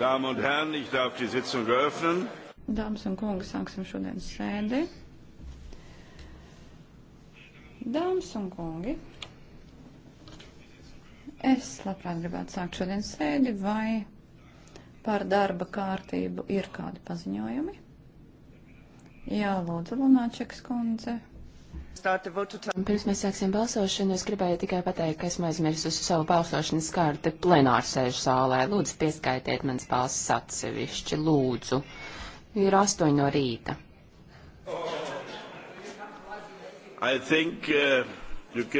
Damen un Herren, ich darf die Sitzung eröffnen. Dāmas un kungi, sāksim šodienas sēdi. Dāmas un kungi, es labprāt gribētu sākt šodienas sēdi, vai par darba kārtību ir kādi paziņojumi? Jā, lūdzu, Lunāčeks kundze. Pirms mēs sāksim balsošanu, es gribēju tikai pateikt, ka esmu aizmirsusi savu balsošanas karti plenārsēžu zālē. Lūdzu, pieskaitiet manas balsis atsevišķi, lūdzu. Ir astoņi no rīta. Think, uh,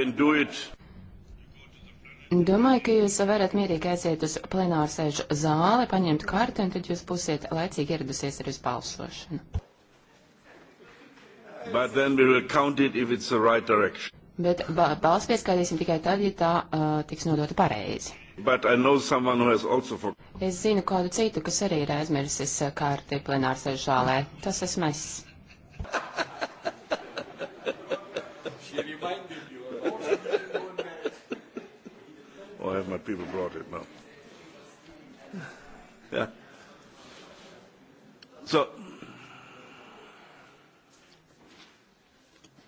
Domāju, ka jūs varat mierīgi aiziet uz plenārsēžu zāli, paņemt karti, un tad jūs būsiet laicīgi ieradusies arī uz balsošanu. But then we will count it if it's the right direction. Bet ba balss pieskaitīsim tikai tad, ja tā uh, tiks nodota pareizi. For... Es zinu kādu citu, kas arī ir aizmirsis uh, kārti plenārsēžu zālē. Tas esmu es. oh, I have my people brought it now. yeah. So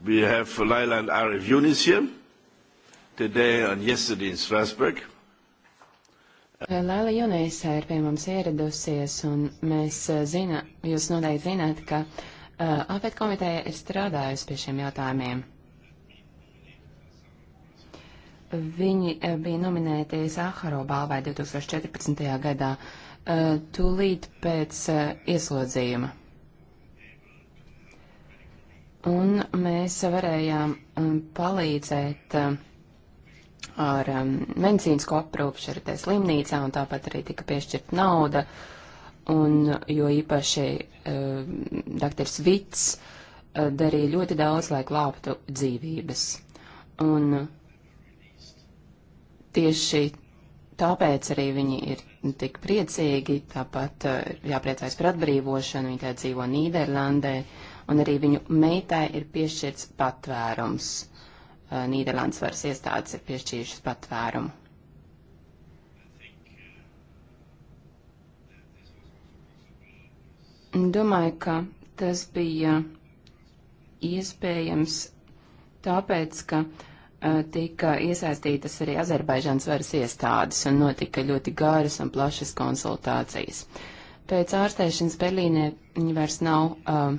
We have Leyland Arif Yunis here today and yesterday in Strasbourg. Uh, Lēla Junēsā uh, ir pie mums ieradusies, un mēs uh, zina, jūs noteikti zināt, ka uh, APET komiteja ir strādājusi pie šiem jautājumiem. Viņi uh, bija nominēti Sāharo balvai 2014. gadā, uh, tūlīt pēc uh, ieslodzījuma un mēs varējām um, palīdzēt um, ar um, medicīnisko aprūpu šeit slimnīcā, un tāpat arī tika piešķirt nauda, un jo īpaši dr. Vits uh, darīja ļoti daudz, lai glābtu dzīvības. Un tieši tāpēc arī viņi ir tik priecīgi, tāpat uh, jāpriecājas par atbrīvošanu, viņi tā dzīvo Nīderlandē. Uh, un arī viņu meitai ir piešķirts patvērums. Nīderlandes varas iestādes ir piešķīrušas patvērumu. Domāju, ka tas bija iespējams tāpēc, ka tika iesaistītas arī Azerbaidžāns varas iestādes un notika ļoti gāras un plašas konsultācijas. Pēc ārstēšanas Berlīnē viņi vairs nav uh,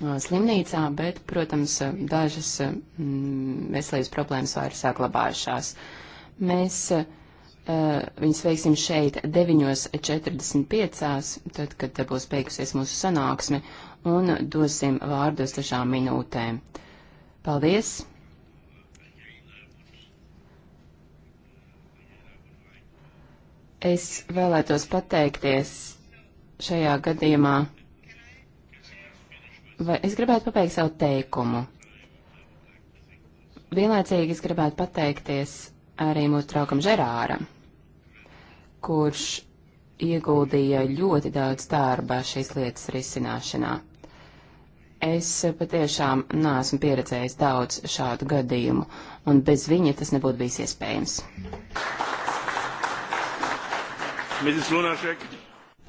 slimnīcā, bet, protams, dažas mm, veselības problēmas vairs saglabājušās. Mēs viņus veiksim šeit 9.45, tad, kad būs beigusies mūsu sanāksme, un dosim vārdus dažām minūtēm. Paldies! Es vēlētos pateikties šajā gadījumā Vai es gribētu pabeigt savu teikumu. Vienlaicīgi es gribētu pateikties arī mūsu draugam Žerāram, kurš ieguldīja ļoti daudz darba šīs lietas risināšanā. Es patiešām neesmu pieredzējis daudz šādu gadījumu, un bez viņa tas nebūtu bijis iespējams.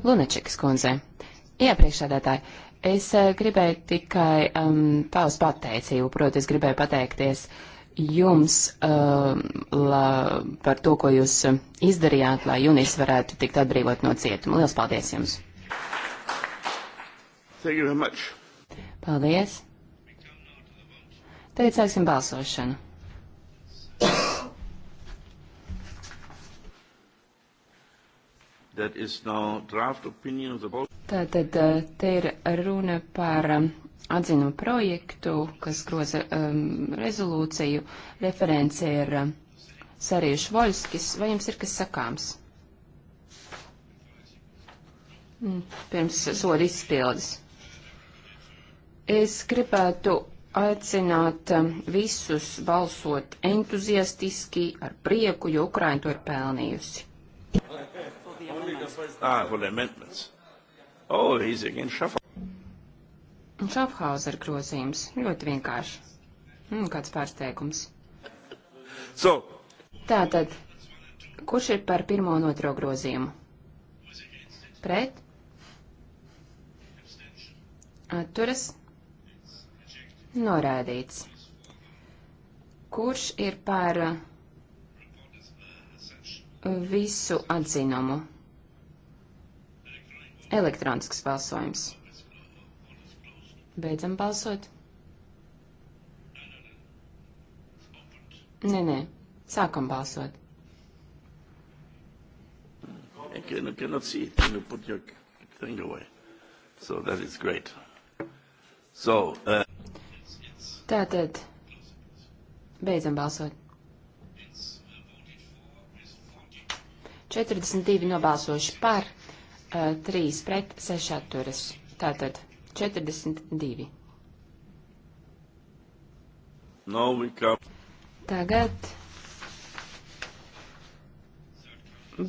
Lunačekas kundze, iepriekšādātāji, Es eh, gribēju tikai um, paust pateicību, proti, es gribēju pateikties jums um, la, par to, ko jūs um, izdarījāt, lai Junis varētu tikt atbrīvot no cietuma. Lielas paldies jums! Paldies! Tagad sāksim balsošanu. Tātad eh, te ir runa par eh, atzinu projektu, kas groza um, rezolūciju. Referents ir um, eh, Sarījuš Voļskis. Vai jums ir kas sakāms? Mm, pirms soda izpildes. Es gribētu aicināt visus balsot entuziastiski, ar prieku, jo Ukraina to ir pelnījusi. Ah, for the amendments. Oh, he's again Schaffhauser. Schaffhauser grozījums. Ļoti vienkārši. Mm, kāds pārsteigums. So. Tātad, kurš ir par pirmo un otro grozījumu? Pret? Atturas? Norādīts. Kurš ir par visu atzinumu? Elektronisks balsojums. Beidzam balsot. Nē, nē, sākam balsot. Okay, you cannot see it when you put your thing away. So that is great. So, uh... Tātad, beidzam balsot. 42 nobalsojuši par, 3 pret 6 atturas. Tātad 42. Nav nekā. Tagad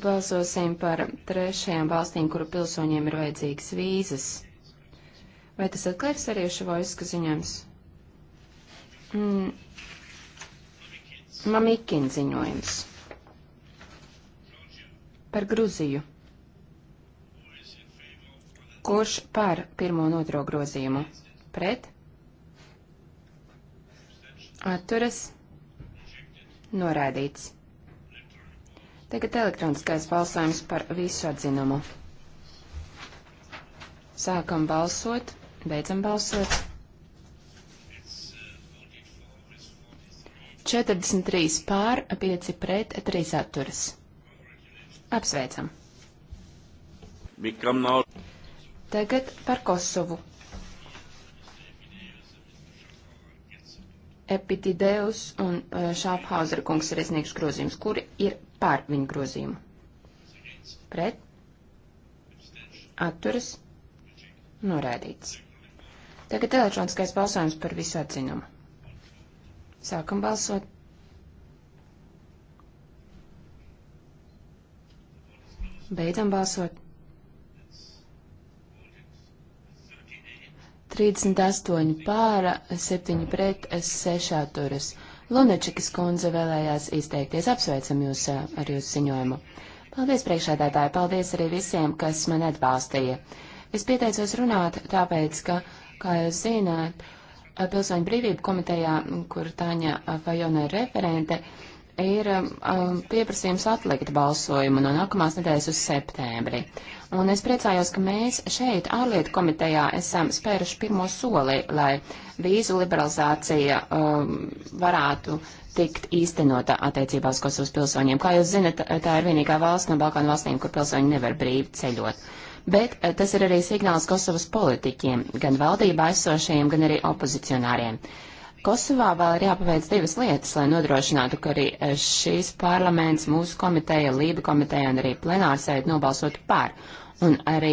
balsosim par trešajām valstīm, kuru pilsoņiem ir vajadzīgas vīzas. Vai tas atkal ir sariešu vojska ziņojums? Mm. Mamikin ziņojums par Gruziju. Kurš par pirmo un otro grozījumu? Pret? Atturas? Noraidīts. Tagad elektroniskais balsojums par visu atzinumu. Sākam balsot, beidzam balsot. 43 pār, 5 pret, 3 atturas. Apsveicam. Mikam nav. Tagad par Kosovu. Epitideus un e, Šāphauzera kungs ir iesniegts grozījums, kuri ir pār viņu grozījumu. Pret, atturas, norēdīts. Tagad elektroniskais balsojums par visu atzinumu. Sākam balsot. Beidzam balsot. 38 pāra, 7 pret, 6 atturas. Lunečikas kundze vēlējās izteikties. Apsveicam jūs eh, ar jūsu ziņojumu. Paldies priekšādātāji, paldies arī visiem, kas man atbalstīja. Es pieteicos runāt tāpēc, ka, kā jūs zināt, Pilsoņu brīvību komitejā, kur Tāņa Fajona ir referente, uh, ir um, um, pieprasījums atlikt balsojumu no nākamās nedēļas uz septembri. Un es priecājos, ka mēs šeit, ārlietu komitejā, esam spēruši pirmo soli, lai vīzu liberalizācija um, varētu tikt īstenota attiecībās Kosovas pilsoņiem. Kā jūs zinat, tā ir vienīgā valsts no Balkānu valstīm, kur pilsoņi nevar brīvi ceļot. Bet eh, tas ir arī signāls Kosovas politiķiem, gan valdībā esošajiem, gan arī opozicionāriem. Uh, Kosovā vēl ir jāpaveic divas lietas, lai nodrošinātu, ka arī eh, šīs parlaments, mūsu komiteja, Lība komiteja un arī plenārsēdi nobalsotu par, un arī,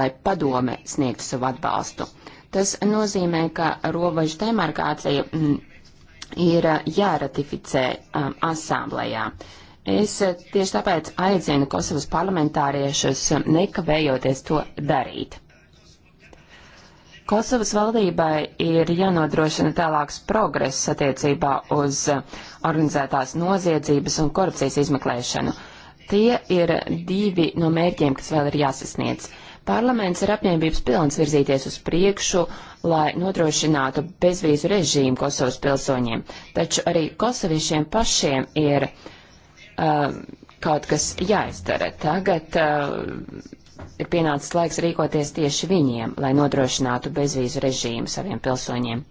lai padome sniegtu savu atbalstu. Tas nozīmē, ka robežu demarkācija mm, ir eh, jāratificē um, asamblējā. Es eh, tieši tāpēc aicinu Kosovas parlamentāriešus nekavējoties to darīt. Kosovas valdībai ir jānodrošina tālāks progress attiecībā uz organizētās noziedzības un korupcijas izmeklēšanu. Tie ir divi no mērķiem, kas vēl ir jāsasniedz. Parlaments ir apņēmības pilns virzīties uz priekšu, lai nodrošinātu bezvīzu režīmu Kosovas pilsoņiem, taču arī kosoviešiem pašiem ir uh, kaut kas jāizdara. Tagad uh, ir pienācis laiks rīkoties tieši viņiem, lai nodrošinātu bezvīzu režīmu saviem pilsoņiem.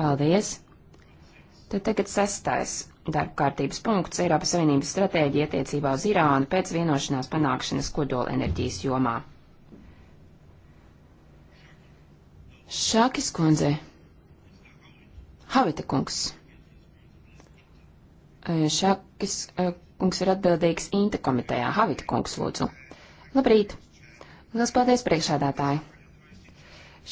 Paldies! Tad tagad sestais darba kārtības punkts - Eiropas Savienības stratēģija attiecībā uz Irānu pēc vienošanās panākšanas kodola enerģijas jomā. Šākis kundze, Havita kungs, Šākis eh, kungs ir atbildīgs Inta komitejā. Havita kungs, lūdzu. Labrīt! Lielas paldies, priekšādātāji!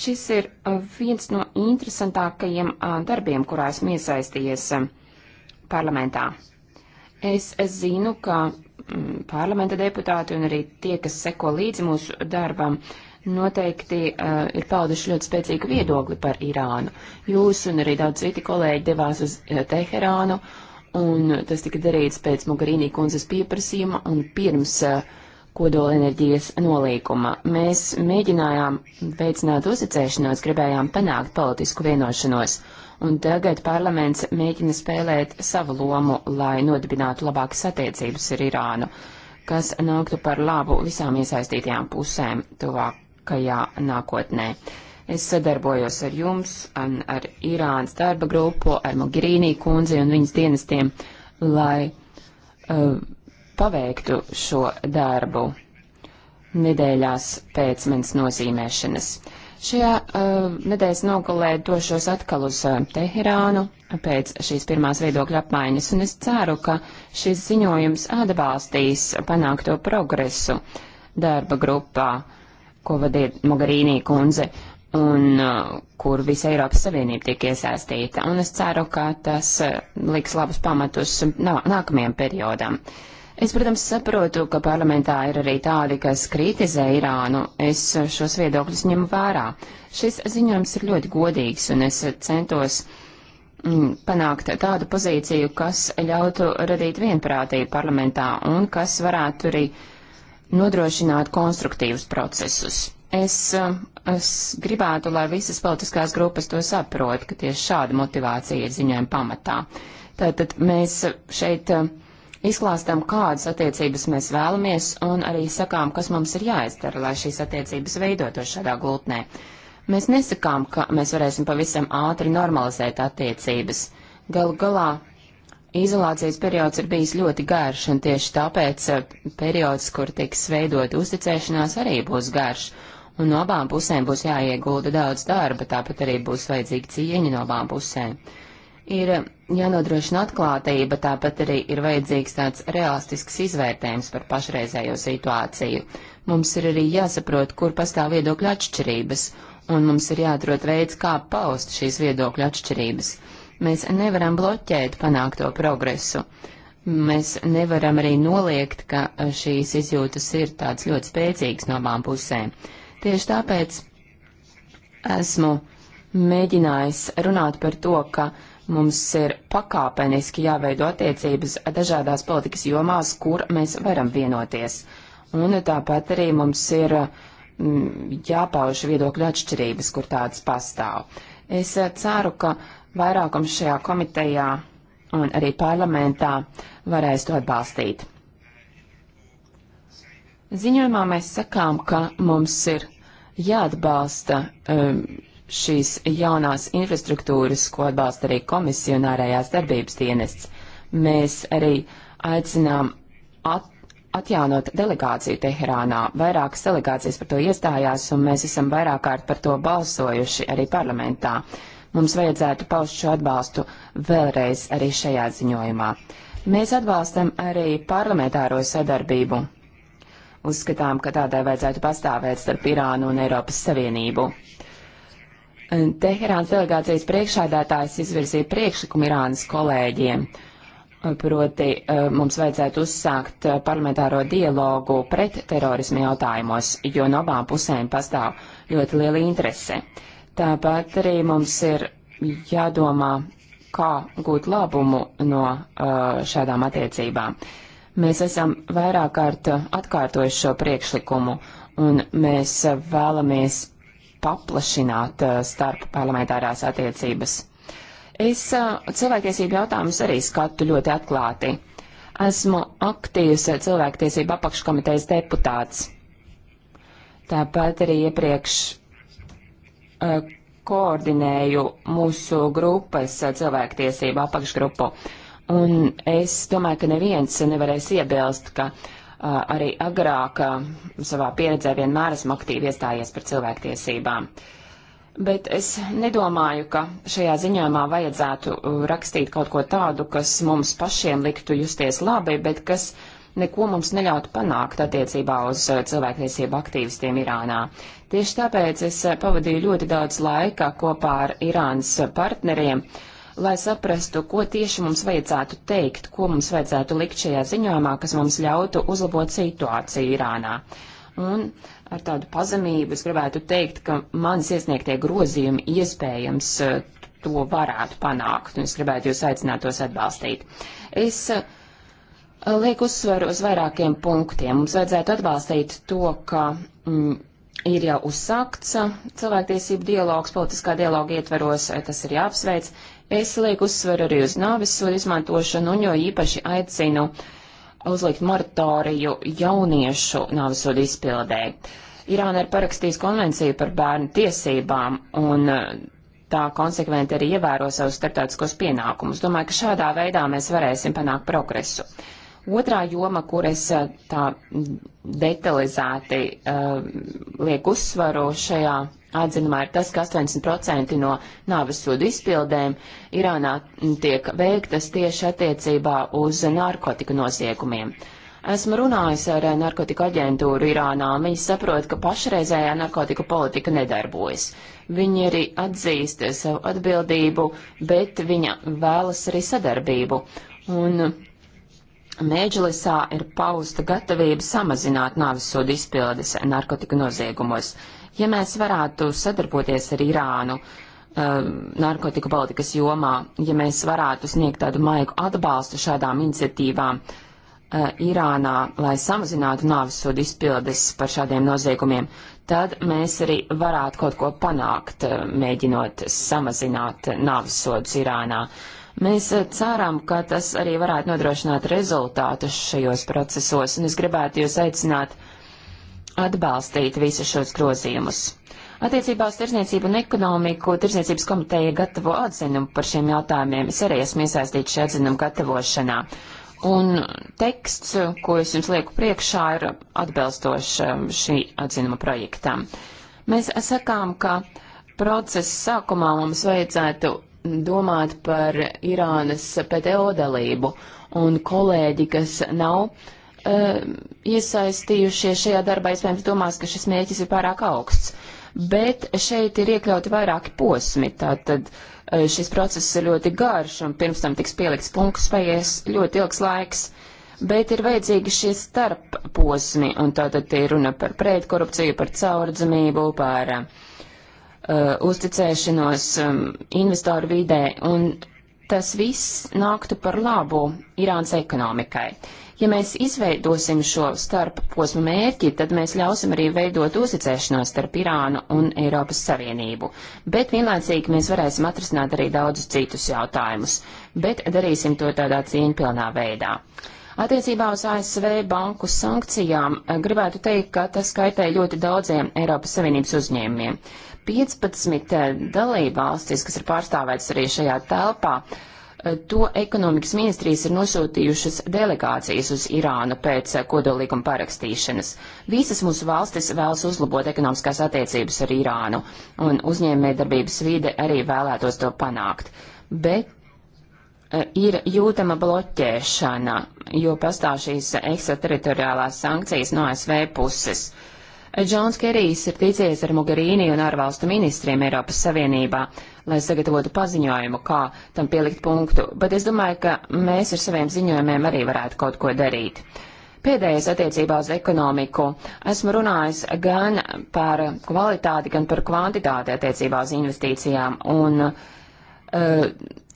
Šis ir uh, viens no interesantākajiem uh, darbiem, kurā esmu iesaistījies um, parlamentā. Es, es zinu, ka mm, parlamenta deputāti un arī tie, kas seko līdzi mūsu darbam, noteikti uh, ir pauduši ļoti spēcīgu viedokli par Irānu. Jūs un arī daudz citi kolēģi devās uz uh, Teherānu un tas tika darīts pēc Mogarīnī kundzes pieprasījuma un pirms uh, kodolenerģijas nolīkuma. Mēs mēģinājām veicināt uzticēšanos, gribējām panākt politisku vienošanos, un tagad parlaments mēģina spēlēt savu lomu, lai nodibinātu labākas attiecības ar Irānu, kas nāktu par labu visām iesaistītajām pusēm tuvākajā nākotnē. Uh, Es sadarbojos ar jums, an, ar Irānas darba grupu, ar Mogherīnī kundzi un viņas dienestiem, lai uh, paveiktu šo darbu nedēļās pēc manas nozīmēšanas. Šajā uh, nedēļas nogalē došos atkal uz uh, Teherānu pēc šīs pirmās viedokļa apmaiņas, un es ceru, ka šis ziņojums atbalstīs panākto progresu darba grupā, ko vadīja Mogarīnī kundze. Uh, un uh, kur visa Eiropas Savienība tiek iesaistīta. Un es ceru, ka tas uh, liks labus pamatus nākamajam periodam. Es, protams, saprotu, ka parlamentā ir arī tādi, kas kritizē Irānu. Es uh, šos viedokļus ņemu vērā. Šis ziņojums ir ļoti godīgs, un es centos mm, panākt tādu pozīciju, kas ļautu radīt vienprātību parlamentā un kas varētu arī nodrošināt konstruktīvus procesus. Es, um, es gribētu, lai visas politiskās grupas to saprot, ka tieši šāda motivācija ir ziņojuma pamatā. Tātad mēs šeit um, izklāstam, kādas attiecības mēs vēlamies, un arī sakām, kas mums ir jāizdara, lai šīs attiecības veidotos šādā glūtnē. Mēs nesakām, ka mēs varēsim pavisam ātri normalizēt attiecības. Galu galā izolācijas periods ir bijis ļoti garš, un tieši tāpēc uh, periods, kur tiks veidot uzticēšanās, arī būs garš un no abām pusēm būs jāiegulda daudz darba, tāpat arī būs vajadzīga cieņa no abām pusēm. Ir jānodrošina atklātība, tāpat arī ir vajadzīgs tāds realistisks izvērtējums par pašreizējo situāciju. Mums ir arī jāsaprot, kur pastāv viedokļu atšķirības, un mums ir jāatrod veids, kā paust šīs viedokļu atšķirības. Mēs nevaram bloķēt panākto progresu mēs nevaram arī noliegt, ka šīs izjūtas ir tāds ļoti spēcīgs no abām pusēm. Tieši tāpēc esmu mēģinājis runāt par to, ka mums ir pakāpeniski jāveido attiecības dažādās politikas jomās, kur mēs varam vienoties. Un tāpat arī mums ir mm, jāpauž viedokļu atšķirības, kur tādas pastāv. Es eh, ceru, ka vairākums šajā komitejā un arī parlamentā varēs to atbalstīt. Ziņojumā mēs sakām, ka mums ir jāatbalsta um, šīs jaunās infrastruktūras, ko atbalsta arī komisija un ārējās darbības dienests. Mēs arī aicinām at atjaunot delegāciju Teherānā. Vairākas delegācijas par to iestājās, un mēs esam vairāk kārt par to balsojuši arī parlamentā. Mums vajadzētu paust šo atbalstu vēlreiz arī šajā ziņojumā. Mēs atbalstam arī parlamentāro sadarbību Uzskatām, ka tādai vajadzētu pastāvēt starp Irānu un Eiropas Savienību. Teherāns delegācijas priekšādātājs izvirzīja priekšlikumu Irānas kolēģiem. Proti e, mums vajadzētu uzsākt e, parlamentāro dialogu pret terorismu jautājumos, jo no abām pusēm pastāv ļoti liela interese. Tāpat arī mums ir jādomā, kā gūt labumu no e, šādām attiecībām. Mēs esam vairāk kārt atkārtojuši šo priekšlikumu, un mēs vēlamies paplašināt uh, starp parlamentārās attiecības. Es uh, cilvēktiesību jautājumus arī skatu ļoti atklāti. Esmu aktīvs cilvēktiesību apakškomitejas deputāts. Tāpat arī iepriekš uh, koordinēju mūsu grupas uh, cilvēktiesību apakšgrupu. Uh, Un es domāju, ka neviens nevarēs iebilst, ka uh, arī agrāk uh, savā pieredzē vienmēr esmu aktīvi iestājies par cilvēktiesībām. Bet es nedomāju, ka šajā ziņojumā vajadzētu rakstīt kaut ko tādu, kas mums pašiem liktu justies labi, bet kas neko mums neļautu panākt attiecībā uz cilvēktiesību aktīvistiem Irānā. Tieši tāpēc es pavadīju ļoti daudz laika kopā ar Irānas partneriem, uh, lai saprastu, ko tieši mums vajadzētu teikt, ko mums vajadzētu likt šajā ziņojumā, kas mums ļautu uzlabot situāciju Irānā. Un ar tādu pazemību es gribētu teikt, ka manis iesniegtie grozījumi iespējams eh, to varētu panākt, un es gribētu jūs aicināt tos atbalstīt. Es eh, lieku uzsveru uz vairākiem punktiem. Mums vajadzētu atbalstīt to, ka mm, ir jau uzsākts eh, cilvēktiesību dialogs, politiskā dialoga ietveros, tas ir jāapsveic. Es lieku uzsveru arī uz nāves sodu izmantošanu un jo īpaši aicinu uzlikt moratoriju jauniešu nāves sodu izpildē. Irāna ir parakstījusi konvenciju par bērnu tiesībām un eh, tā konsekventi arī ievēro savus starptautiskos pienākumus. Domāju, ka šādā veidā mēs varēsim panākt progresu. Uh, Otrā joma, kur es eh, tā detalizēti uh, eh, lieku uzsvaru šajā atzinumā, ir tas, ka 80% no nāvesodu izpildēm Irānā tiek veiktas tieši attiecībā uz narkotiku noziegumiem. Esmu runājis ar narkotiku aģentūru Irānā, un viņi saprot, ka pašreizējā narkotiku politika nedarbojas. Viņi arī atzīst savu atbildību, bet viņa vēlas arī sadarbību. Un Mēģelisā ir pausta gatavība samazināt nāvisodu izpildes narkotika noziegumos. Ja mēs varētu sadarboties ar Irānu uh, narkotiku politikas jomā, ja mēs varētu sniegt tādu maigu atbalstu šādām iniciatīvām uh, Irānā, lai samazinātu nāvisodu izpildes par šādiem noziegumiem, tad mēs arī varētu kaut ko panākt, uh, mēģinot samazināt nāvisodus Irānā. Uh, Mēs eh, ceram, ka tas arī varētu nodrošināt rezultātus šajos procesos, un es gribētu jūs aicināt atbalstīt visus šos grozījumus. Attiecībā uz tirzniecību un ekonomiku tirzniecības komiteja gatavo atzinumu par šiem jautājumiem. Es arī esmu iesaistīts šajā atzinumu gatavošanā. Un teksts, ko es jums lieku priekšā, ir atbilstošs um, šī atzinuma projektam. Mēs sakām, ka procesa sākumā mums vajadzētu domāt par Irānas PTO dalību, un kolēģi, kas nav uh, iesaistījušies šajā darbā, iespējams domās, ka šis mērķis ir pārāk augsts. Bet šeit ir iekļauti vairāki posmi, tātad uh, šis process ir ļoti garš, un pirms tam tiks pielikts punkts, paies ļoti ilgs laiks. Bet ir vajadzīgi šie starpposmi, un tātad ir runa par pretkorupciju, par caurdzamību, par uh, uh, uzticēšanos um, investoru vidē, un tas viss nāktu par labu Irānas ekonomikai. Ja mēs izveidosim šo starpposmu mērķi, tad mēs ļausim arī veidot uzticēšanos starp Irānu un Eiropas Savienību. Bet vienlaicīgi mēs varēsim atrisināt arī daudzus citus jautājumus, bet darīsim to tādā cieņpilnā veidā. Attiecībā uz ASV banku sankcijām eh, gribētu teikt, ka tas kaitē ļoti daudziem Eiropas Savienības uzņēmumiem. Uh, 15 eh, dalībvalstis, kas ir pārstāvētas arī šajā telpā, eh, to ekonomikas ministrijas ir nosūtījušas delegācijas uz Irānu pēc eh, kodolīguma parakstīšanas. Visas mūsu valstis vēlas uzlabot ekonomiskās attiecības ar Irānu, un uzņēmējdarbības vide arī vēlētos to panākt. Bet ir jūtama bloķēšana, jo pastāv šīs ekstrateritoriālās sankcijas no ASV puses. Uh, Džons Kerijs ir ticies ar Mogherīni un ārvalstu ministriem Eiropas Savienībā, lai sagatavotu paziņojumu, kā tam pielikt punktu, bet es domāju, ka mēs ar saviem ziņojumiem arī varētu kaut ko darīt. Pēdējais attiecībā uz ekonomiku. Esmu runājis gan par kvalitāti, gan par kvantitāti attiecībā uz investīcijām. Un, uh,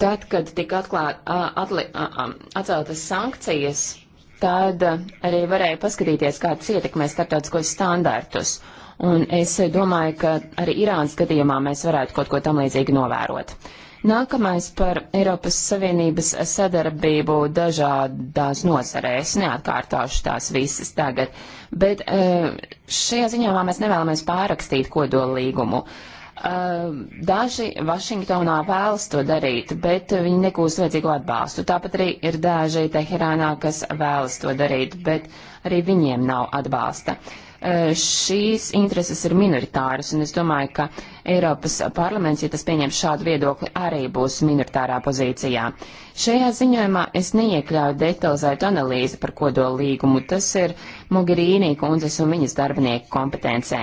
tad, kad tika atklāt, uh, atli, uh, uh, atceltas sankcijas, tad arī varēja paskatīties, kā tas ietekmē starptautiskos standārtus. Un es domāju, ka arī Irānas gadījumā mēs varētu kaut ko tam līdzīgu novērot. Nākamais par Eiropas Savienības sadarbību dažādās nozarēs. Neatkārtošu tās visas tagad, bet eh, šajā ziņā mēs nevēlamies pārrakstīt kodolīgumu. līgumu. Daži Vašingtonā vēlas to darīt, bet viņi negūs vajadzīgo atbalstu. Tāpat arī ir daži Teherānā, kas vēlas to darīt, bet arī viņiem nav atbalsta. Eh, šīs intereses ir minoritāras, un es domāju, ka Eiropas parlaments, ja tas pieņem šādu viedokli, arī būs minoritārā pozīcijā. Šajā ziņojumā es neiekļauju detalizētu analīzi par kodolu līgumu. Tas ir Mogherīnī kundzes un viņas darbinieku kompetencē.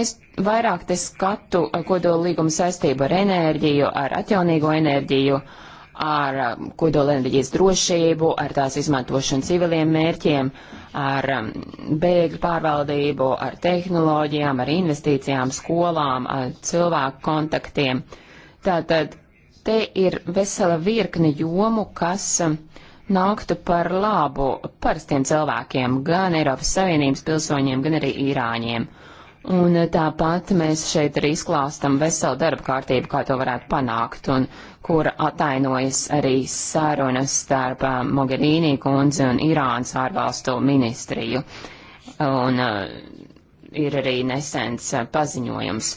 Es vairāk te skatu eh, kodolu līgumu saistību ar enerģiju, ar atjaunīgo enerģiju. Uh, ar um, kodolenerģijas drošību, ar tās izmantošanu civiliem mērķiem, ar um, bēgļu pārvaldību, ar tehnoloģijām, ar investīcijām, skolām, ar cilvēku kontaktiem. Tātad te ir vesela virkne jomu, kas um, nāktu par labu parastiem cilvēkiem, gan Eiropas Savienības pilsoņiem, gan arī īrāņiem. Un uh, tāpat mēs šeit arī izklāstam veselu darba kārtību, kā to varētu panākt. Un kura atainojas arī sarunas starp uh, Mogherīnī kundzi un Irānas ārvalstu ministriju. Un uh, ir arī nesens uh, paziņojums.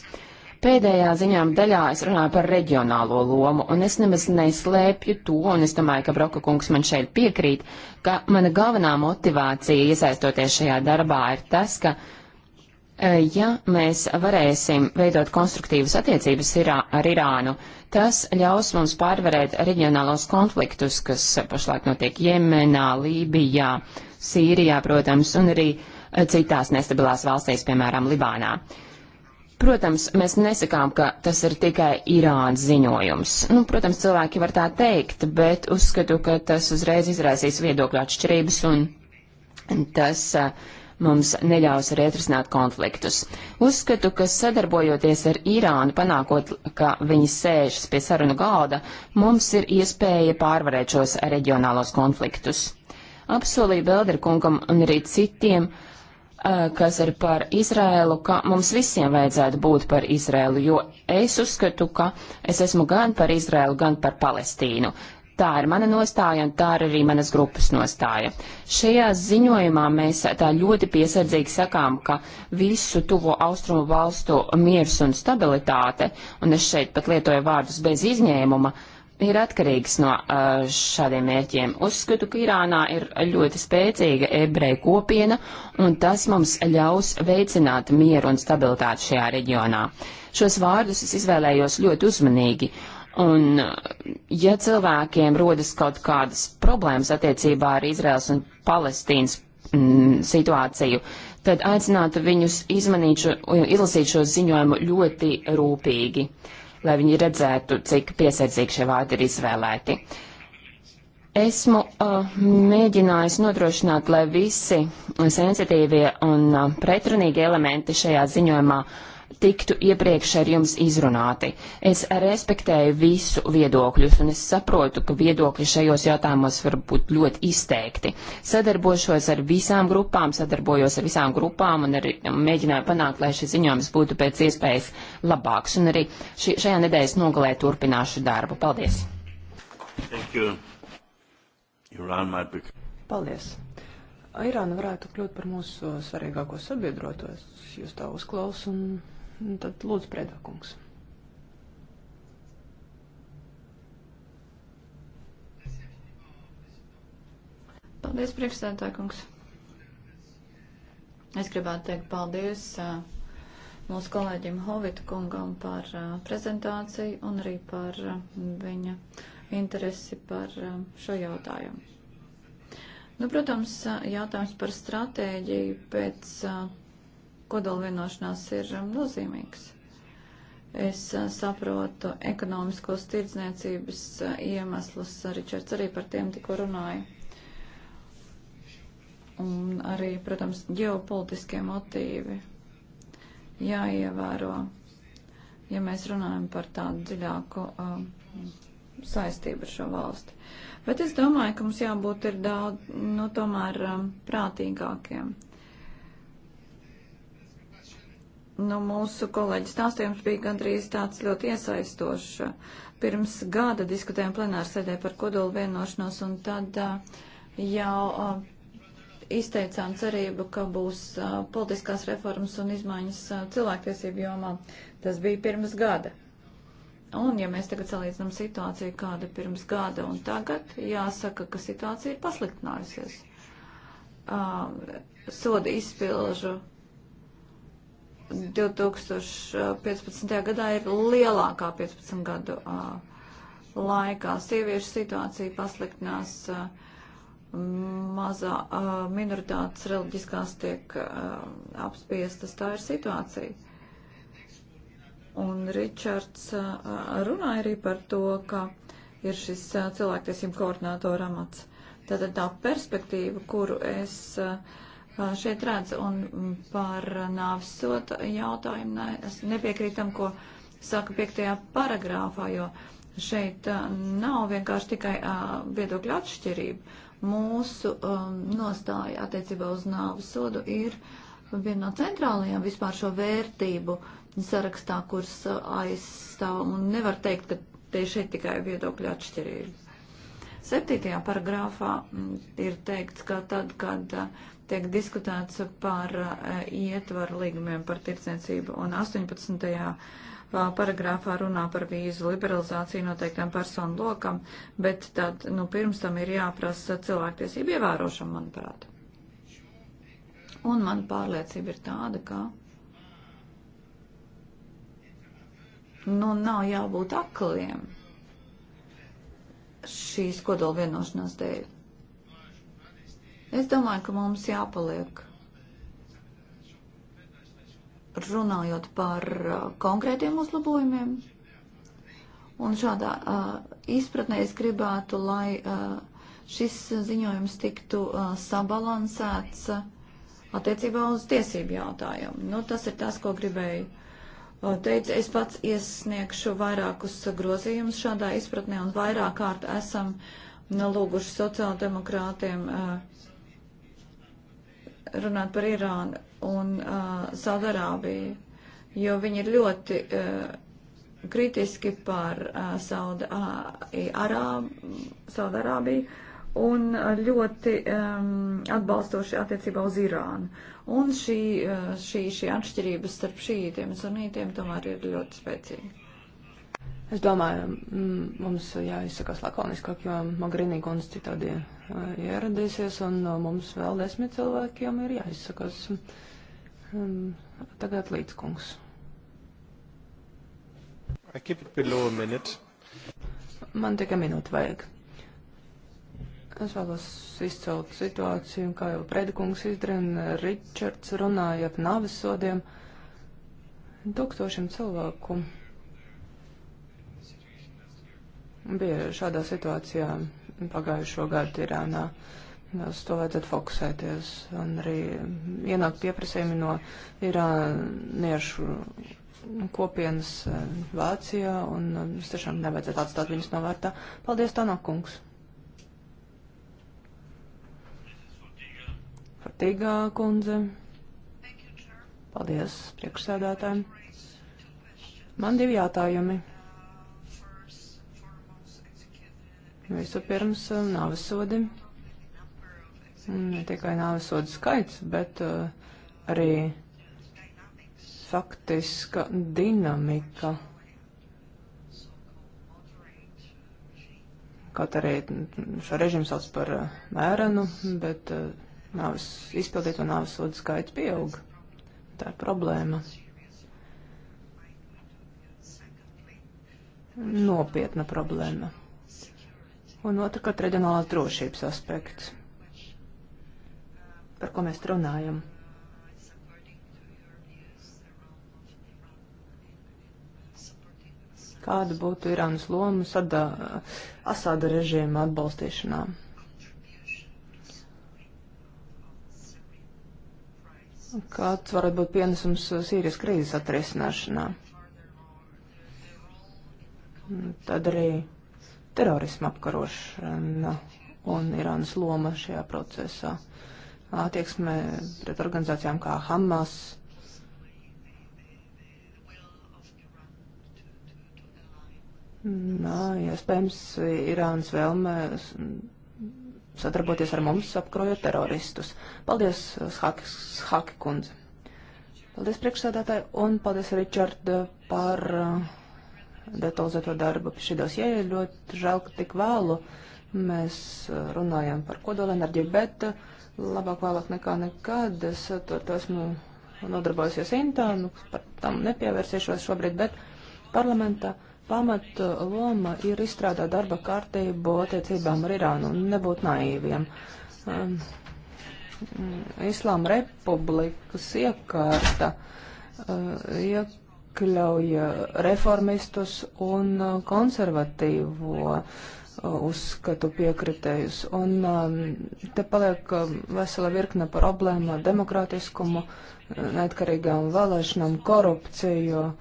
Pēdējā ziņām daļā es runāju par reģionālo lomu, un es nemaz neslēpju to, un es domāju, ka Broka kungs man šeit piekrīt, ka mana galvenā motivācija iesaistoties šajā darbā ir tas, ka uh, Ja mēs varēsim veidot konstruktīvas attiecības irā, ar Irānu, tas ļaus mums pārvarēt reģionālos konfliktus, kas pašlaik notiek Jemenā, Lībijā, Sīrijā, protams, un arī eh, citās nestabilās valstīs, piemēram, Libānā. Protams, mēs nesakām, ka tas ir tikai Irānas ziņojums. Nu, protams, cilvēki var tā teikt, bet uzskatu, ka tas uzreiz izraisīs viedokļu atšķirības un tas uh, mums neļaus arī atrisināt konfliktus. Uzskatu, ka sadarbojoties ar Irānu, panākot, ka viņi sēžas pie sarunu galda, mums ir iespēja pārvarēt šos reģionālos konfliktus. Apsolīju Belderkungam un arī citiem, kas ir par Izrēlu, ka mums visiem vajadzētu būt par Izrēlu, jo es uzskatu, ka es esmu gan par Izrēlu, gan par Palestīnu. Tā ir mana nostāja un tā ir arī manas grupas nostāja. Šajā ziņojumā mēs tā ļoti piesardzīgi sakām, ka visu tuvo austrumu valstu miers un stabilitāte, un es šeit pat lietoju vārdus bez izņēmuma, ir atkarīgs no uh, šādiem mērķiem. Uzskatu, ka Irānā ir ļoti spēcīga ebreja kopiena, un tas mums ļaus veicināt mieru un stabilitāti šajā reģionā. Šos vārdus es izvēlējos ļoti uzmanīgi, Un, ja cilvēkiem rodas kaut kādas problēmas attiecībā ar Izraels un Palestīnas mm, situāciju, tad aicinātu viņus izmanīt šo, izlasīt šo ziņojumu ļoti rūpīgi, lai viņi redzētu, cik piesardzīgi šie vārdi ir izvēlēti. Esmu uh, mēģinājis nodrošināt, lai visi sensitīvie un uh, pretrunīgi elementi šajā ziņojumā uh, tiktu iepriekš ar jums izrunāti. Es respektēju visu viedokļus, un es saprotu, ka viedokļi šajos jautājumos var būt ļoti izteikti. Sadarbošos ar visām grupām, sadarbojos ar visām grupām un arī mēģināju panākt, lai šis ziņojums būtu pēc iespējas labāks, un arī ši, šajā nedēļas nogalē turpināšu darbu. Paldies! Thank you. Iran might be... Paldies! Irāna varētu kļūt par mūsu svarīgāko sabiedrotos, jūs tā uzklaus un Nu, tad lūdzu, Predakungs. Paldies, priekšstādākungs. Es gribētu teikt paldies mūsu kolēģim Hovita kungam par prezentāciju un arī par viņa interesi par šo jautājumu. Nu, protams, jautājums par stratēģiju pēc kodolvienošanās ir um, nozīmīgs. Es uh, saprotu ekonomiskos tirdzniecības uh, iemeslus, Ričards arī par tiem tikko runāja. Un arī, protams, ģeopolitiskie motīvi jāievēro, ja mēs runājam par tādu dziļāku uh, saistību ar šo valsti. Bet es domāju, ka mums jābūt ir daudz, nu, tomēr um, prātīgākiem. Uh, Nu, mūsu kolēģis stāstījums bija gandrīz tāds ļoti iesaistošs. Pirms gada diskutējām plenārsēdē par kodolu vienošanos, un tad jau izteicām cerību, ka būs politiskās reformas un izmaiņas cilvēktiesību jomā. Tas bija pirms gada. Un, ja mēs tagad salīdzinām situāciju, kāda pirms gada un tagad, jāsaka, ka situācija ir pasliktinājusies. Uh, soda izpilžu 2015. gadā ir lielākā 15 gadu uh, laikā. Sieviešu situācija pasliktinās, uh, mazā uh, minoritātes reliģiskās tiek uh, apspiestas. Tā ir situācija. Un Ričards uh, runāja arī par to, ka ir šis uh, cilvēktiesību koordinātora amats. Tātad tā perspektīva, kuru es. Uh, šeit redz. Un par nāvis soda jautājumu ne, nepiekrītam, ko saka piektajā paragrāfā, jo šeit nav vienkārši tikai viedokļa atšķirība. Mūsu nostāja attiecībā uz nāvis sodu ir viena no centrālajām vispār šo vērtību sarakstā, kuras aizstāv. Un nevar teikt, ka tie šeit tikai viedokļa atšķirība. Septītajā paragrāfā ir teikts, ka tad, kad tiek diskutēts par eh, ietvaru līgumiem par tirdzniecību, un 18. Eh, paragrāfā runā par vīzu liberalizāciju noteiktam personu lokam, bet tad, nu, pirms tam ir jāprasa cilvēktiesību ievērošana, manuprāt. Un man pārliecība ir tāda, ka, nu, nav jābūt akliem šīs kodola vienošanās dēļ. Es domāju, ka mums jāpaliek runājot par uh, konkrētiem uzlabojumiem. Un šādā uh, izpratnē es gribētu, lai uh, šis ziņojums tiktu uh, sabalansēts uh, attiecībā uz tiesību jautājumu. Nu, tas ir tas, ko gribēju uh, teikt. Es pats iesniegšu vairākus grozījumus šādā izpratnē un vairāk kārt esam lūguši sociāldemokrātiem. Uh, runāt par Irānu un uh, Saudarābiju, jo viņi ir ļoti uh, kritiski par uh, Saudarābiju un ļoti um, atbalstoši attiecībā uz Irānu. Un šī, uh, šī, šī atšķirības starp šītiem un sunītiem tomēr ir ļoti spēcīga. Es domāju, mm, mums jāizsakās lakoniskāk, jo Magrinī kundze citādi eh, ieradīsies, un eh, mums vēl desmit cilvēkiem ir jāizsakās. Mm, tagad līdz kungs. Man tikai minūte vajag. Es vēlos izcelt situāciju, kā jau predikungs izdarīja, Ričards runāja par navas sodiem tūkstošiem cilvēku bija šādā situācijā pagājušo gadu Tirānā. Uz to vajadzētu fokusēties. Un arī ienāk pieprasījumi no irāniešu kopienas eh, Vācijā, un mums eh, tiešām nevajadzētu atstāt viņus novērtā. Paldies, Tano kungs! Fatīgā kundze. Paldies priekšsēdētājiem. Man divi jātājumi. Vispirms uh, nāvesodi. Ne tikai nāvesodu skaits, bet uh, arī faktiska dinamika. Kaut arī šo režīmu sauc par mērenu, uh, bet nāvis, izpildīto nāvis sodu skaits pieaug. Tā ir problēma. Nopietna problēma. Un otrkārt, reģionālās drošības aspekts, par ko mēs runājam. Kāda būtu Irānas loma sadā, Asāda režīma atbalstīšanā? Kāds varētu būt pienesums Sīrijas krīzes atrisināšanā? Tad arī terorismu apkarošana un Irānas loma šajā procesā. Attieksme pret organizācijām kā Hamas. Nā, iespējams, Irānas vēlme sadarboties ar mums, apkrojot teroristus. Paldies, Haki kundze. Paldies priekšsēdētāji un paldies Ričard par. Uh, detalizēto darbu pie šī dosie. Ļoti žēl, ka tik vēlu mēs uh, runājam par kodolenerģiju, bet uh, labāk vēlāk nekā nekad. Es to, to esmu nodarbojusies intā, nu, par tam nepievērsīšos šobrīd, bet parlamenta pamata loma ir izstrādāt darba kārtību attiecībām ar Irānu un nebūt naīviem. Um, mm, Islāma republikas iekārta. Uh, ja iekļauj reformistus un uh, konservatīvo uh, uzskatu piekritējus. Un um, te paliek um, vesela virkne problēma ar demokrātiskumu, neatkarīgām vēlēšanām, korupciju, uh,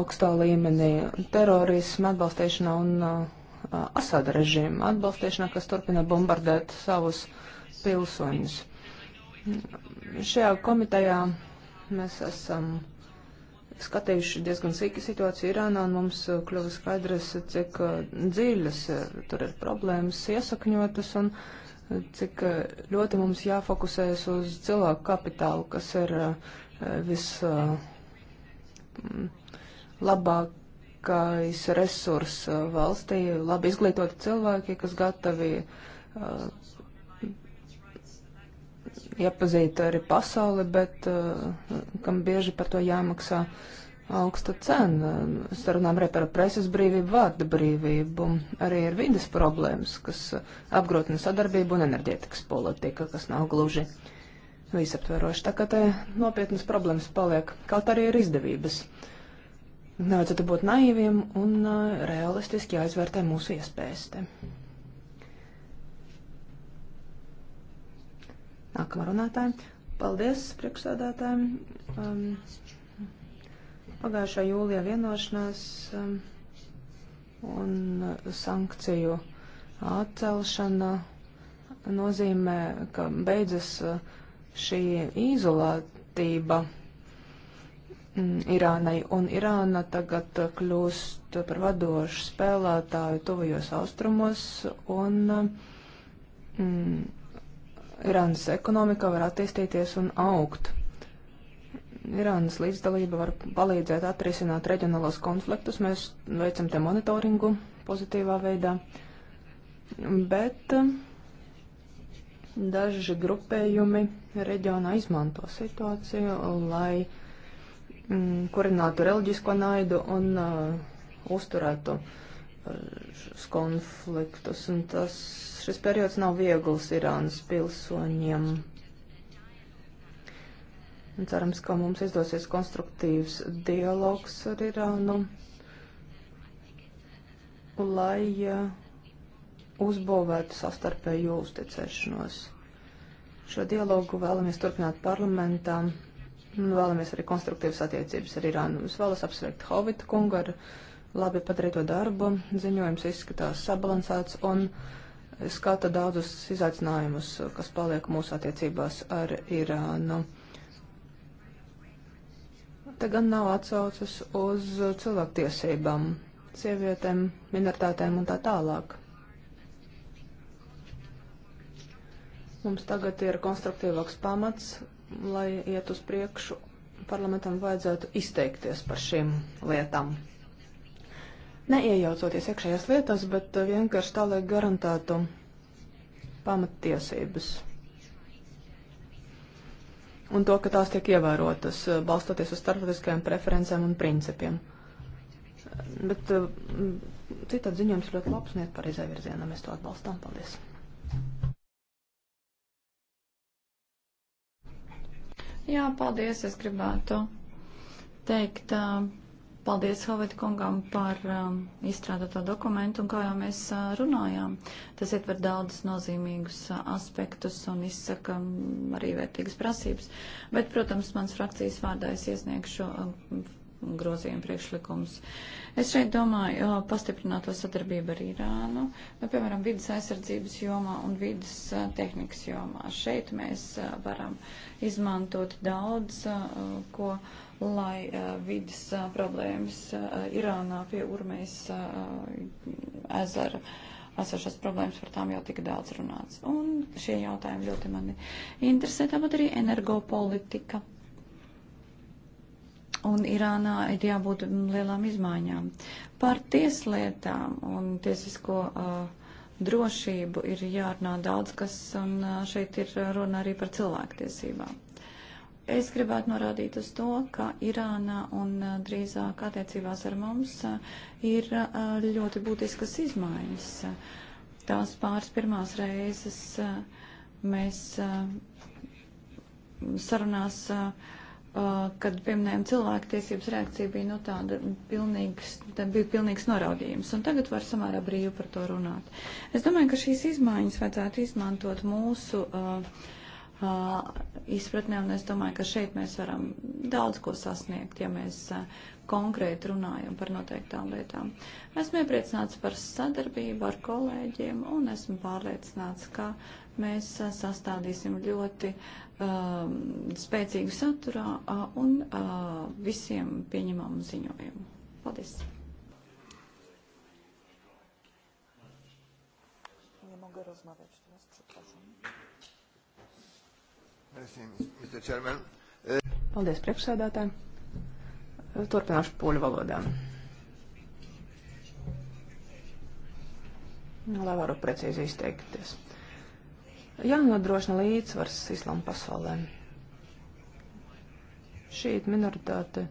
augstā līmenī, terorismu atbalstīšanā un Asada režīmu atbalstīšanā, kas turpina bombardēt savus pilsoņus. Šajā komitejā mēs esam skatījuši diezgan sīki situāciju Irānā, un mums uh, kļuva skaidrs, uh, cik uh, dziļas tur ir problēmas iesakņotas, un cik ļoti mums jāfokusējas uz cilvēku kapitālu, kas ir vislabākais resurs valstī, labi izglītoti cilvēki, kas gatavi iepazīt arī pasauli, bet uh, kam bieži par to jāmaksā augsta cena. Es runāju arī par preses brīvību, vārda brīvību, arī ir vidas problēmas, kas apgrūtina sadarbību un enerģētikas politika, kas nav gluži visaptveroši. Tā kā te nopietnas problēmas paliek, kaut arī ir izdevības. Nevajadzētu būt naiviem un uh, realistiski jāizvērtē mūsu iespējas. Te. Nākamā runātāja. Paldies priekšsādātājiem. Um, pagājušā jūlijā vienošanās um, un sankciju atcelšana nozīmē, ka beidzas uh, šī izolētība mm, Irānai, un Irāna tagad kļūst par vadošu spēlētāju tuvajos austrumos, un mm, Irānas ekonomika var attīstīties un augt. Irānas līdzdalība var palīdzēt atrisināt reģionālos konfliktus, mēs veicam te monitoringu pozitīvā veidā, bet eh, daži grupējumi reģionā izmanto situāciju, lai mm, kurinātu reliģisko naidu un uh, uzturētu uh, šos konfliktus, un tas Šis periods nav viegls Irānas pilsoņiem. Un cerams, ka mums izdosies konstruktīvs dialogs ar Irānu, lai uh, uzbūvētu sastarpēju uzticēšanos. Šo dialogu vēlamies turpināt parlamentā. Vēlamies arī konstruktīvas attiecības ar Irānu. Es vēlos apsveikt Hovita kungu ar labi padarīto darbu. Ziņojums izskatās sabalansēts un. Uh, skata daudzus izaicinājumus, kas paliek mūsu attiecībās ar Irānu. Te gan nav atsaucas uz cilvēktiesībām, sievietēm, minoritātēm un tā tālāk. Mums tagad ir konstruktīvāks pamats, lai iet uz priekšu. Parlamentam vajadzētu izteikties par šīm lietām neiejaucoties iekšējās lietās, bet eh, vienkārši tā, lai garantētu pamattiesības. Un to, ka tās tiek ievērotas, eh, balstoties uz starptautiskajām preferencēm un principiem. Bet eh, citādi ziņojums ļoti labs un iet pareizā virzienā. Mēs to atbalstām. Paldies! Jā, paldies. Es gribētu teikt. Uh Paldies Hovita kungam par um, izstrādāto dokumentu, un kā jau mēs uh, runājām, tas ietver daudz nozīmīgus uh, aspektus un izsaka um, arī vērtīgas prasības. Bet, protams, mans frakcijas vārdā es iesniegšu uh, grozījumu priekšlikumus. Es šeit domāju uh, pastiprināto sadarbību ar Irānu, nu, piemēram, vidas aizsardzības jomā un vidas uh, tehnikas jomā. Šeit mēs uh, varam izmantot daudz, ko lai uh, vidas uh, problēmas uh, Irānā pie Urmējas uh, ezera esošās problēmas, par tām jau tik daudz runāts. Un šie jautājumi ļoti mani interesē, tāpat arī energopolitika. Un Irānā ir jābūt lielām izmaiņām. Par tieslietām un tiesisko uh, drošību ir jārunā daudz kas, un uh, šeit ir runa arī par cilvēktiesībām. Es gribētu norādīt uz to, ka Irāna un drīzāk attiecībās ar mums ir ļoti būtiskas izmaiņas. Tās pāris pirmās reizes mēs sarunās, kad pieminējam cilvēktiesības reakcija, bija, nu, tāda pilnīgs, tā bija pilnīgs noraudījums. Un tagad var samērā brīvi par to runāt. Es domāju, ka šīs izmaiņas vajadzētu izmantot mūsu uh, Uh, izpratnē, un es domāju, ka šeit mēs varam daudz ko sasniegt, ja mēs uh, konkrēti runājam par noteiktām lietām. Esmu iepriecināts par sadarbību ar kolēģiem, un esmu pārliecināts, ka mēs uh, sastādīsim ļoti um, spēcīgu saturā uh, un uh, visiem pieņemamu ziņojumu. Paldies! Nie mogę rozmawiać. Paldies, priekšsēdētāji. Turpināšu poļu valodā. Nu, lai varu precīzi izteikties. Jānodrošina līdzsvars islāma pasaulē. Šī minoritāte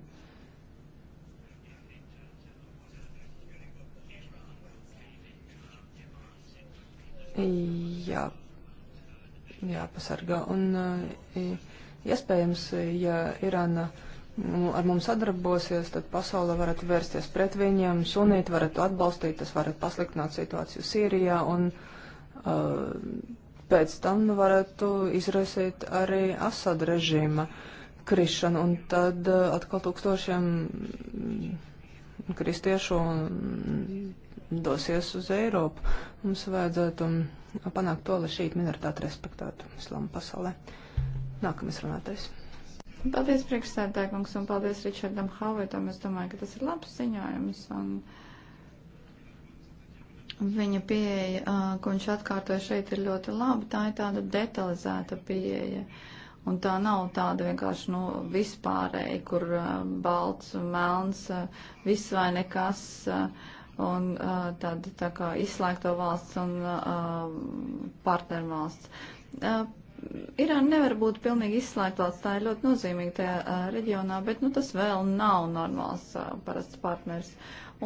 jā, jāpasargā. Un eh, iespējams, ja Irāna nu, ar mums sadarbosies, tad pasaule varētu vērsties pret viņiem, sunīt varētu atbalstīt, tas varētu pasliktināt situāciju Sīrijā un uh, pēc tam varētu izraisīt arī Asad režīma krišanu un tad uh, atkal tūkstošiem kristiešu un dosies uz Eiropu. Mums vajadzētu um, panākt to, lai šī minoritāte respektētu islāma pasaulē. Nākamais runātais. Paldies priekšsēdētāji, kungs, un paldies Ričardam Havitam. Es domāju, ka tas ir labs ziņojums. Un... Viņa pieeja, ko viņš atkārtoja šeit, ir ļoti laba. Tā ir tāda detalizēta pieeja. Un tā nav tāda vienkārši nu, vispārēja, kur balts un melns, viss vai nekas. Uh, un uh, tāda tā kā izslēgto valsts un uh, partneru valsts. Uh, Irāna nevar būt pilnīgi izslēgta valsts, tā ir ļoti nozīmīga tajā uh, reģionā, bet nu, tas vēl nav normāls uh, parasts partners.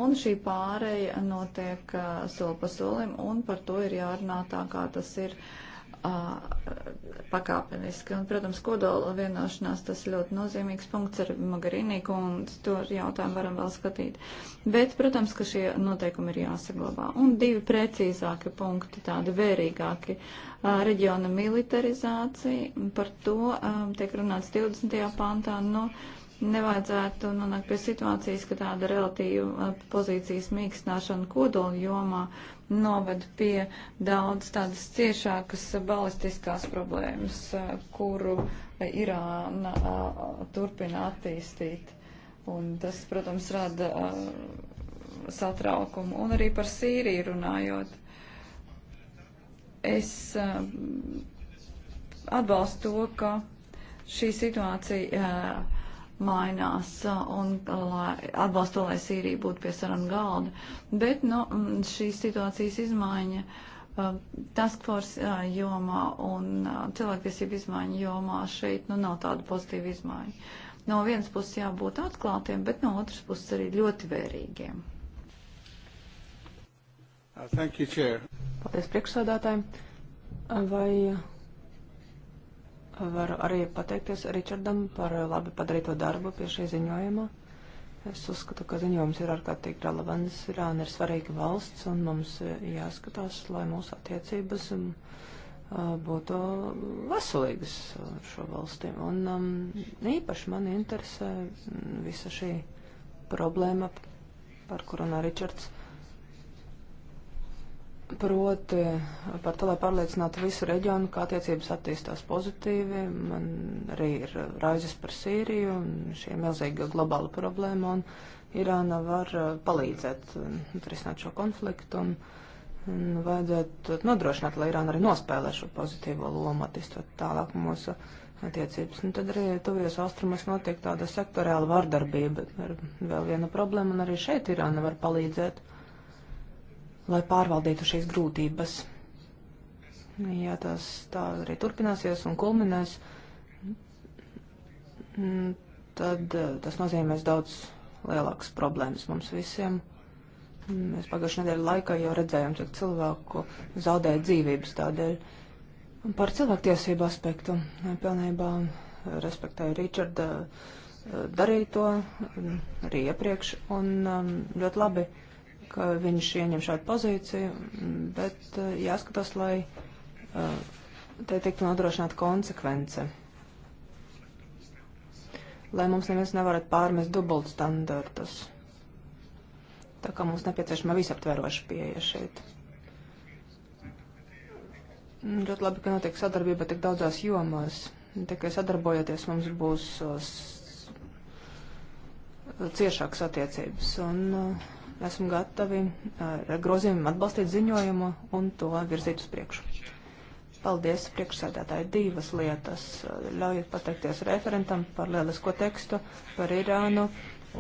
Un šī pāreja notiek uh, soli pa solim, un par to ir jārunā tā, kā tas ir. Uh, pakāpeniski. Un, protams, kodola vienošanās tas ļoti nozīmīgs punkts ar Magarīnīku, un to jautājumu varam vēl skatīt. Bet, protams, ka šie noteikumi ir jāsaglabā. Un divi precīzāki punkti, tādi vērīgāki. Reģiona militarizācija, par to tiek runāts 20. pantā. Nu, nevajadzētu nonākt pie situācijas, ka tāda relatīva pozīcijas mīkstināšana kodola jomā novada pie daudz tādas ciešākas balistiskās problēmas, eh, kuru Irāna eh, turpina attīstīt. Un tas, protams, rada eh, satraukumu. Un arī par Sīriju runājot. Es atbalstu to, ka šī situācija mainās uh, un uh, lai, atbalsta, lai Sīrija būtu pie sarunu galda. Bet nu, mm, šī situācijas izmaiņa uh, task force jomā un cilvēktiesību izmaiņu jomā šeit nu, nav tāda pozitīva izmaiņa. No vienas puses jābūt atklātiem, bet no otras puses arī ļoti vērīgiem. Thank you, Chair. Paldies priekšsādātājiem. Vai Varu arī pateikties Ričardam par labi padarīto darbu pie šī ziņojuma. Es uzskatu, ka ziņojums ir ārkārtīgi relevants. Irāna ir svarīga valsts, un mums jāskatās, lai mūsu attiecības um, uh, būtu veselīgas ar šo valsti. Un um, īpaši man interesē visa šī problēma, par kuru runā Ričards, Proti eh, par to, lai pārliecinātu visu reģionu, kā attiecības attīstās pozitīvi. Man arī ir raizes par Sīriju un šī milzīga globāla problēma, un Irāna var eh, palīdzēt eh, atrisināt šo konfliktu. Un, un vajadzētu nodrošināt, lai Irāna arī nospēlē šo pozitīvo lomu, attīstot tālāk mūsu attiecības. Un nu, tad arī tuvies austrumos notiek tāda sektoriāla vardarbība. Ir vēl viena problēma, un arī šeit Irāna var palīdzēt. Uh, lai pārvaldītu šīs grūtības. Ja tas tā arī turpināsies un kulminēs, mm, tad eh, tas nozīmēs daudz lielākas problēmas mums visiem. Mēs pagājušajā nedēļā laikā jau redzējām, cik cilvēku zaudēja dzīvības tādēļ. Par cilvēktiesību aspektu eh, pilnībā respektēju Ričarda eh, darīto mm, arī iepriekš un mm, ļoti labi ka viņš ieņem šādu pozīciju, mm, bet eh, jāskatās, lai eh, te tiktu nodrošināta konsekvence. Lai mums neviens nevarētu pārmest dubult standartus. Tā kā mums nepieciešama visaptveroša pieeja šeit. Mm, ļoti labi, ka notiek sadarbība tik daudzās jomās. Tikai sadarbojoties mums būs eh, ciešākas attiecības. Un, uh, esam gatavi eh, ar grozījumiem atbalstīt ziņojumu un to virzīt uz priekšu. Paldies priekšsēdētāji divas lietas. Eh, ļaujiet pateikties referentam par lielisko tekstu, par Irānu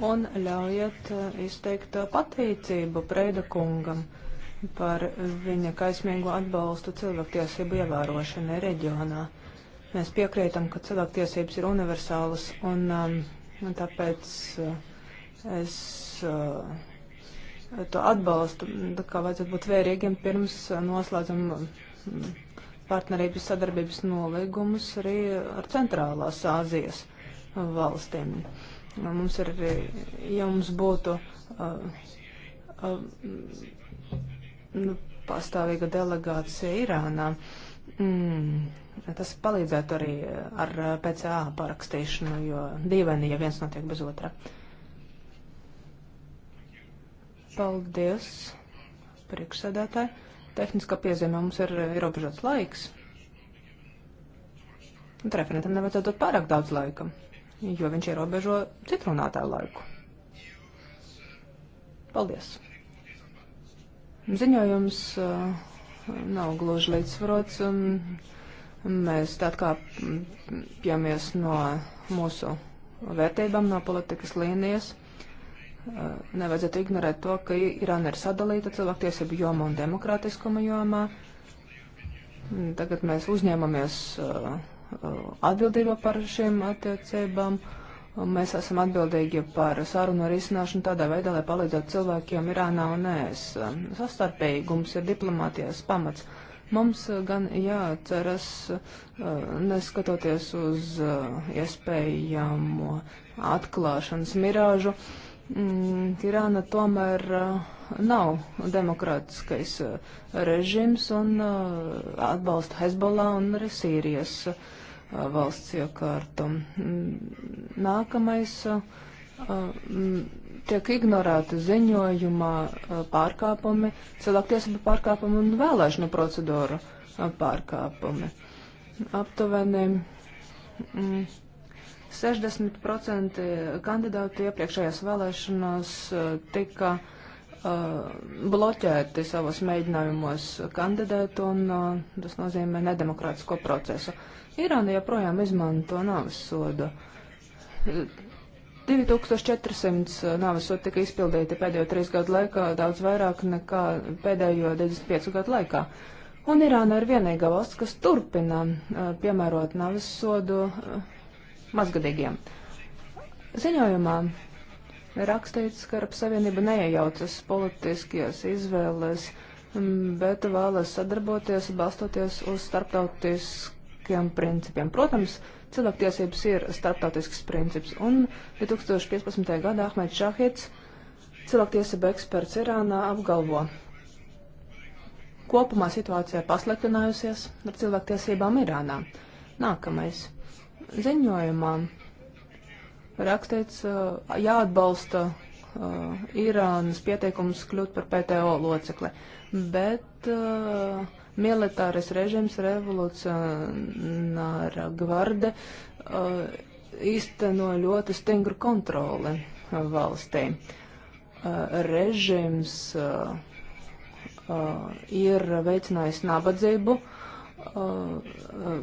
un ļaujiet eh, izteikt pateicību Preida kungam par viņa kaismīgo atbalstu cilvēktiesību ievērošanai reģionā. Mēs piekrītam, ka cilvēktiesības ir universālas un, um, un tāpēc es. Uh, to atbalstu. Tā kā vajadzētu būt vērīgiem pirms noslēdzam mm, partnerības sadarbības nolīgumus arī ar centrālās Āzijas valstīm. Mums ir arī, ja mums būtu uh, uh, nu, pastāvīga delegācija Irānā, mm, tas palīdzētu arī ar PCA parakstīšanu, jo dīvaini, ja viens notiek bez otra. Uh, Paldies, priekšsēdētāji. Tehniskā piezīmē mums ir ierobežots laiks. Un referentam nevajadzētu dot pārāk daudz laika, jo viņš ierobežo citrunātāju laiku. Paldies. Ziņojums uh, nav gluži līdzsvarots, un mēs tā kā pjamies no mūsu vērtībām, no politikas līnijas. Eh, nevajadzētu ignorēt to, ka Irāna ir sadalīta cilvēktiesību jomā un demokrātiskuma jomā. Mm, tagad mēs uzņēmamies eh, eh, atbildību par šīm attiecībām. Mēs esam atbildīgi par sarunu risināšanu tādā veidā, lai palīdzētu cilvēkiem Irānā un ES. Sastarpējīgums ir diplomātijas pamats. Mums gan jāatceras, neskatoties uz iespējamo atklāšanas mirāžu, uh, Mm, Irāna tomēr uh, nav demokrātiskais uh, režims un uh, atbalsta Hezbollah un arī Sīrijas valsts iekārtu. Mm, nākamais mm, tiek ignorēta ziņojumā pārkāpumi, cilvēktiesību pārkāpumi un vēlēšanu procedūru pārkāpumi. Aptuveni. Mm, 60% kandidātu iepriekšējās vēlēšanās eh, tika uh, bloķēti savos mēģinājumos kandidēt, un uh, tas nozīmē nedemokrātisko procesu. Irāna joprojām izmanto nāves sodu. 2400 nāves sodi tika izpildīti pēdējo trīs gadu laikā, daudz vairāk nekā pēdējo 25 gadu laikā. Un Irāna ir vienīgā valsts, kas turpina uh, piemērot nāves sodu uh, mazgadīgiem. Ziņojumā rakstīts, ka Eiropas Savienība neiejaucas politiskajās izvēlēs, bet vēlas sadarboties, balstoties uz starptautiskiem principiem. Protams, cilvēktiesības ir starptautisks princips, un 2015. gadā Ahmeds Šahits, cilvēktiesība eksperts Irānā, apgalvo, kopumā situācija pasliktinājusies ar cilvēktiesībām Irānā. Nākamais ziņojumā rakstīts, jāatbalsta uh, Irānas pieteikums kļūt par PTO locekli, bet uh, militāris režīms, revolucionāra gvarde uh, īsteno ļoti stingru kontroli valstī. Uh, režīms uh, uh, ir veicinājis nabadzību. Uh, uh,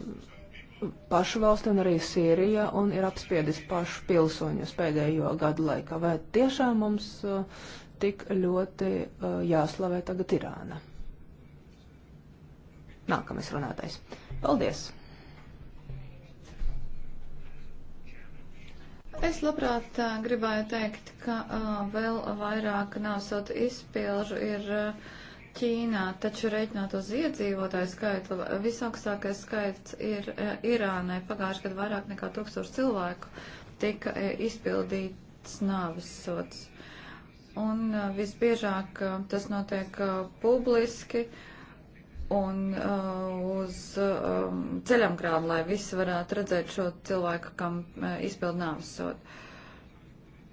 pašu valsti un arī Sīrija un ir apspiedis pašu pilsoņus pēdējo gadu laikā. Vai tiešām mums uh, tik ļoti uh, jāslavē tagad Irāna? Nākamais runātais. Paldies! Es labprāt uh, gribēju teikt, ka uh, vēl vairāk nāsot izpilžu ir uh, Ķīnā, taču reiķināt uz iedzīvotāju skaitu, visaugstākais skaits ir e, Irānai. Pagājuši gadu vairāk nekā tūkstoši cilvēku tika e, izpildīts nāves sots. Un e, visbiežāk tas notiek publiski un uh, uz um, ceļamgrādu, lai visi varētu redzēt šo cilvēku, kam uh, izpild nāves sodu.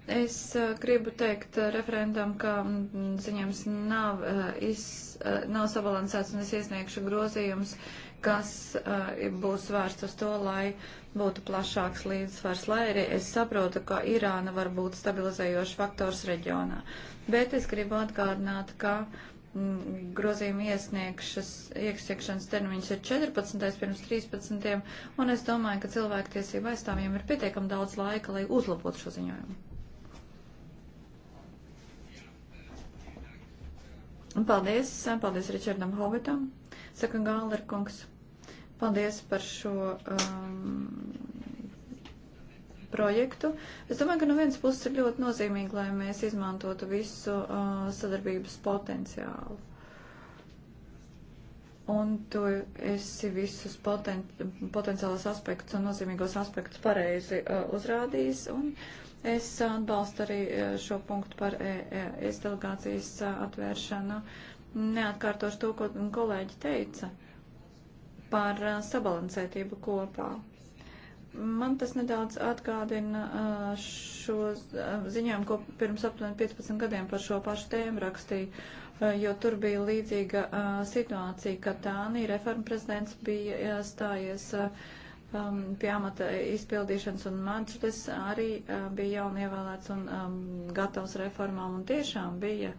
Es uh, gribu teikt uh, referendam, ka mm, ziņojums nav, uh, iz, nav sabalansēts un es iesniegšu grozījums, kas būs vērsts uz to, lai būtu plašāks līdzsvars, lai arī es saprotu, ka Irāna var būt stabilizējošs faktors reģionā. Bet es gribu atgādināt, ka mm, grozījuma iesniegšanas termiņš ir 14. pirms 13. un es domāju, ka cilvēktiesība aizstāvjiem ir pietiekam daudz laika, lai uzlabotu šo ziņojumu. Un paldies, paldies Ričardam Hovitam, saka Gāler kungs. Paldies par šo um, projektu. Es domāju, ka no nu vienas puses ir ļoti nozīmīgi, lai mēs izmantotu visu uh, sadarbības potenciālu. Un tu esi visus poten potenciālos aspektus un nozīmīgos aspektus pareizi uh, uzrādījis. Un Es atbalstu arī e, šo punktu par e, e, ES delegācijas atvēršanu. Neatkārtošu to, ko kolēģi teica par sabalansētību kopā. Man tas nedaudz atgādina šo ziņām, ko pirms aptuveni 15 gadiem par šo pašu tēmu rakstīju, jo tur bija līdzīga situācija, ka Tānija reforma prezidents bija stājies. Uh, um, pie amata izpildīšanas, un Mančulis arī uh, bija jaunievēlēts un um, gatavs reformām, un tiešām bija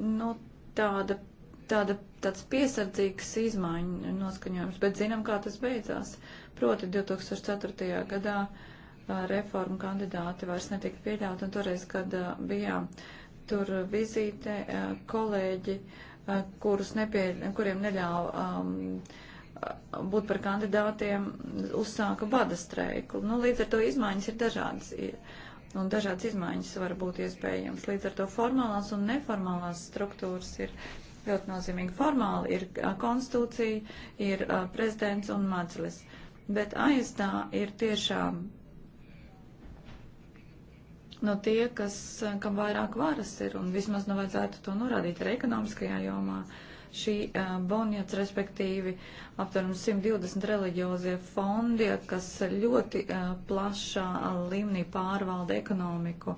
nu, tāda, tāda, tāds piesardzīgs izmaiņu noskaņojums, bet zinām, kā tas beidzās. Proti 2004. gadā uh, reformu kandidāti vairs netika pieļauti, un toreiz, kad uh, bijām tur vizīte, uh, kolēģi, uh, kurus nepie, kuriem neļāva um, būt par kandidātiem, uzsāka bada streiku. Nu, līdz ar to izmaiņas ir dažādas. Un dažādas izmaiņas var būt iespējams. Līdz ar to formālās un neformālās struktūras ir ļoti nozīmīgi. Formāli ir konstitūcija, ir prezidents un madzlis. Bet aiz tā ir tiešām no tie, kas, kam vairāk varas ir, un vismaz nevajadzētu nu to norādīt arī ekonomiskajā jomā. Uh, šī uh, bonjots, respektīvi aptveram 120 reliģiozie fondi, kas ļoti uh, plašā līmenī pārvalda ekonomiku.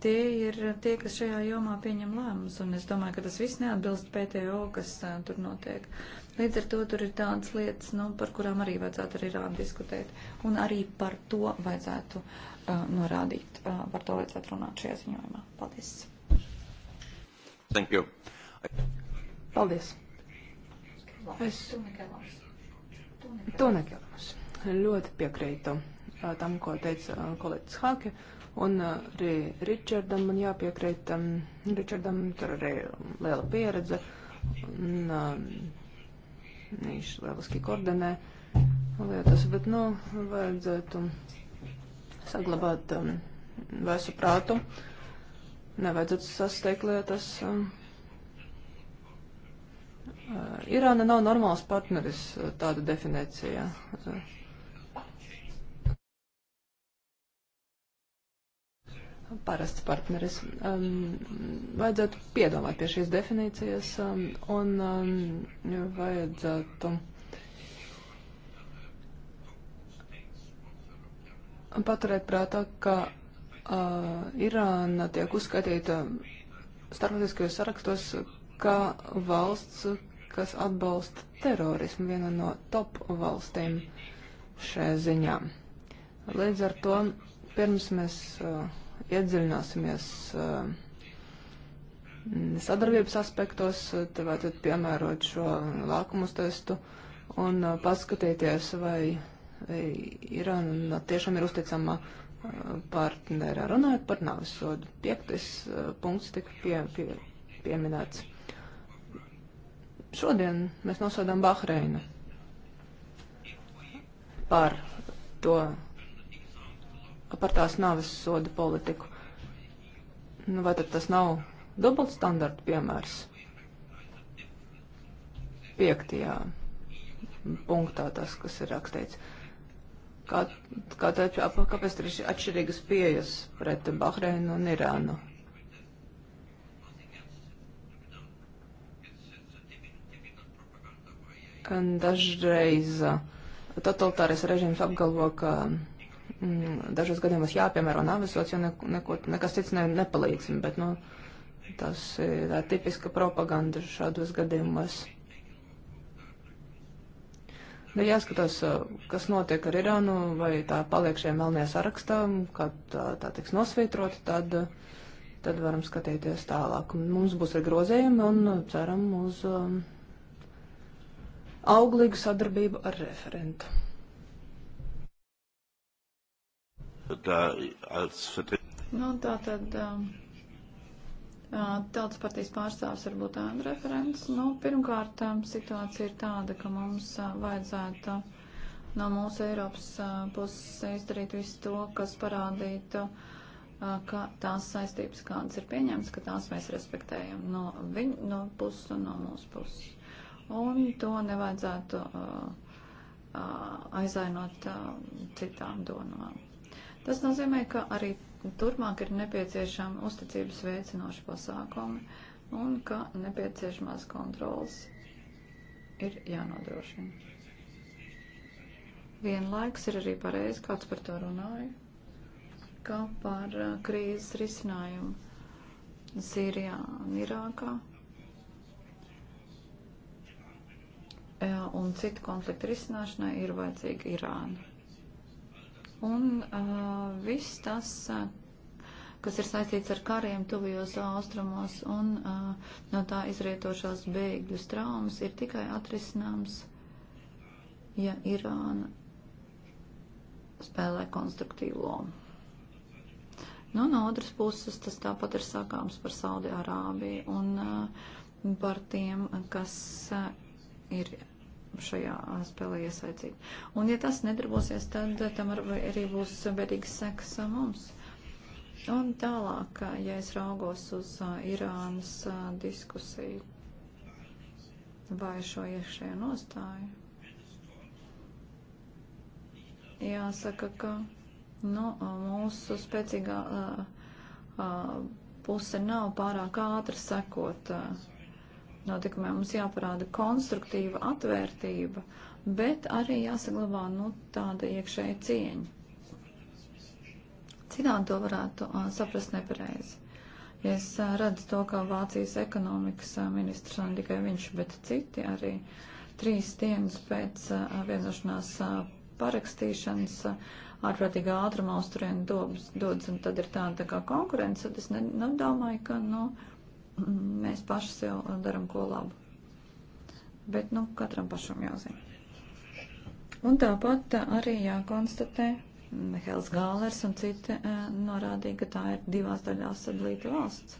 Tie ir tie, kas šajā jomā pieņem lēmumus, un es domāju, ka tas viss neatbilst PTO, kas uh, tur notiek. Līdz ar to tur ir tādas lietas, nu, par kurām arī vajadzētu arī rādi diskutēt, un arī par to vajadzētu uh, norādīt, uh, par to vajadzētu runāt šajā ziņojumā. Paldies! Thank you. Paldies. Es to nekēlos. Ļoti piekrītu uh, tam, ko teica uh, kolēģis Hake, un uh, arī Ričardam man jāpiekrīt. Um, Ričardam tur arī liela pieredze, un um, viņš lieliski koordinē lietas, bet, nu, vajadzētu saglabāt um, vesu prātu. Nevajadzētu sasteigt lietas. Uh, Irāna nav normāls partneris, tāda definīcija. Parasts partneris. Um, vajadzētu piedomāt pie šīs definīcijas um, un um, vajadzētu paturēt prātā, ka uh, Irāna tiek uzskatīta starptautiskajos sarakstos kā valsts, kas atbalsta terorismu, viena no top valstīm šajā ziņā. Līdz ar to, pirms mēs uh, iedziļināsimies uh, sadarbības aspektos, te vajadzētu piemērot šo lākumus testu un uh, paskatīties, vai, vai Irāna tiešām ir uzticama uh, partnerē. Runājot par nāvisodu, piektais uh, punkts tika pie, pie, pieminēts. Šodien mēs nosodām Bahreinu par to, par tās navas soda politiku. Nu, vai tad tas nav dubultstandarta piemērs? Piektajā punktā tas, kas ir rakstīts. Kā, kā tā, kāpēc ir atšķirīgas pieejas pret Bahreinu un Irānu? Dažreiz uh, totalitārais režīms apgalvo, ka mm, dažos gadījumos jāpiemēro navisots, jo neko, nekas cits ne, nepalīdz. Bet, nu, tas ir tā tipiska propaganda šādos gadījumos. Nu, jāskatās, uh, kas notiek ar Irānu, vai tā paliek šajā melnajā sarakstā, kad tā, tā tiks nosvītrota, tad, uh, tad varam skatīties tālāk. Mums būs arī grozējumi un ceram uz. Um, auglīgu sadarbību ar referentu. Nu, tā tad um, tautas partijas pārstāvs varbūt ēnu referents. Nu, pirmkārt, um, situācija ir tāda, ka mums vajadzētu no mūsu Eiropas puses izdarīt visu to, kas parādītu ka tās saistības, kādas ir pieņemtas, ka tās mēs respektējam no viņu no puses un no mūsu puses un to nevajadzētu uh, uh, aizainot uh, citām domām. Tas nozīmē, ka arī turpmāk ir nepieciešama uzticības veicinoša pasākumi un ka nepieciešamās kontrolas ir jānodrošina. Vienlaiks ir arī pareizi, kāds par to runāja, kā par krīzes risinājumu Sīrijā un Irākā un citu konfliktu risināšanai ir vajadzīga Irāna. Un uh, viss tas, uh, kas ir saistīts ar kariem tuvijos austrumos un uh, no tā izrietošās bēgļu traumas, ir tikai atrisināms, ja Irāna spēlē konstruktīvu lomu. Nu, no otras puses, tas tāpat ir sakāms par Saudi-Arābiju un uh, par tiem, kas uh, ir šajā spēlē iesaicīt. Un ja tas nedarbosies, tad tam arī būs bedīgs seks mums. Un tālāk, ja es raugos uz Irānas diskusiju vai šo iekšējo nostāju, jāsaka, ka nu, mūsu spēcīgā uh, uh, puse nav pārāk ātri sekot. Uh, notikumiem. Mums jāparāda konstruktīva atvērtība, bet arī jāsaglabā nu, tāda iekšēja cieņa. Citādi to varētu uh, saprast nepareizi. Ja es uh, redzu to, kā Vācijas ekonomikas uh, ministrs, ne tikai viņš, bet citi arī trīs dienas pēc uh, vienošanās uh, parakstīšanas uh, ārprātīgā ātrumā uz turieni dodas, un tad ir tāda tā kā konkurence, tad es nedomāju, ka, nu, no, mēs paši sev daram ko labu. Bet, nu, katram pašam jāzina. Un tāpat arī jākonstatē, Mihēls Gālers un citi eh, norādīja, ka tā ir divās daļās sadalīta valsts.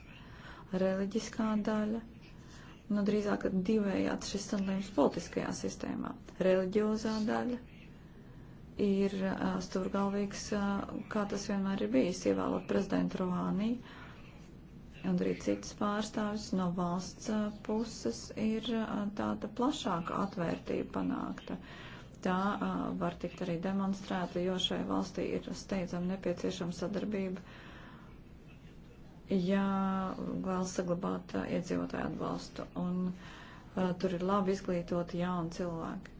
Reliģiskā daļa, nu, drīzāk divējāds šis sadalījums politiskajā sistēmā. Reliģiozā daļa ir eh, stūrgalvīgs, eh, kā tas vienmēr ir bijis, ievēlot prezidentu Rohāniju un arī citas pārstāvis no valsts puses ir tāda plašāka atvērtība panākta. Tā var tikt arī demonstrēta, jo šai valstī ir steidzam nepieciešama sadarbība, ja vēl saglabāt iedzīvotāju atbalstu. Un tur ir labi izglītoti jauni cilvēki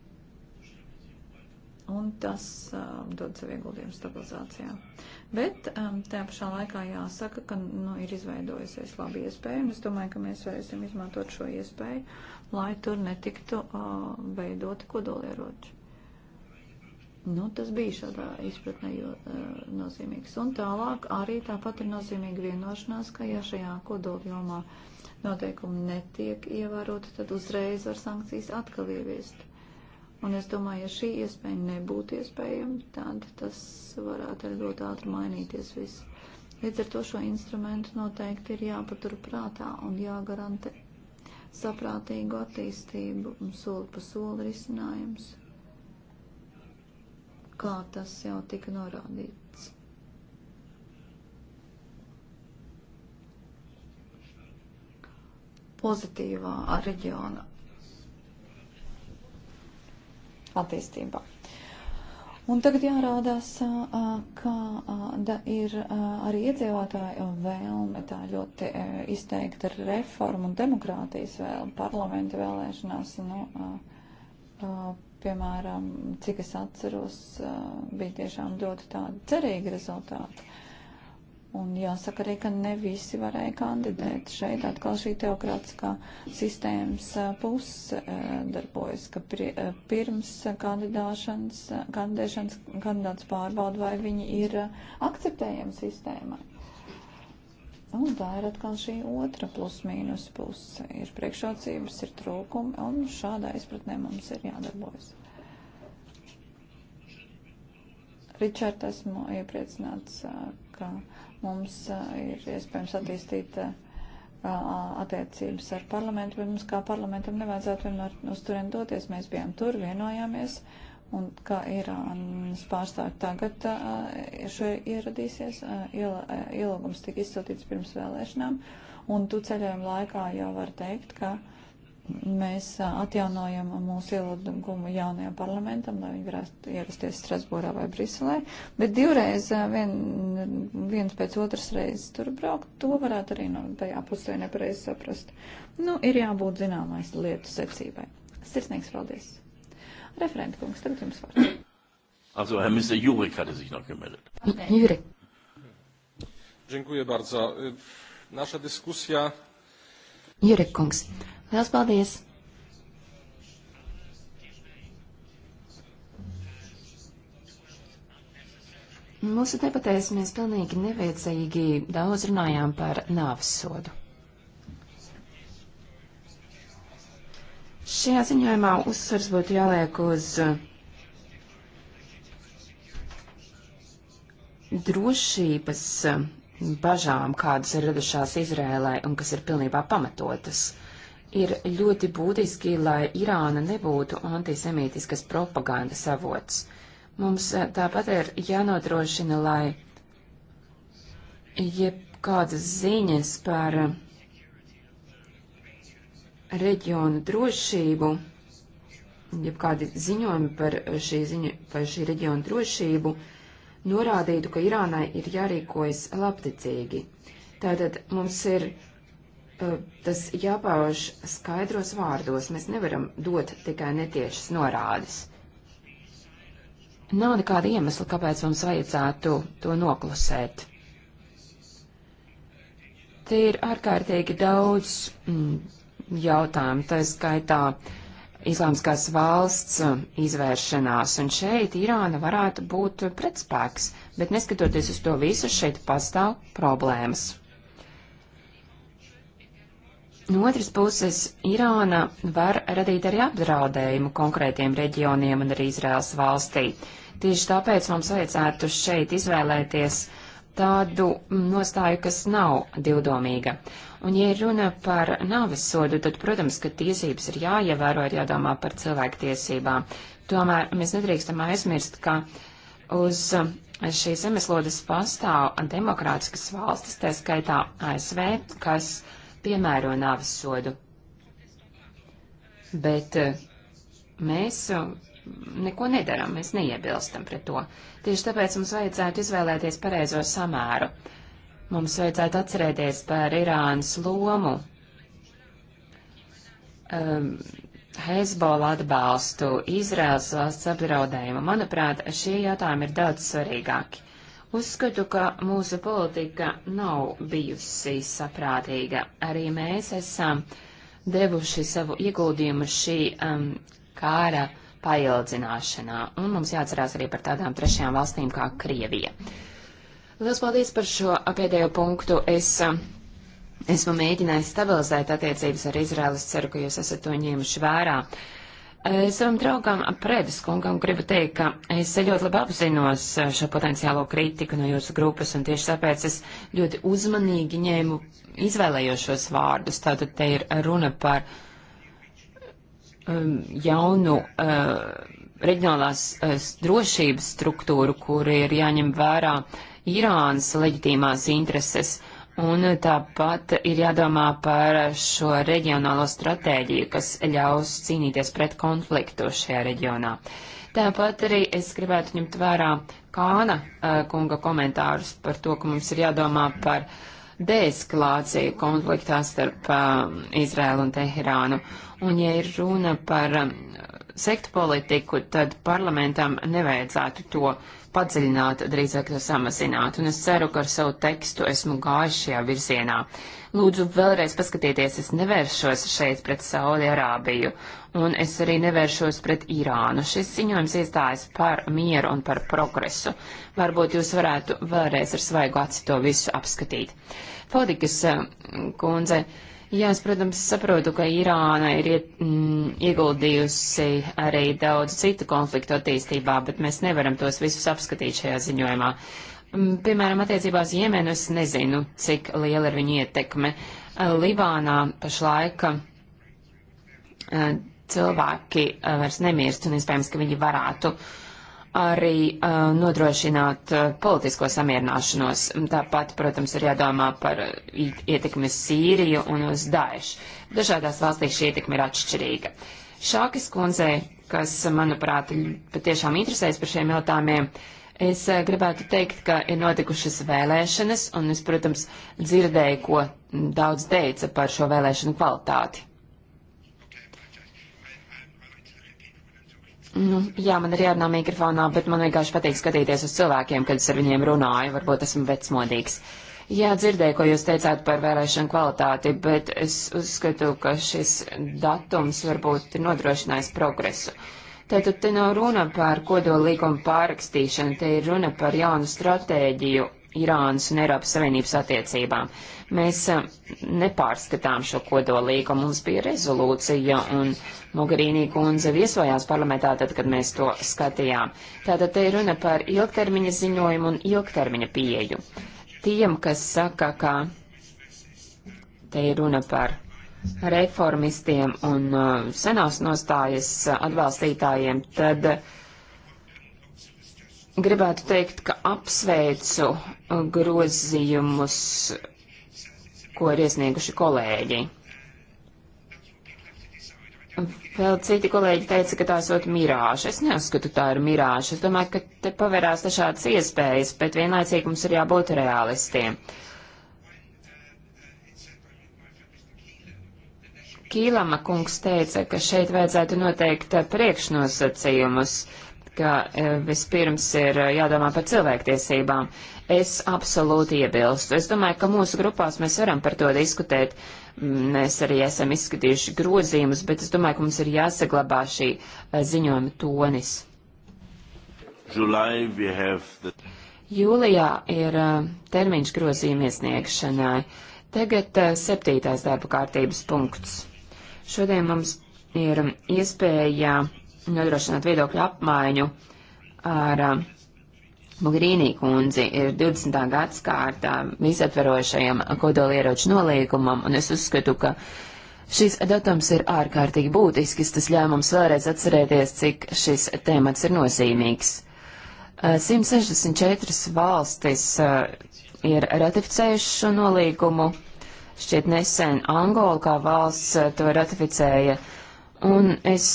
un tas um, dod savu ieguldījumu stabilizācijā. Bet um, tajā pašā laikā jāsaka, ka nu, ir izveidojusies laba iespēja, un es domāju, ka mēs varēsim izmantot šo iespēju, lai tur netiktu uh, veidoti kodolieroči. Nu, tas bija šādā izpratnē jo, uh, nozīmīgs. Un tālāk arī tāpat ir nozīmīga vienošanās, ka ja šajā kodoljomā noteikumi netiek ievēroti, tad uzreiz var sankcijas atkal ieviest Un es domāju, ja šī iespēja nebūtu iespējama, tad tas varētu arī ļoti ātri mainīties viss. Līdz ar to šo instrumentu noteikti ir jāpatur prātā un jāgarantē saprātīgu attīstību un soli pa soli risinājums, kā tas jau tika norādīts. Pozitīvā reģiona attīstībā. Un tagad jārādās, kāda ir arī iedzīvotāja vēlme, tā ļoti e, izteikta reforma un demokrātijas vēlme parlamenta vēlēšanās. Nu, piemēram, cik es atceros, bija tiešām ļoti tādi cerīgi rezultāti. Un jāsaka arī, ka ne visi varēja kandidēt. Šeit atkal šī teokrātiskā sistēmas puse darbojas, ka pirms kandidāšanas, kandidēšanas kandidāts pārbauda, vai viņi ir akceptējami sistēmai. Un tā ir atkal šī otra plus-mínus puse. Ir priekšrocības, ir trūkumi, un šādā izpratnē mums ir jādarbojas. Ričard, esmu iepriecināts, ka Mums ir iespējams attīstīt attiecības ar parlamentu, bet mums kā parlamentam nevajadzētu vienmēr uz turien doties. Mēs bijām tur, vienojāmies, un kā Irānas pārstāvji tagad šie ieradīsies, ielūgums tika izsūtīts pirms vēlēšanām, un tu ceļojuma laikā jau var teikt, ka. Uh, mēs atjaunojam mūsu ielūgumu jaunajam parlamentam, lai viņi varētu ierasties Strasbūrā vai Briselē. Bet divreiz, vien, viens pēc otras reizes tur braukt, to varētu arī no tajā pusē nepareizi saprast. Nu, ir jābūt zināmais lietu secībai. Sirsnīgs paldies. Referenta kungs, tagad jums vārds. Also, Herr Minister Jurek hatte sich noch gemeldet. Jurek. Dziękuję bardzo. Nasza dyskusja Jurekungs. Liels paldies! Mūsu debatēs mēs pilnīgi nevajadzīgi daudz runājām par nāves sodu. Šajā ziņojumā uzsvers būtu jāliek uz uh, drošības uh, bažām, kādas ir radušās Izrēlē un kas ir pilnībā pamatotas. Ir ļoti būtiski, lai Irāna nebūtu antisemītiskas propagandas avots. Mums eh, tāpat ir jānodrošina, lai jebkādas ziņas par reģionu drošību, jebkādi ziņojumi par šī, ziņa, par šī reģiona drošību, uh, norādītu, ka Irānai ir jārīkojas labticīgi. Tātad mums ir uh, tas jāpauž skaidros vārdos. Mēs nevaram dot tikai netiešas norādes. Nav nekāda iemesla, kāpēc mums vajadzētu to noklusēt. Te ir ārkārtīgi daudz mm, jautājumu, tā skaitā uh, islāmskās valsts um, izvēršanās, un šeit Irāna varētu būt pretspēks, bet neskatoties uz to visu, šeit pastāv problēmas. No otras puses, Irāna var radīt arī apdraudējumu konkrētiem reģioniem un arī Izraels valstī. Tieši tāpēc mums vajadzētu šeit izvēlēties tādu mm, nostāju, kas nav divdomīga. Un, ja runa par nāvesodu, tad, protams, ka tiesības ir jāievēro, ir jādomā par cilvēktiesībām. Tomēr mēs nedrīkstam aizmirst, ka uz eh, šīs zemeslodes pastāv demokrātiskas valstis, tā skaitā ASV, kas piemēro nāvesodu. Bet eh, mēs eh, neko nedaram, mēs neiebilstam pret to. Tieši tāpēc mums vajadzētu izvēlēties pareizo samēru. Mums vajadzētu atcerēties par Irānas lomu, um, Hezbola atbalstu, Izraels valsts apdraudējumu. Manuprāt, šie jautājumi ir daudz svarīgāki. Uzskatu, ka mūsu politika nav bijusi saprātīga. Arī mēs esam devuši savu ieguldījumu šī um, kāra paildzināšanā, un mums jāatcerās arī par tādām trešajām valstīm kā Krievija. Uh, Lielas paldies par šo pēdējo punktu. Es um, esmu mēģinājis stabilizēt attiecības ar Izraelu. Es ceru, ka jūs esat to ņēmuši vērā. Eh, savam draugam Prēdas kungam gribu teikt, ka es ļoti labi apzinos eh, šo potenciālo kritiku no jūsu grupas, un tieši tāpēc es ļoti uzmanīgi ņēmu izvēlējošos vārdus. Tātad te ir runa par um, jaunu. Uh, reģionālās uh, drošības struktūru, kur ir jāņem vērā uh, Irānas leģitīmās intereses. Un tāpat ir jādomā par šo reģionālo stratēģiju, kas ļaus cīnīties pret konfliktu šajā reģionā. Tāpat arī es gribētu ņemt vērā Kāna kunga komentārus par to, ka mums ir jādomā par deeskalāciju konfliktā starp uh, Izrēlu un Teherānu. Un ja ir runa par um, sektu politiku, tad parlamentam nevajadzētu to uh, padziļinātu, drīzāk to samazinātu, un es ceru, ka ar savu tekstu esmu gājis šajā virzienā. Lūdzu, vēlreiz paskatieties, es nevēršos šeit pret Saudi Arābiju, un es arī nevēršos pret Irānu. Šis ziņojums iestājas par mieru un par progresu. Varbūt jūs varētu vēlreiz ar svaigu aci to visu apskatīt. Paldies, eh, kundze! Uh, Jā, es, protams, saprotu, ka Irāna ir iet, mm, ieguldījusi arī daudz citu konfliktu attīstībā, bet mēs nevaram tos visus apskatīt šajā ziņojumā. Mm, piemēram, attiecībā uz Jemenu es nezinu, cik liela ir viņa ietekme. Eh, Libānā pašlaik eh, cilvēki eh, vairs nemirst un iespējams, ka viņi varētu uh, arī uh, nodrošināt uh, politisko samierināšanos. Tāpat, protams, ir jādomā par ietekmi uz Sīriju un uz Daešu. Dažādās valstīs šī ietekme ir atšķirīga. Šākas kundzei, kas, manuprāt, patiešām interesējas par šiem jautājumiem, es uh, gribētu teikt, ka ir notikušas vēlēšanas, un es, protams, dzirdēju, ko daudz teica par šo vēlēšanu kvalitāti. Nu, jā, man ir jārunā mikrofonā, bet man vienkārši patīk skatīties uz cilvēkiem, kad es ar viņiem runāju. Varbūt esmu vecmodīgs. Jā, dzirdēju, ko jūs teicāt par vēlēšanu kvalitāti, bet es uzskatu, ka šis datums varbūt ir nodrošinājis progresu. Tātad te nav runa par kodolīgumu pārrakstīšanu, te ir runa par jaunu stratēģiju Irānas un Eiropas Savienības attiecībām. Mēs eh, nepārskatām šo kodolīgu, mums bija rezolūcija, un Mogherīnī kundze viesojās parlamentā tad, kad mēs to skatījām. Tātad te ir runa par ilgtermiņa ziņojumu un ilgtermiņa pieeju. Tiem, kas saka, ka te ir runa par reformistiem un eh, senās nostājas eh, atbalstītājiem, tad uh, gribētu teikt, ka apsveicu uh, grozījumus, ko ir iesnieguši kolēģi. Vēl citi kolēģi teica, ka tā esot mirāža. Es neuzskatu, tā ir mirāža. Es domāju, ka te pavērās dažādas iespējas, bet vienlaicīgi mums ir jābūt realistiem. Kīlama kungs teica, ka šeit vajadzētu noteikt priekšnosacījumus. Uh, ka e, vispirms ir e, jādomā par cilvēktiesībām. Es absolūti iebilstu. Es domāju, ka mūsu grupās mēs varam par to diskutēt. Mēs arī esam izskatījuši grozījumus, bet es domāju, ka mums ir jāsaglabā šī e, ziņojuma tonis. July, the... Jūlijā ir termiņš grozījuma iesniegšanai. Tagad septītais darba kārtības punkts. Šodien mums ir iespēja nodrošināt viedokļu apmaiņu ar Mugrīnī um, kundzi ir 20. gadskārta visatverošajam kodolieroču nolīgumam, un es uzskatu, ka šis datums ir ārkārtīgi būtisks, tas ļauj mums vēlreiz atcerēties, cik šis temats ir nozīmīgs. 164 uh, valstis uh, ir ratificējuši šo nolīgumu, šķiet nesen Angola kā valsts uh, to ratificēja, un es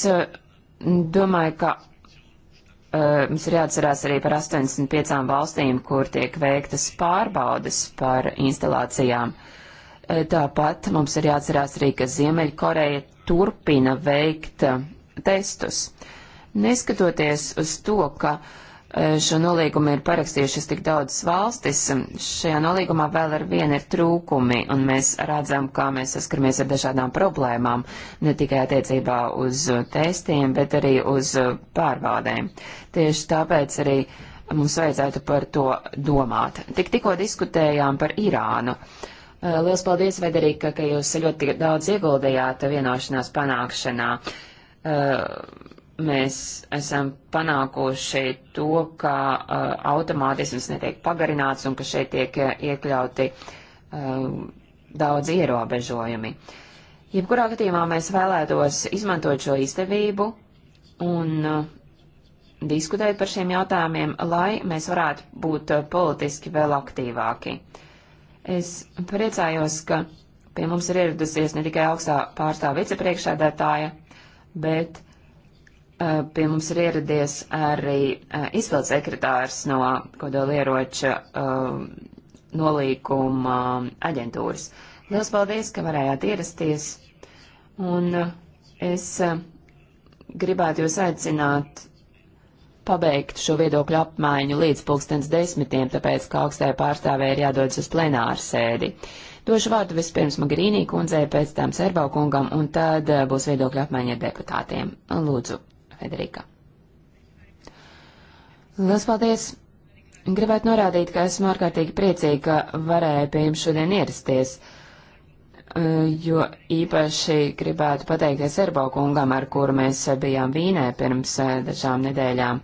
Domāju, ka uh, mums ir jāatcerās arī par 85 valstīm, kur tiek veiktas pārbaudes par instalācijām. Uh, tāpat mums ir jāatcerās arī, ka Ziemeļkoreja turpina veikt eh, testus. Neskatoties uz to, ka uh, Eh, šo nolīgumu ir parakstījušas tik daudzas valstis, šajā nolīgumā vēl ar vienu ir trūkumi, un mēs redzam, kā mēs saskaramies ar dažādām problēmām, ne tikai attiecībā uz testiem, bet arī uz pārbaudēm. Tieši tāpēc arī mums vajadzētu par to domāt. Tik tikko diskutējām par Irānu. Eh, liels paldies, Vederika, ka jūs ļoti daudz ieguldījāt vienošanās panākšanā. Uh, mēs esam panākuši to, ka uh, automātisms netiek pagarināts un ka šeit tiek uh, iekļauti uh, daudz ierobežojumi. Jebkurā gadījumā mēs vēlētos izmantot šo izdevību un uh, diskutēt par šiem jautājumiem, lai mēs varētu būt uh, politiski vēl aktīvāki. Es priecājos, ka pie mums ir ieradusies ne tikai augstā pārstāv vicepriekšādātāja, bet Eh, pie mums ir ieradies arī eh, izpildu sekretārs no kodolieroča eh, nolīkuma aģentūras. Liels paldies, ka varējāt ierasties. Un es gribētu jūs aicināt pabeigt šo viedokļu apmaiņu līdz pulkstens desmitiem, tāpēc, ka augstajai pārstāvē ir jādodas uz plenāru sēdi. Došu vārdu vispirms Magrīnī kundzei, pēc tam Serbau kungam, un tad būs viedokļu apmaiņa ar deputātiem. Lūdzu. Federika. Lielas paldies! Gribētu norādīt, ka esmu ārkārtīgi priecīga, ka varēju pie jums šodien ierasties, eh, jo īpaši gribētu pateikties Erbo kungam, ar kuru mēs bijām Vīnē pirms eh, dažām nedēļām,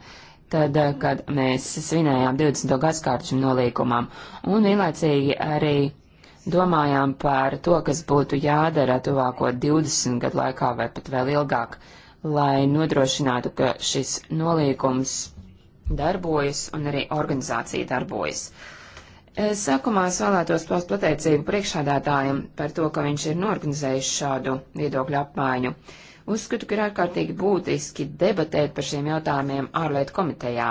tad, eh, kad mēs svinējām 20. gadskārtu nolīkumam, un vienlaicīgi arī domājām par to, kas būtu jādara tuvāko 20 gadu laikā vai pat vēl ilgāk lai nodrošinātu, ka šis nolīgums darbojas un arī organizācija darbojas. Sākumā es vēlētos paust pateicību priekšādātājiem par to, ka viņš ir norganizējis šādu viedokļu apmaiņu. Uzskatu, ka ir ārkārtīgi būtiski debatēt par šiem jautājumiem ārlietu komitejā.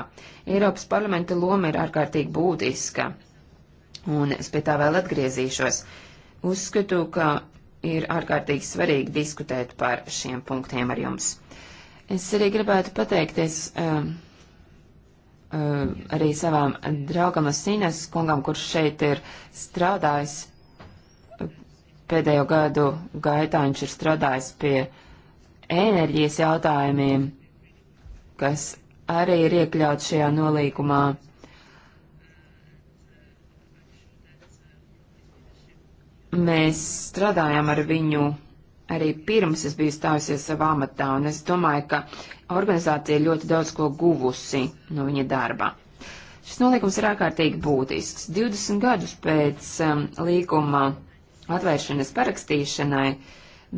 Eiropas parlamenta loma ir ārkārtīgi būtiska, un es pie tā vēl atgriezīšos. Uzskatu, ka ir ārkārtīgi svarīgi diskutēt par šiem punktiem ar jums. Es arī gribētu pateikties uh, uh, arī savām draugam Asīnes kungam, kurš šeit ir strādājis pēdējo gadu gaitā, viņš ir strādājis pie enerģijas jautājumiem, kas arī ir iekļauts šajā nolīgumā. Mēs strādājām ar viņu arī pirms es biju stājusies savā amatā, un es domāju, ka organizācija ļoti daudz ko guvusi no viņa darba. Šis nolikums ir ārkārtīgi būtisks. 20 gadus pēc um, līguma atvēršanas parakstīšanai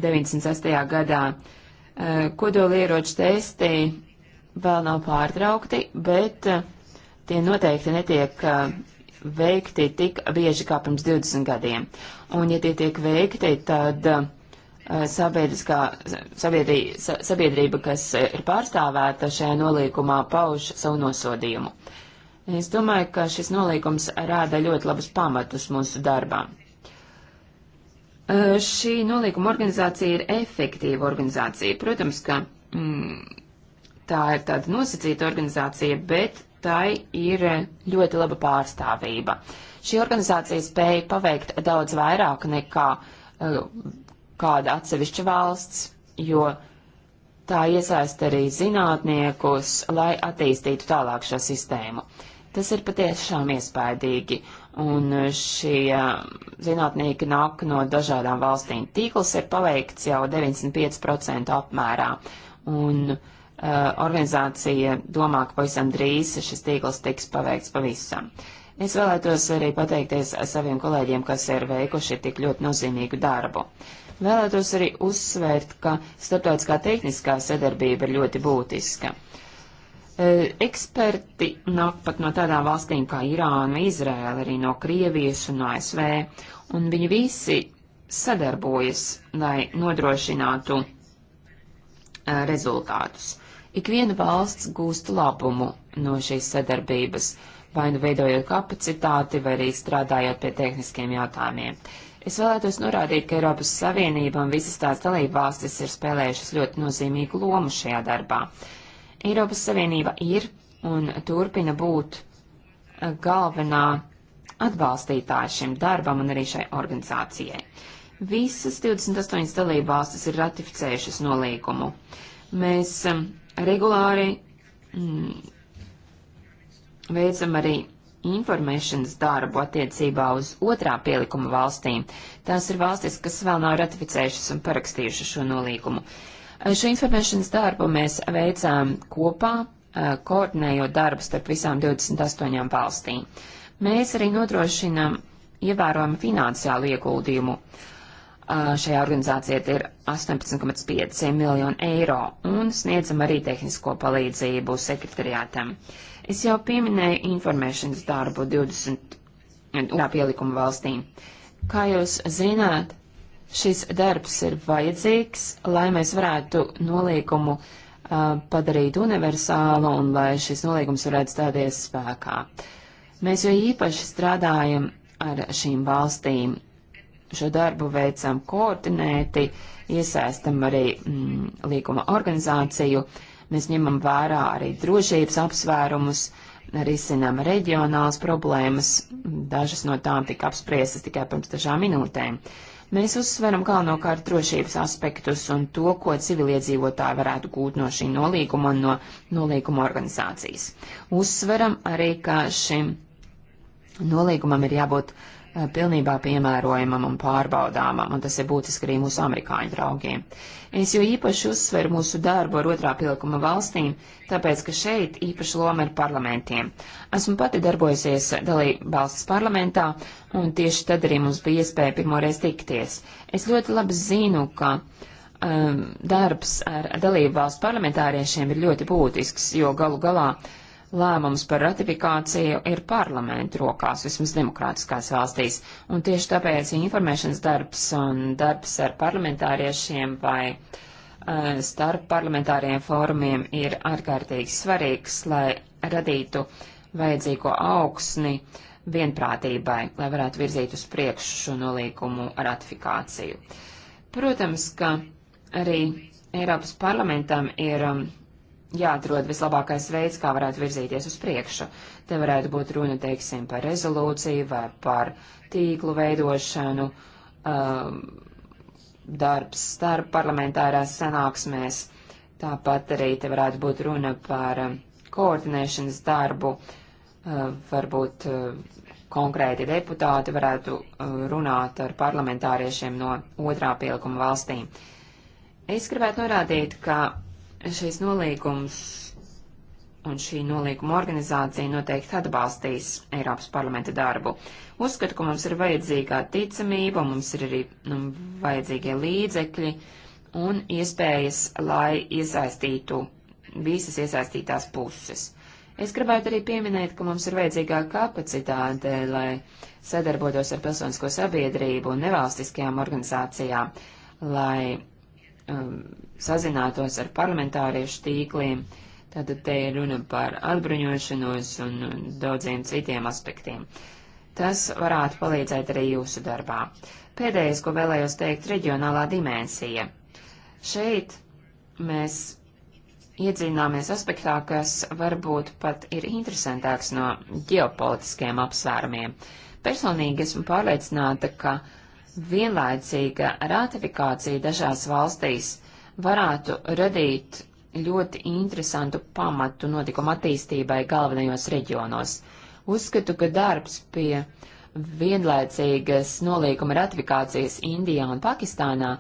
96. gadā uh, kodolieroču testi vēl nav pārtraukti, bet uh, tie noteikti netiek uh, veikti tik bieži kā pirms 20 gadiem. Uh, un ja tie tiek veikti, tad uh, sabiedriskā, sabiedrī, sabiedrība, kas uh, ir pārstāvēta šajā nolīkumā, pauž savu nosodījumu. Es domāju, ka šis nolīkums rāda ļoti labus pamatus mūsu darbām. Uh, šī nolīguma organizācija ir efektīva organizācija. Protams, ka mm, tā ir tāda nosacīta organizācija, bet tai ir ļoti laba pārstāvība. Šī organizācija spēja paveikt daudz vairāk nekā eh, kāda atsevišķa valsts, jo tā iesaista arī zinātniekus, lai attīstītu tālāk šo sistēmu. Tas ir patiešām iespaidīgi, un šie zinātnieki nāk no dažādām valstīm. Tīkls ir paveikts jau 95% apmērā, un uh, Eh, organizācija domā, ka pavisam drīz šis tīkls tiks paveikts pavisam. Es vēlētos arī pateikties saviem kolēģiem, kas ir veikuši tik ļoti nozīmīgu darbu. Vēlētos arī uzsvērt, ka starptautiskā tehniskā sadarbība ir ļoti būtiska. Eh, eksperti no, pat no tādām valstīm kā Irāna, Izrēla, arī no Krievijas un no ASV, un viņi visi sadarbojas, lai nodrošinātu eh, rezultātus. Ikviena valsts gūst labumu no šīs sadarbības, vai nu veidojot kapacitāti, vai arī strādājot pie tehniskiem jautājumiem. Es vēlētos norādīt, ka Eiropas Savienība un visas tās dalībvalstis ir spēlējušas ļoti nozīmīgu lomu šajā darbā. Eiropas Savienība ir un turpina būt eh, galvenā atbalstītāja šim darbam un arī šai organizācijai. Visas 28 dalībvalstis ir ratificējušas nolīgumu. Mēs regulāri mm, veicam arī informēšanas darbu attiecībā uz otrā pielikuma valstīm. Tās ir valstis, kas vēl nav ratificējušas un parakstījušas šo nolīgumu. Šo informēšanas darbu mēs veicām kopā, koordinējot darbu starp visām 28 valstīm. Mēs arī nodrošinām ievērojumu finansiālu ieguldījumu. Uh, Šajā organizācijā ir 18,5 miljoni eiro un sniedzam arī tehnisko palīdzību sekretariātam. Es jau pieminēju informēšanas darbu 20 pielikumu valstīm. Kā jūs zināt, šis darbs ir vajadzīgs, lai mēs varētu nolīgumu uh, padarīt universālu un lai šis nolīgums varētu stāties spēkā. Mēs jau īpaši strādājam ar šīm valstīm šo darbu veicam koordinēti, iesaistam arī mm, līguma organizāciju, mēs ņemam vērā arī drošības apsvērumus, risinām reģionālas problēmas, dažas no tām tika apspriestas tikai pirms dažām minūtēm. Mēs uzsveram galvenokārt drošības aspektus un to, ko civiliedzīvotāji varētu gūt no šī nolīguma un no nolīguma organizācijas. Uzsveram arī, ka šim nolīgumam ir jābūt uh, Eh, pilnībā piemērojamam un pārbaudāmam, un tas ir būtiski arī mūsu amerikāņu draugiem. Es jau īpaši uzsveru mūsu darbu ar otrā pilkuma valstīm, tāpēc, ka šeit īpaši loma ir parlamentiem. Esmu pati darbojusies dalībvalsts parlamentā, un tieši tad arī mums bija iespēja pirmoreiz tikties. Es ļoti labi zinu, ka um, darbs ar dalībvalstu parlamentāriešiem ir ļoti būtisks, jo galu galā uh, Lēmums par ratifikāciju ir parlamentu rokās, vismaz demokrātiskās valstīs, un tieši tāpēc informēšanas darbs un darbs ar parlamentāriešiem vai uh, starp parlamentāriem fórumiem ir ārkārtīgi svarīgs, lai radītu vajadzīgo augsni vienprātībai, lai varētu virzīt uz priekšu šo nolīkumu ratifikāciju. Protams, ka arī Eiropas parlamentam ir um, jāatrod vislabākais veids, kā varētu virzīties uz priekšu. Te varētu būt runa, teiksim, par rezolūciju vai par tīklu veidošanu, um, darbs starp parlamentārās sanāksmēs. Tāpat arī te varētu būt runa par um, koordinēšanas darbu, uh, varbūt uh, konkrēti deputāti varētu uh, runāt ar parlamentāriešiem no otrā pielikuma valstīm. Es gribētu norādīt, ka šīs nolīgums un šī nolīguma organizācija noteikti atbalstīs Eiropas parlamenta darbu. Uzskatu, ka mums ir vajadzīgā ticamība, mums ir arī nu, vajadzīgie līdzekļi un iespējas, lai iesaistītu visas iesaistītās puses. Es gribētu arī pieminēt, ka mums ir vajadzīgā kapacitāte, lai sadarbotos ar pilsonisko sabiedrību un nevalstiskajām organizācijām, lai um, sazinātos ar parlamentāriešu tīkliem. Tātad te ir runa par atbruņošanos un daudziem citiem aspektiem. Tas varētu palīdzēt arī jūsu darbā. Pēdējais, ko vēlējos teikt, reģionālā dimensija. Šeit mēs iedzināmies aspektā, kas varbūt pat ir interesantāks no ģeopolitiskiem apsvērumiem. Personīgi esmu pārliecināta, ka vienlaicīga ratifikācija dažās valstīs varētu radīt ļoti interesantu pamatu notikumu attīstībai galvenajos reģionos. Uzskatu, ka darbs pie vienlaicīgas nolīguma ratifikācijas Indijā un Pakistānā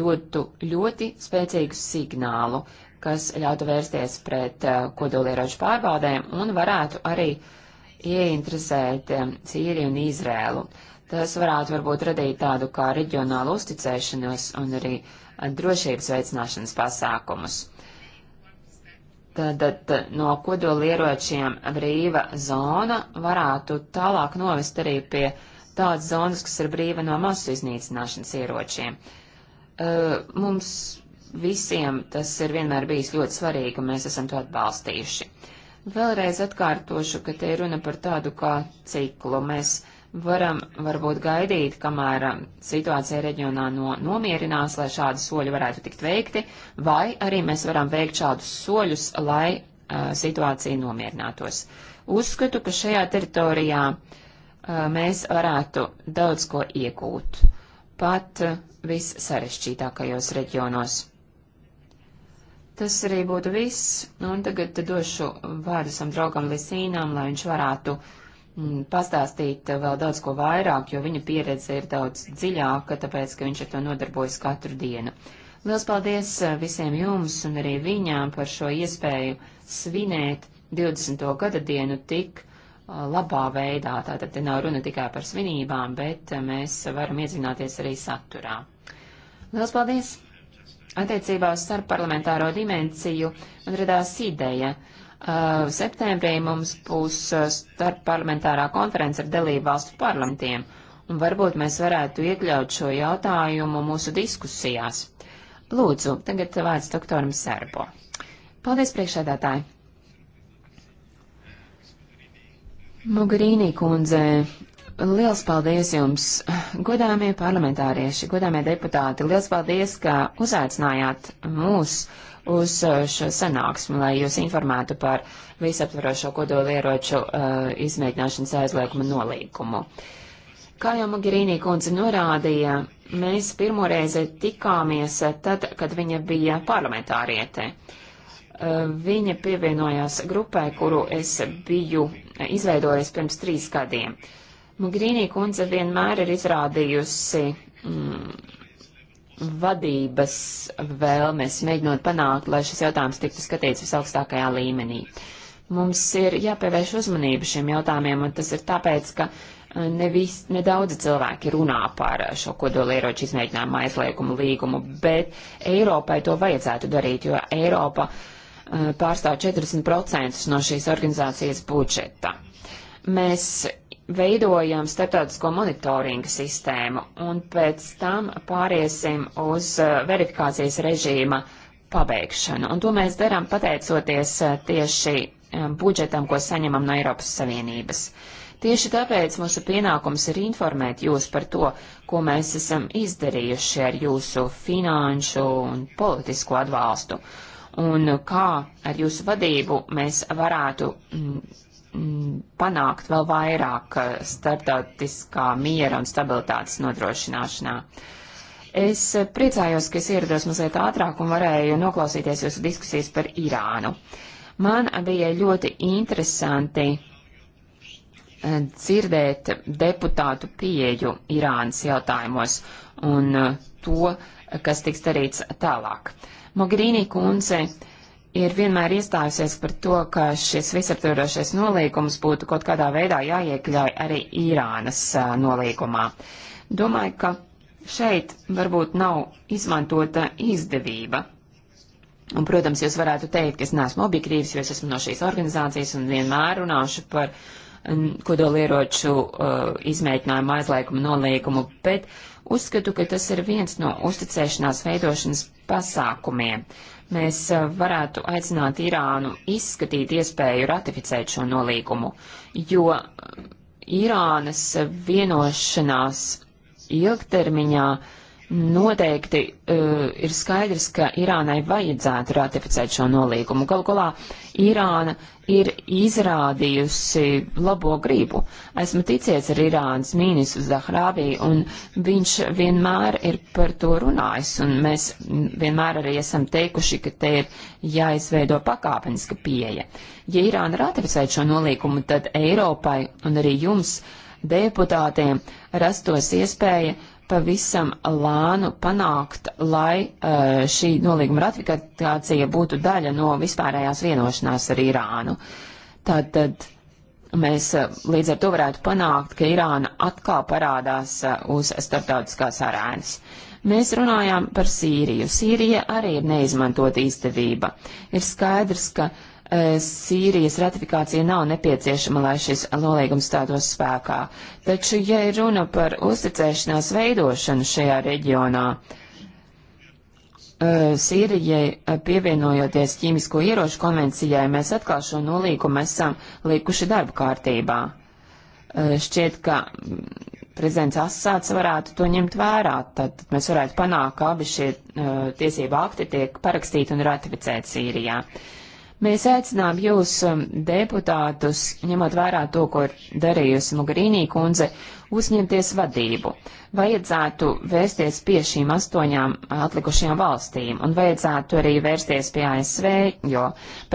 dotu ļoti spēcīgu signālu, kas ļautu vērsties pret eh, kodolieroču pārbaudēm un varētu arī ieinteresēt eh, Sīriju un Izrēlu. Uh, Tas varētu varbūt radīt tādu kā reģionālu uzticēšanos un arī drošības veicināšanas pasākumus. Tad, tad no kodola ieročiem brīva zona varētu tālāk novest arī pie tādas zonas, kas ir brīva no masu iznīcināšanas ieročiem. Uh, mums visiem tas ir vienmēr bijis ļoti svarīgi, un mēs esam to atbalstījuši. Vēlreiz atkārtošu, ka te ir runa par tādu kā ciklu. Mēs varam varbūt gaidīt, kamēr um, situācija reģionā no, nomierinās, lai šādi soļi varētu tikt veikti, vai arī mēs varam veikt šādus soļus, lai uh, situācija nomierinātos. Uzskatu, ka šajā teritorijā uh, mēs varētu daudz ko iegūt, pat uh, vissarežģītākajos reģionos. Tas arī būtu viss, nu, un tagad došu vārdu sam draugam Lisīnām, lai viņš varētu uh, Mm, pastāstīt eh, vēl daudz ko vairāk, jo viņa pieredze ir daudz dziļāka, tāpēc, ka viņš ar to nodarbojas katru dienu. Liels paldies eh, visiem jums un arī viņām par šo iespēju svinēt 20. gada dienu tik eh, labā veidā. Tātad te nav runa tikai par svinībām, bet mēs varam iedzināties arī saturā. Liels paldies! Attiecībā uz starpparlamentāro dimensiju man radās ideja. Uh, Uh, septembrī mums būs uh, starpparlamentārā konference ar dalību valstu parlamentiem, un varbūt mēs varētu iekļaut šo jautājumu mūsu diskusijās. Lūdzu, tagad vārds doktoram Serbo. Paldies, priekšēdētāji! Mugarīnī kundze, liels paldies jums, godāmie parlamentārieši, godāmie deputāti, liels paldies, ka uzaicinājāt mūs. Uh, uz uh, šo sanāksmi, lai jūs informētu par visaptvarošo kodolieroču uh, izmēģināšanas aizlieguma nolīkumu. Kā jau Magirīnī kundze norādīja, mēs pirmoreizi tikāmies tad, kad viņa bija parlamentāriete. Uh, viņa pievienojās grupai, kuru es biju izveidojis pirms trīs gadiem. Mugrīnī kundze vienmēr ir izrādījusi mm, vadības vēlmes mēģinot panākt, lai šis jautājums tiktu skatīts visaugstākajā līmenī. Mums ir jāpievērš uzmanība šiem jautājumiem, un tas ir tāpēc, ka uh, nevis, nedaudzi cilvēki runā par uh, šo kodolieroču izmēģinājumu aizliegumu līgumu, bet Eiropai to vajadzētu darīt, jo Eiropa uh, pārstāv 40% no šīs organizācijas budžeta. Mēs veidojam starptautisko monitoringa sistēmu un pēc tam pāriesim uz uh, verifikācijas režīma pabeigšanu. Un to mēs darām pateicoties uh, tieši um, budžetam, ko saņemam no Eiropas Savienības. Tieši tāpēc mūsu pienākums ir informēt jūs par to, ko mēs esam izdarījuši ar jūsu finanšu un politisko atbalstu un kā ar jūsu vadību mēs varētu mm, mm, panākt vēl vairāk eh, starptautiskā miera un stabilitātes nodrošināšanā. Es eh, priecājos, ka es ierados mazliet ātrāk un varēju noklausīties jūsu diskusijas par Irānu. Man bija ļoti interesanti eh, dzirdēt deputātu pieeju Irānas jautājumos un to, kas tiks darīts tālāk. Uh, Mogherini kundze ir vienmēr iestājusies par to, ka šis visaptvarošais nolīgums būtu kaut kādā veidā jāiekļauj arī Irānas uh, nolīgumā. Domāju, ka šeit varbūt nav izmantota izdevība. Un, protams, jūs varētu teikt, ka es neesmu objektīvs, jo es esmu no šīs organizācijas un vienmēr runāšu par kodolieroču uh, izmēģinājumu aizlaikumu nolīgumu, bet uh, Uzskatu, ka tas ir viens no uzticēšanās veidošanas pasākumiem. Mēs eh, varētu aicināt Irānu izskatīt iespēju ratificēt šo nolīgumu, jo eh, Irānas vienošanās ilgtermiņā uh, Noteikti uh, ir skaidrs, ka Irānai vajadzētu ratificēt šo nolīgumu. Galu galā Irāna ir izrādījusi labo gribu. Esmu ticies ar Irānas ministru Zahrābī, un viņš vienmēr ir par to runājis, un mēs vienmēr arī esam teikuši, ka te ir jāizveido pakāpeniska pieeja. Ja Irāna ratificētu šo nolīgumu, tad Eiropai un arī jums, deputātiem, rastos iespēja pavisam lānu panākt, lai uh, šī nolīguma ratifikācija būtu daļa no vispārējās vienošanās ar Irānu. Tātad mēs uh, līdz ar to varētu panākt, ka Irāna atkal parādās uh, uz starptautiskās arēnas. Mēs runājām par Sīriju. Sīrija arī ir neizmantot izdevība. Ir skaidrs, ka uh, Eh, Sīrijas ratifikācija nav nepieciešama, lai šis nolīgums stātos spēkā. Taču, ja ir runa par uzticēšanās veidošanu šajā reģionā, eh, Sīrijai eh, pievienojoties ķīmisko ieroču konvencijai, mēs atkal šo nolīgumu esam likuši darba kārtībā. Šķiet, ka mm, prezidents Asāds varētu to ņemt vērā, tad mēs varētu panākt, ka abi šie tiesība akti tiek parakstīti un ratificēti Sīrijā. Uh, Mēs aicinām jūs, um, deputātus, ņemot vērā to, ko ir darījusi Mugarīnī kundze, uzņemties vadību. Vajadzētu vērsties pie šīm astoņām uh, atlikušajām valstīm un vajadzētu arī vērsties pie ASV, jo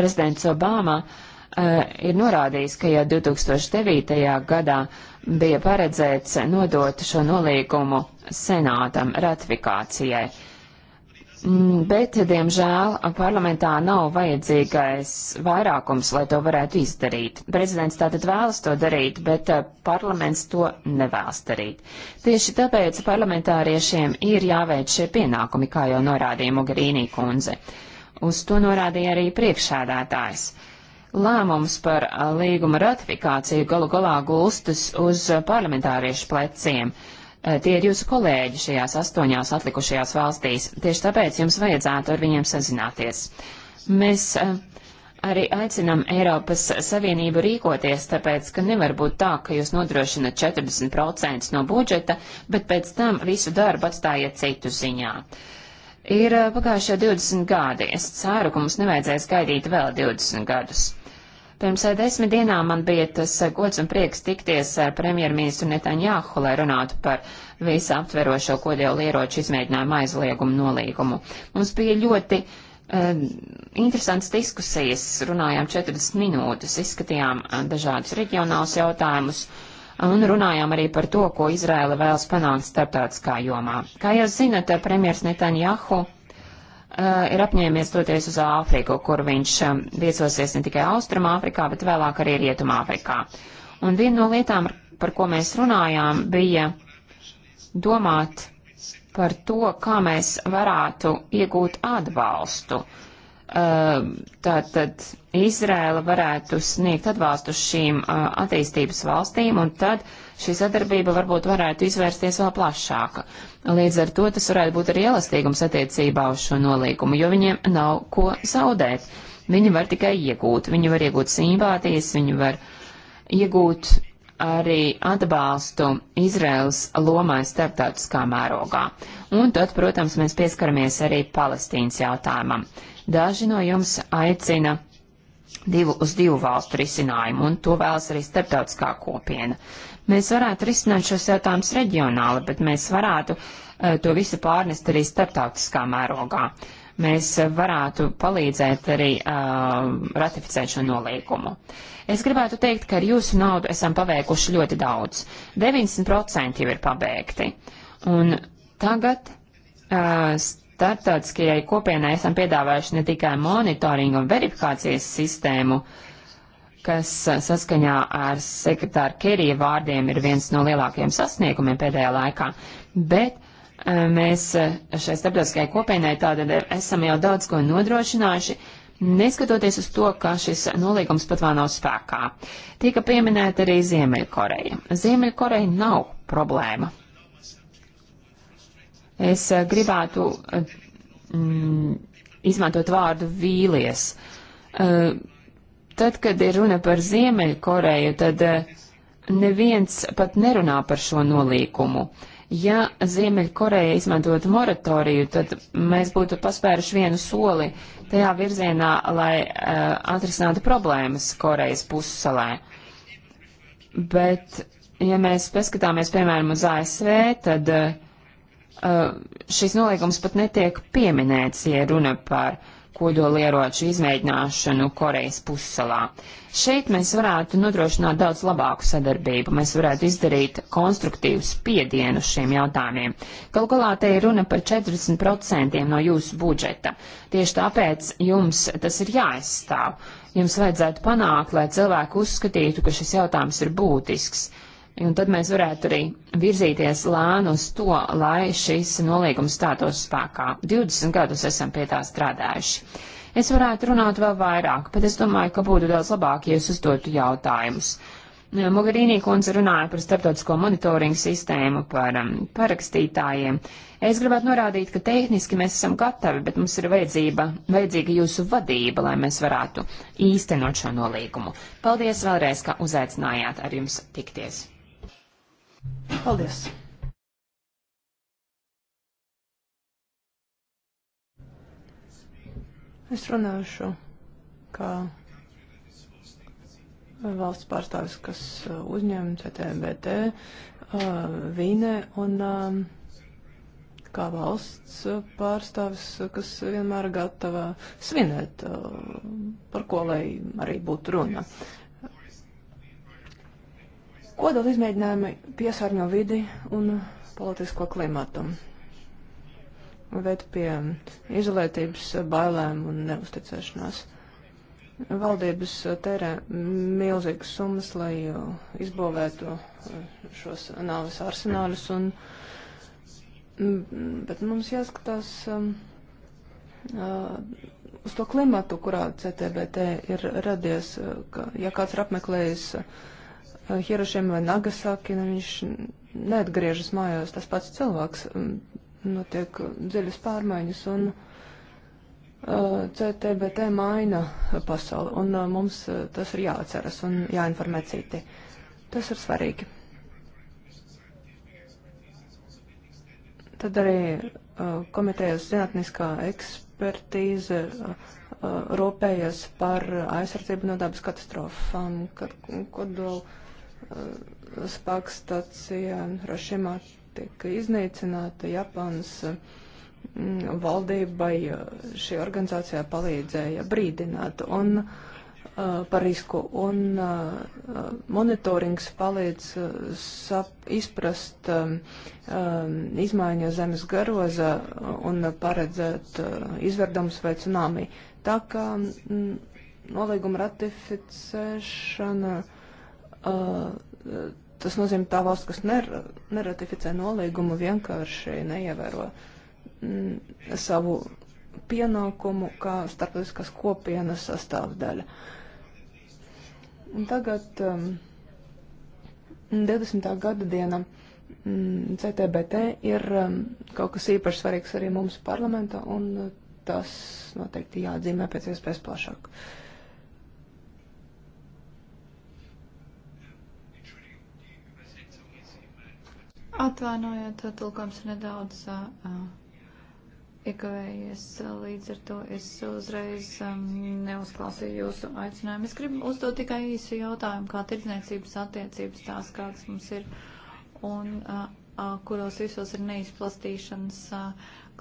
prezidents Obama uh, ir norādījis, ka jau 2009. gadā bija paredzēts nodot šo nolīgumu senātam ratifikācijai. Mm, mm, bet, diemžēl, parlamentā nav vajadzīgais vairākums, lai to varētu izdarīt. Prezidents tātad vēlas to darīt, bet eh, parlaments to nevēlas darīt. Tieši tāpēc parlamentāriešiem ir jāveic šie pienākumi, kā jau norādīja Mogarīnī kundze. Uz to norādīja arī priekšādātājs. Lēmums par eh, līguma ratifikāciju galu galā gulstas uz eh, parlamentāriešu pleciem. Uh, Eh, tie ir jūsu kolēģi šajās astoņās atlikušajās valstīs. Tieši tāpēc jums vajadzētu ar viņiem sazināties. Mēs eh, arī aicinām Eiropas Savienību rīkoties, tāpēc, ka nevar būt tā, ka jūs nodrošinat 40% no budžeta, bet pēc tam visu darbu atstājiet citu ziņā. Ir eh, pagājušie 20 gadi. Es ceru, ka mums nevajadzēs gaidīt vēl 20 gadus. Pirms eh, desmit dienām man bija tas eh, gods un prieks tikties ar premjerministru Netanjahu, lai runātu par visu aptverošo kodēlu ieroču izmēģinājumu aizliegumu nolīgumu. Mums bija ļoti uh, interesants diskusijas, runājām 40 minūtes, izskatījām dažādus reģionālus jautājumus un runājām arī par to, ko Izraela vēlas panākt starptautiskā jomā. Kā jūs zinat, premjers Netanjahu Eh, ir apņēmies doties uz Āfriku, kur viņš eh, viesosies ne tikai Austrumāfrikā, bet vēlāk arī Rietumāfrikā. Un viena no lietām, par ko mēs runājām, bija domāt par to, kā mēs varētu iegūt atbalstu Uh, tātad Izrēla varētu sniegt atbalstu šīm uh, attīstības valstīm, un tad šī sadarbība varbūt varētu izvērsties vēl plašāka. Līdz ar to tas varētu būt arī elastīgums attiecībā uz šo nolīgumu, jo viņiem nav ko zaudēt. Viņi var tikai iegūt. Viņi var iegūt simpātijas, viņi var iegūt arī atbalstu Izraels lomai starptautiskā mērogā. Un tad, protams, mēs pieskaramies arī Palestīnas jautājumam. Daži no jums aicina divu uz divu valstu risinājumu, un to vēlas arī starptautiskā kopiena. Mēs varētu risināt šos jautājumus reģionāli, bet mēs varētu uh, to visu pārnest arī starptautiskā mērogā. Mēs varētu palīdzēt arī uh, ratificēt šo nolīgumu. Es gribētu teikt, ka ar jūsu naudu esam paveikuši ļoti daudz. 90% jau ir pabeigti. Un tagad uh, Startautiskajai kopienai esam piedāvājuši ne tikai monitoringu un verifikācijas sistēmu, kas saskaņā ar sekretāra Kerija vārdiem ir viens no lielākajiem sasniegumiem pēdējā laikā, bet mēs šai starptautiskajai kopienai tātad esam jau daudz ko nodrošinājuši, neskatoties uz to, ka šis nolīgums pat vēl nav spēkā. Tika pieminēta arī Ziemeļkoreja. Ziemeļkoreja nav problēma. Es eh, gribētu eh, mm, izmantot vārdu vīlies. Eh, tad, kad ir runa par Ziemeļkoreju, tad neviens pat nerunā par šo nolīkumu. Ja Ziemeļkoreja izmantotu moratoriju, tad mēs būtu paspēruši vienu soli tajā virzienā, lai uh, atrisinātu problēmas Korejas pussalē. Bet, ja mēs paskatāmies, piemēram, uz ASV, tad uh, Eh, šis nolīgums pat netiek pieminēts, ja runa par kodolieroču izmēģināšanu Korejas pussalā. Šeit mēs varētu nodrošināt daudz labāku sadarbību, mēs varētu izdarīt konstruktīvu spiedienu šiem jautājumiem. Galu galā te ir runa par 40% no jūsu budžeta. Tieši tāpēc jums tas ir jāaizstāv. Jums vajadzētu panākt, lai cilvēki uzskatītu, ka šis jautājums ir būtisks. Un tad mēs varētu arī virzīties lēnu uz to, lai šis nolīgums stātos spēkā. 20 gadus esam pie tā strādājuši. Es varētu runāt vēl vairāk, bet es domāju, ka būtu daudz labāk, ja jūs uzdotu jautājumus. Nu, Mogarīnī kundze runāja par starptautisko monitoringu sistēmu, par um, parakstītājiem. Es gribētu norādīt, ka tehniski mēs esam gatavi, bet mums ir vajadzība, vajadzīga jūsu vadība, lai mēs varētu īstenot šo nolīgumu. Paldies vēlreiz, ka uzaicinājāt ar jums tikties. Paldies! Es runāšu kā valsts pārstāvis, kas uh, uzņem CTBT uh, Vīnē un um, kā valsts pārstāvis, kas vienmēr gatava svinēt, uh, par ko lai arī būtu runa. Kodoli izmēģinājumi piesārņo vidi un politisko klimatu. Ved pie izolētības, bailēm un neusticēšanās. Valdības tērē milzīgas summas, lai izbūvētu šos nāves arsenāļus, un, bet mums jāskatās um, uh, uz to klimatu, kurā CTBT ir radies, ka, ja kāds ir apmeklējis uh, Eh, Hirošiem vai Nagasaki, nu, viņš neatgriežas mājās, tas pats cilvēks, mm, notiek dziļas pārmaiņas, un uh, eh, CTBT maina pasauli, un uh, mums uh, tas ir jāatceras un jāinformē citi. Tas ir svarīgi. Tad arī uh, komitejas zinātniskā ekspertīze uh, rūpējas par aizsardzību no dabas katastrofām, kad kodola Uh, spēka stacija Hirošimā tika iznīcināta Japānas uh, mm, valdībai. Uh, šī organizācijā palīdzēja brīdināt un par risku, un monitorings palīdz sap, izprast um, um, izmaiņu zemes garoza un paredzēt izverdums vai cunami. Tā kā mm, nolīguma ratificēšana uh, Uh, tas nozīmē, tā valsts, kas ner, neratificē nolīgumu, vienkārši neievēro mm, savu pienākumu kā starptautiskās kopienas sastāvdaļa. Un tagad um, 20. gada diena mm, CTBT ir um, kaut kas īpaši svarīgs arī mums parlamentā, un tas noteikti jāatzīmē pēc iespējas plašāk. Uh, Atvainojiet, tulkojums ir nedaudz uh, iekavējies, līdz ar to es uzreiz um, neuzklāsīju jūsu aicinājumu. Es gribu uzdot tikai īsu jautājumu, kā tirdzniecības attiecības tās, kādas mums ir, un uh, uh, kuros visos ir neizplastīšanas uh,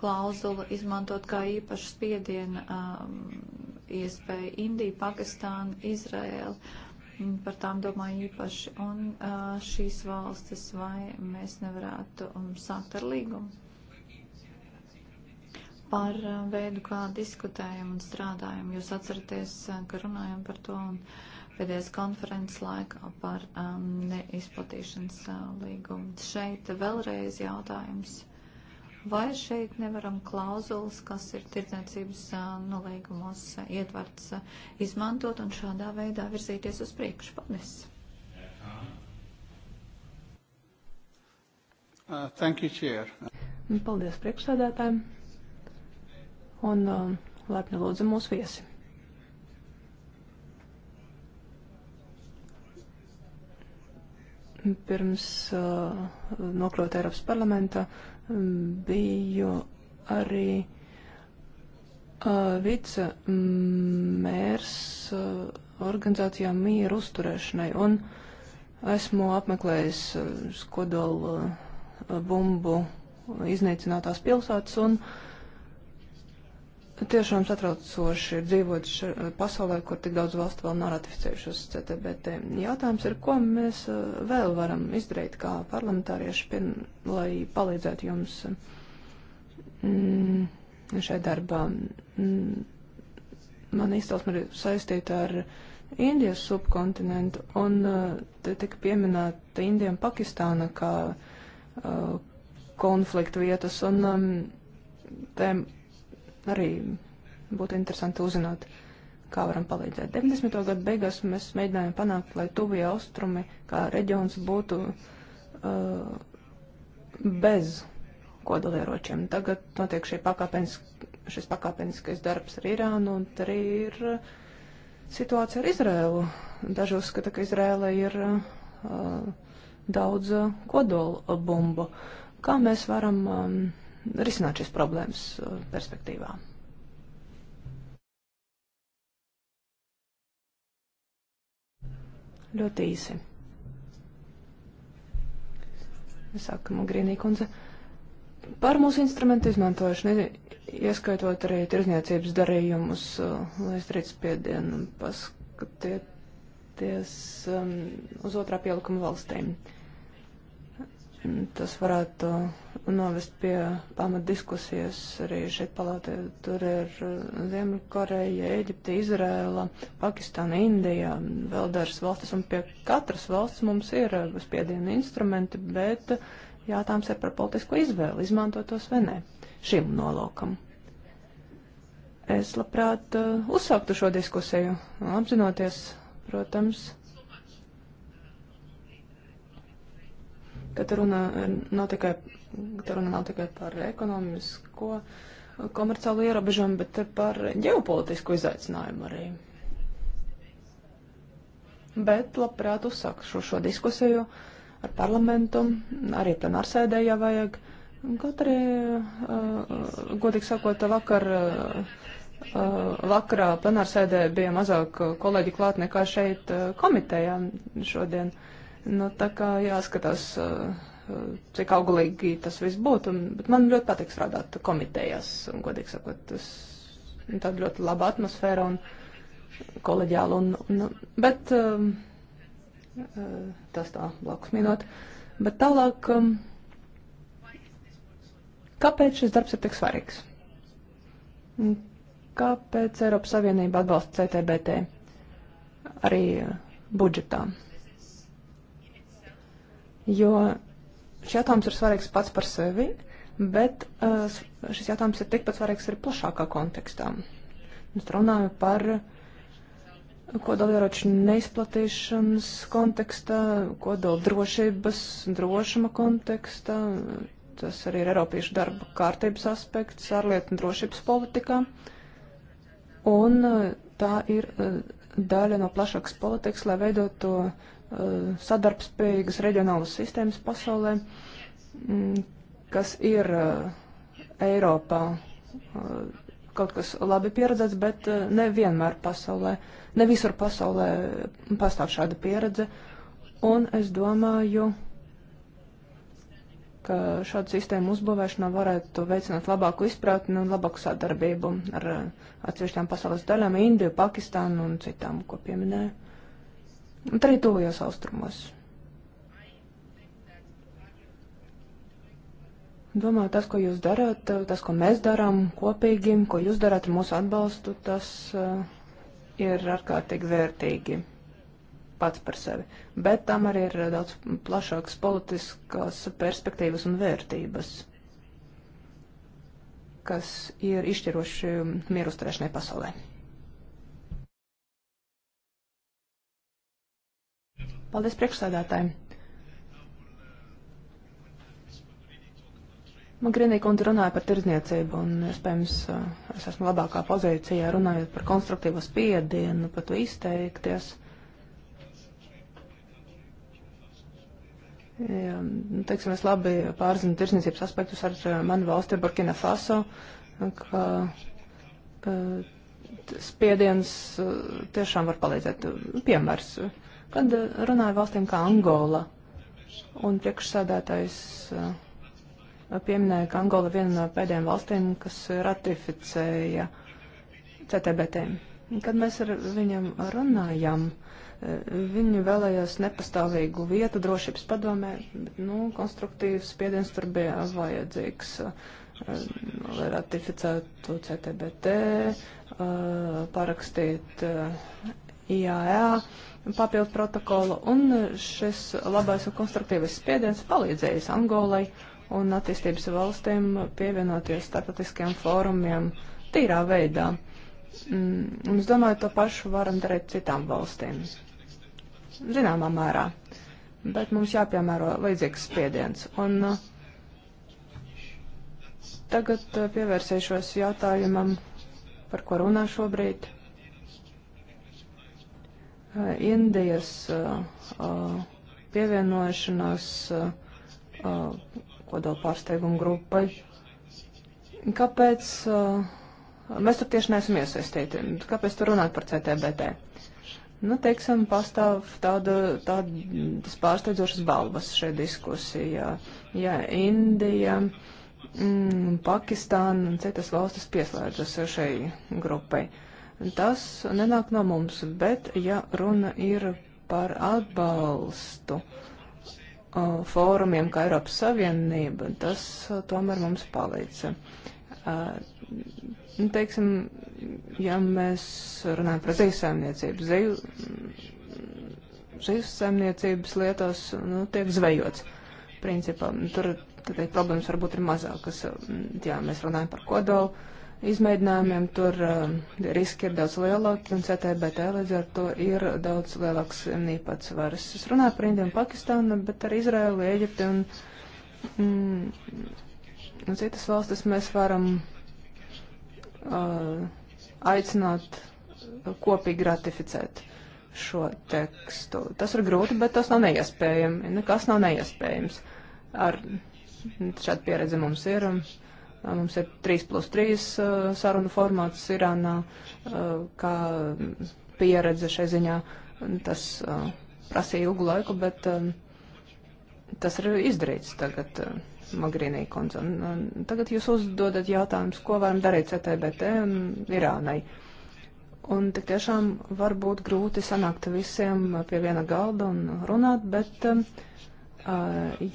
klauzula izmantot kā īpašu spiedienu um, iespēju Indiju, Pakistānu, Izraēlu par tām domāju īpaši. Un uh, šīs valstis vai mēs nevarētu um, sākt ar līgumu par uh, veidu, kā diskutējam un strādājam. Jūs atceraties, ka runājam par to un pēdējais konferences laikā par um, neizplatīšanas uh, līgumu. Šeit vēlreiz jautājums. Uh, Vai šeit nevaram klauzulas, kas ir tirdzniecības nolīgumos ietverts, izmantot un šādā veidā virzīties uz priekšu? Paldies! Uh, thank you, Chair. Paldies priekšsēdētājiem un uh, lepni lūdzu mūsu viesi. Pirms uh, nokļūt Eiropas parlamenta biju arī uh, vicemērs uh, organizācijā mīra uzturēšanai, un esmu apmeklējis uh, kodola uh, bumbu iznīcinātās pilsētas, un uh, Tiešām satraucoši ir dzīvot pasaulē, kur tik daudz valstu vēl nav ratificējušas CTBT. Jautājums ir, ko mēs uh, vēl varam izdarīt kā parlamentārieši, pirm, lai palīdzētu jums mm, šai darbā. Mm, man izcelsme ir saistīta ar Indijas subkontinentu, un uh, te tika pieminēta Indija un Pakistāna kā uh, konflikta vietas, un um, tēm arī būtu interesanti uzzināt, kā varam palīdzēt. 90. gadu beigās mēs mēģinājām panākt, lai tuvie austrumi kā reģions būtu uh, bez kodolieročiem. Tagad notiek šie pakāpenis, šis pakāpeniskais darbs ar Irānu, un arī ir situācija ar Izrēlu. Daži uzskata, ka Izrēla ir uh, daudz kodola bumbu. Kā mēs varam um, risināt šīs problēmas uh, perspektīvā. Ļoti īsi. Saka Mugrīnī kundze. Par mūsu instrumentu izmantošanu, ieskaitot arī tirzniecības darījumus, uh, lai strīd spiedienu paskatieties um, uz otrā pielikuma valstīm. Uh, tas varētu novest pie pamatdiskusijas arī šeit palātē. Tur ir uh, Ziemeļkoreja, Ēģipte, Izrēla, Pakistāna, Indija, vēl dažas valstis, un pie katras valsts mums ir uh, spiediena instrumenti, bet uh, jātāms ir par politisko izvēli, izmantot tos vai nē šim nolūkam. Es labprāt uzsāktu šo diskusiju, apzinoties, protams, Tad runa eh, nav tikai, runa nav tikai par ekonomisko komerciālu ierobežojumu, bet par ģeopolitisku izaicinājumu arī. Bet labprāt uzsākšu šo diskusiju ar parlamentu, arī plenārsēdē, ja vajag. Kaut arī, uh, godīgi sakot, vakar, uh, vakarā plenārsēdē bija mazāk kolēģi klāt nekā šeit uh, komitejā šodien. Uh, Nu, tā kā jāskatās, uh, uh, cik auglīgi tas viss būtu. Bet man ļoti patīk strādāt komitejās, un, godīgi sakot, tas tāda ļoti laba atmosfēra un koleģiāla. Un, un, bet um, uh, tas tā blakus minot. Bet tālāk, um, kāpēc šis darbs ir tik svarīgs? Kāpēc Eiropas Savienība atbalsta CTBT arī budžetā? jo šis jautājums ir svarīgs pats par sevi, bet uh, šis jautājums ir tikpat svarīgs arī plašākā kontekstā. Es runāju par kodolieroču neizplatīšanas kontekstā, kodola drošības, drošuma kontekstā. Tas arī ir Eiropiešu darba kārtības aspekts ārlietu un drošības politikā. Un uh, tā ir uh, daļa no plašākas politikas, lai veidotu Eh, sadarbspējīgas reģionālas sistēmas pasaulē, mm, kas ir eh, Eiropā eh, kaut kas labi pieredzēts, bet ne vienmēr pasaulē, ne visur pasaulē pastāv šāda pieredze. Un es domāju, ka šāda sistēma uzbūvēšanā varētu veicināt labāku izpratni un labāku sadarbību ar atsevišķām pasaules daļām - Indiju, Pakistānu un citām, ko pieminēju un arī tuvajos austrumos. Domāju, tas, ko jūs darāt, tas, ko mēs darām kopīgi, ko jūs darāt ar mūsu atbalstu, tas uh, ir ārkārtīgi vērtīgi pats par sevi. Bet tam arī ir daudz plašākas politiskās perspektīvas un vērtības, kas ir izšķiroši mieru uzturēšanai pasaulē. Paldies priekšsēdētājiem. Magrīnī kundze runāja par tirzniecību, un, iespējams, es esmu labākā pozīcijā runājot par konstruktīvo spiedienu, par to izteikties. Jā, nu, teiksim, es labi pārzinu tirsniecības aspektus ar eh, manu valsti, Burkina Faso, ka, ka eh, spiediens eh, tiešām var palīdzēt. Piemērs. Kad eh, runāju valstīm kā Angola, un priekšsādātājs eh, pieminēja, ka Angola viena no pēdējām valstīm, kas ratificēja CTBT. Kad mēs ar viņiem runājām, eh, viņi vēlējās nepastāvīgu vietu drošības padomē, bet, nu, konstruktīvs spiediens tur bija vajadzīgs lai ratificētu CTBT, parakstīt IAA e papildu protokolu, un šis labais un konstruktīvais spiediens palīdzējis Angolai un attīstības valstīm pievienoties starptautiskiem fórumiem tīrā veidā. Mm, un es domāju, to pašu varam darīt citām valstīm. Zināmā mērā. Bet mums jāpiemēro līdzīgs spiediens. Un tagad uh, pievērsīšos jautājumam, par ko runā šobrīd Indijas uh, uh, pievienošanās uh, kodola pārsteiguma grupai. Kāpēc mēs tur tieši neesam iesaistīti? Kāpēc tur runāt par CTBT? Nu, teiksim, pastāv tāda, tādas pārsteidzošas balvas šajā diskusijā. Ja Indija, mm, Pakistāna un citas valstis pieslēdzas šai grupai. Uh, Tas nenāk no mums, bet ja runa ir par atbalstu uh, fórumiem kā Eiropas Savienība, tas uh, tomēr mums palīdz. Uh, teiksim, ja mēs runājam par zīvesaimniecību, zīvesaimniecības lietās nu, tiek zvejots. Principā, tur tad, problēmas varbūt ir mazākas. Jā, mēs runājam par kodolu izmēģinājumiem, tur uh, riski ir daudz lielāki un CTBT līdz ar to ir daudz lielāks īpatsvars. Es runāju par Indiju un Pakistānu, bet ar Izraēlu, Eģipti un mm, un citas valstis mēs varam uh, aicināt uh, kopīgi ratificēt šo tekstu. Tas ir grūti, bet tas nav neiespējami. Nekas nav neiespējams. Ar šādu pieredzi mums ir. Un, Mums ir 3 plus 3 sarunu formāts Irānā, kā pieredze šai ziņā. Tas prasīja ilgu laiku, bet tas ir izdarīts tagad. Magrīnī kundze. Tagad jūs uzdodat jautājumus, ko varam darīt CTBT un Irānai. Un tik tiešām var būt grūti sanākt visiem pie viena galda un runāt, bet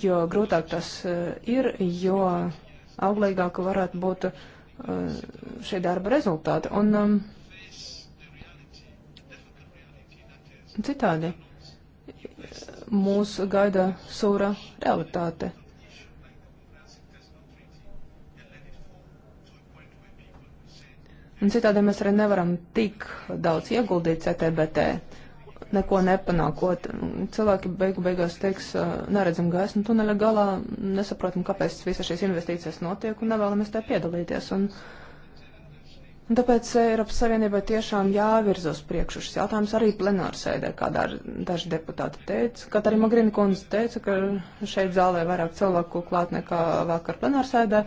jo grūtāk tas ir, jo auglīgāka varētu būt uh, šī darba rezultāti. Un um, citādi mūs gaida sūra realitāte. Un citādi mēs arī nevaram tik daudz ieguldīt CTBT neko nepanākot. Cilvēki beigu beigās teiks, neredzam gaismu tuneļa galā, nesaprotam, kāpēc visas šīs investīcijas notiek un nevēlamies tajā piedalīties. Un, uh, Un tāpēc Eiropas Savienībai tiešām jāvirza uz priekšu šis jautājums arī plenārsēdē, kā daži, daži deputāti teica. Kaut arī Magrina kundze teica, ka šeit zālē vairāk cilvēku klāt nekā vakar plenārsēdē,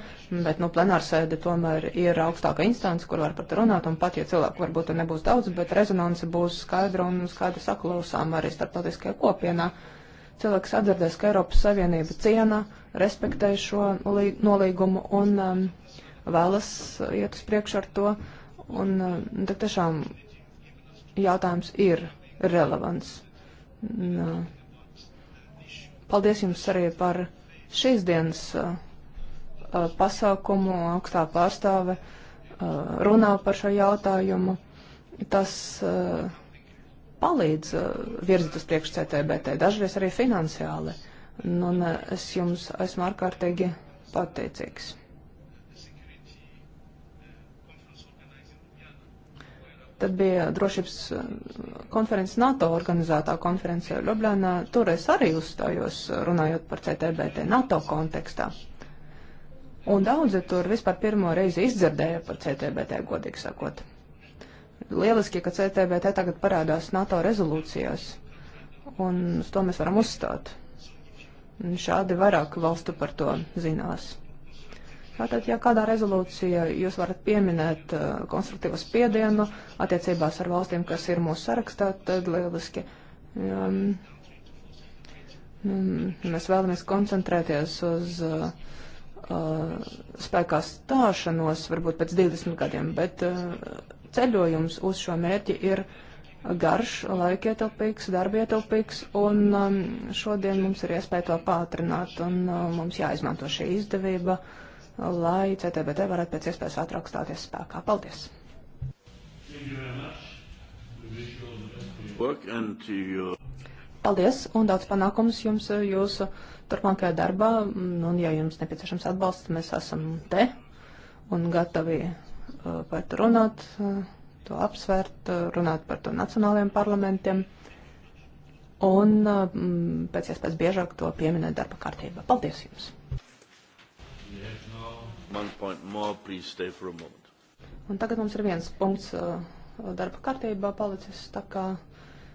bet nu, plenārsēde tomēr ir augstāka instance, kur var pat runāt, un pat ja cilvēku varbūt nebūs daudz, bet rezonance būs skaidra un skaidra saklausām arī starptautiskajā kopienā. Cilvēks atdzirdēs, ka Eiropas Savienība ciena, respektē šo nolīgumu un um, vēlas iet uz priekšu ar to. Uh, Un eh, nu, tad tiešām jautājums ir relevants. Un, eh, paldies jums arī par šīs dienas uh, pasākumu. Augstā pārstāve uh, runā par šo jautājumu. Tas uh, palīdz virzīt uz priekšu CTBT, dažreiz arī finansiāli. Un es jums esmu ārkārtīgi pateicīgs. Tad bija drošības eh, konferences NATO organizētā konference Ljubljana. Tur es arī uzstājos eh, runājot par CTBT NATO kontekstā. Un daudzi tur vispār pirmo reizi izdzirdēja par CTBT, godīgi sakot. Lieliski, ka CTBT tagad parādās NATO rezolūcijās, un uz to mēs varam uzstāt. Un šādi vairāk valstu par to zinās. Tātad, ja kādā rezolūcijā jūs varat pieminēt uh, konstruktīvu spiedienu attiecībās ar valstīm, kas ir mūsu sarakstā, tad lieliski. Um, um, mēs vēlamies koncentrēties uz uh, uh, spēkā stāšanos, varbūt pēc 20 gadiem, bet uh, ceļojums uz šo mērķi ir garš, laikietilpīgs, darbietilpīgs, un um, šodien mums ir iespēja to pātrināt, un uh, mums jāizmanto šī izdevība. Uh, lai CTBT varētu pēc iespējas ātrāk stāties spēkā. Paldies! Paldies un daudz panākums jums eh, jūsu turpmākajā darbā. Mm, un, ja jums nepieciešams atbalsts, mēs esam te un gatavi uh, par to runāt, uh, to apsvērt, uh, runāt par to nacionālajiem parlamentiem un mm, pēc iespējas biežāk to pieminēt darba kārtībā. Paldies jums! one point more, please stay for a moment. Un tagad mums ir viens punkts uh, darba kārtībā palicis, tā kā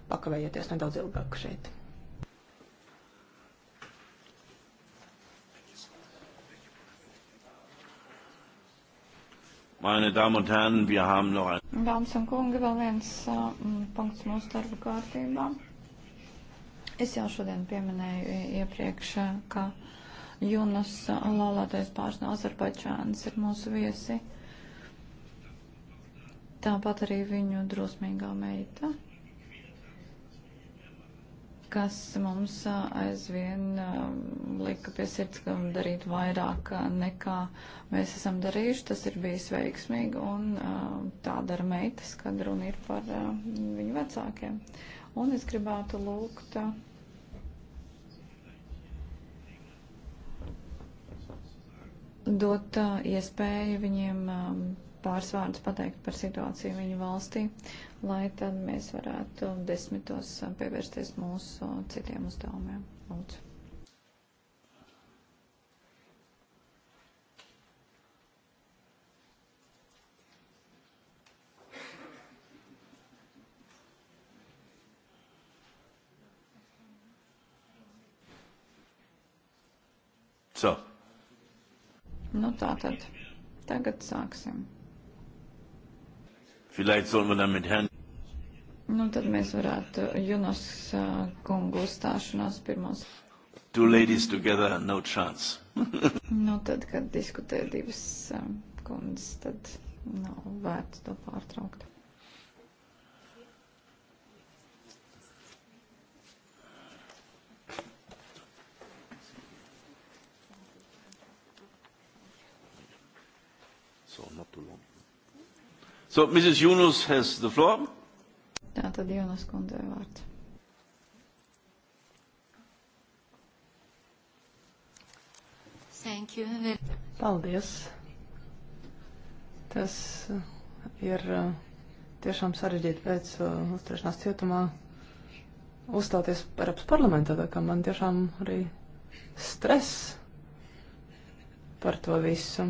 pakavējieties nedaudz ilgāk šeit. Meine Damen und Herren, wir haben noch ein... Dāmas un kungi, vēl viens uh, punkts mūsu darba kārtībā. Es jau šodien pieminēju iepriekš, uh, ka uh, Junas laulātais pāris no Azerbaidžānas ir mūsu viesi. Tāpat arī viņu drosmīgā meita, kas mums aizvien um, lika pie sirds, ka darīt vairāk nekā mēs esam darījuši. Tas ir bijis veiksmīgi un um, tā dara meitas, kad runa ir par um, viņu vecākiem. Un es gribētu lūgt dot uh, iespēju viņiem um, pāris vārdus pateikt par situāciju viņu valstī, lai tad mēs varētu desmitos uh, pievērsties mūsu citiem uzdevumiem. Lūdzu. So. Nu tā tad. Tagad sāksim. Vielleicht sollen wir dann mit Herrn. Nu, tad mēs varētu Junos uh, kungu uzstāšanās pirmos. Two ladies together, no chance. nu, tad, kad diskutē divas um, kundzes, tad nav vērts to pārtraukt. so not too long. So Mrs. Yunus has the floor. Tātad Jonas kundze vārds. Thank you. Paldies. Tas uh, ir uh, tiešām sarežģīti pēc uh, uzturēšanās cietumā uzstāties Eiropas parlamentā, tā kā man tiešām arī stress par to visu.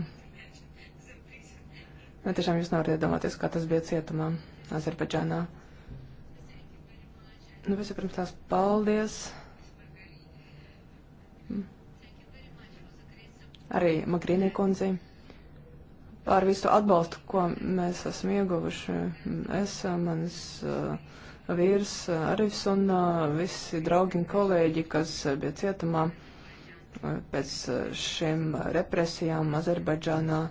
Man tiešām jūs nevarat iedomāties, kā tas bija cietumā Azerbaidžānā. Nu, vispirms tās paldies. Arī Magrīnī kundzei par visu atbalstu, ko mēs esam ieguvuši. Es, mans uh, vīrs uh, Arifs un uh, visi draugi un kolēģi, kas bija cietumā pēc šiem represijām Azerbaidžānā.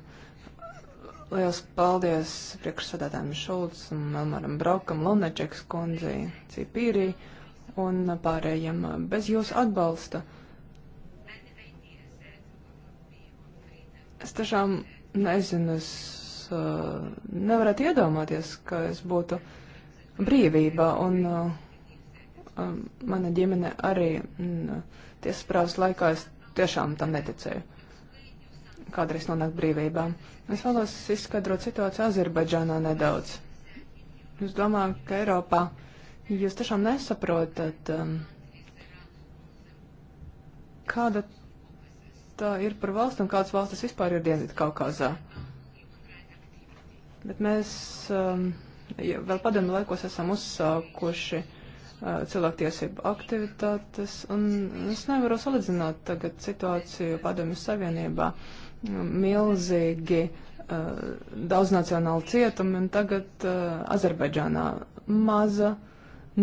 Liels paldies priekšsēdētājiem Šulcam, Elmaram Braukam, Lunačeks kundzei, Cipīrī un pārējiem. Bez jūsu atbalsta es tiešām nezinu, es uh, nevarētu iedomāties, ka es būtu brīvībā un uh, um, mana ģimene arī uh, tiesasprāvas laikā es tiešām tam neticēju kādreiz nonākt brīvībā. Es vēlos izskaidrot situāciju Azerbaidžānā nedaudz. Es domāju, ka Eiropā jūs tiešām nesaprotat, um, kāda tā ir par valsti un kādas valstis vispār ir Dienvidu Kaukazā. Bet mēs um, ja vēl padomu laikos esam uzsākuši uh, cilvēktiesību aktivitātes, un es nevaru salīdzināt tagad situāciju padomju savienībā. Uh, milzīgi uh, daudznacionāli cietumi, un tagad uh, Azerbaidžānā maza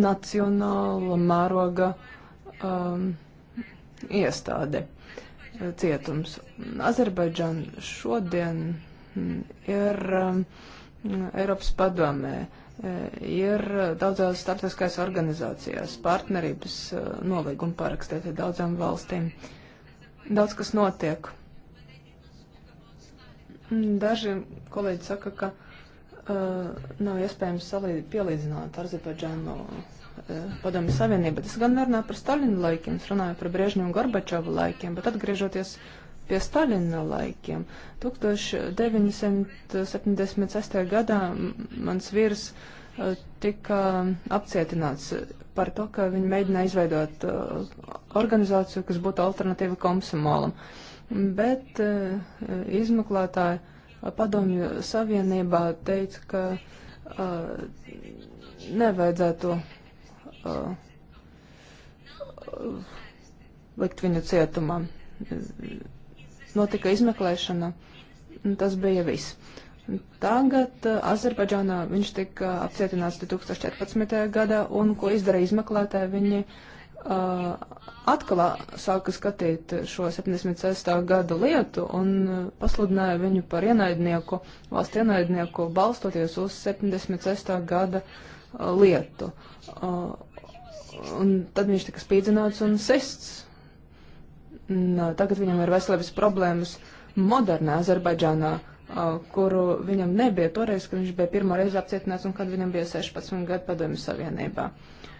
nacionāla mēroga um, iestāde uh, cietums. Azerbaidžāna šodien mm, ir um, Eiropas padomē, ir daudzās starptautiskās organizācijās, partnerības uh, nolīguma parakstīti daudzām valstīm. Daudz kas notiek. Daži kolēģi saka, ka uh, nav iespējams salīdzi, pielīdzināt Azerbaidžānu uh, padomju savienību, bet es gan nerunāju par Stalina laikiem, es runāju par Briežņu un Gorbačovu laikiem, bet atgriežoties pie Stalina laikiem. 1976. gadā mans vīrs uh, tika apcietināts par to, ka viņi mēģināja izveidot uh, organizāciju, kas būtu alternatīva komsomolam. Uh, bet e, izmeklētāji padomju savienībā teica, ka e, nevajadzētu e, likt viņu cietumā. Notika izmeklēšana, tas bija viss. Tagad Azerbaidžānā viņš tika apcietināts 2014. gadā, un ko izdarīja izmeklētāji, viņi uh, Uh, atkal sāka skatīt šo 76. gada lietu un uh, pasludināja viņu par ienaidnieku, valsts ienaidnieku, balstoties uz 76. gada uh, lietu. Un tad viņš tika spīdzināts un sists. Tagad viņam ir veselības problēmas modernā Azerbaidžānā, kuru viņam nebija toreiz, kad viņš bija pirmo reizi apcietināts un kad viņam bija 16 gadu padomju savienībā. Uh,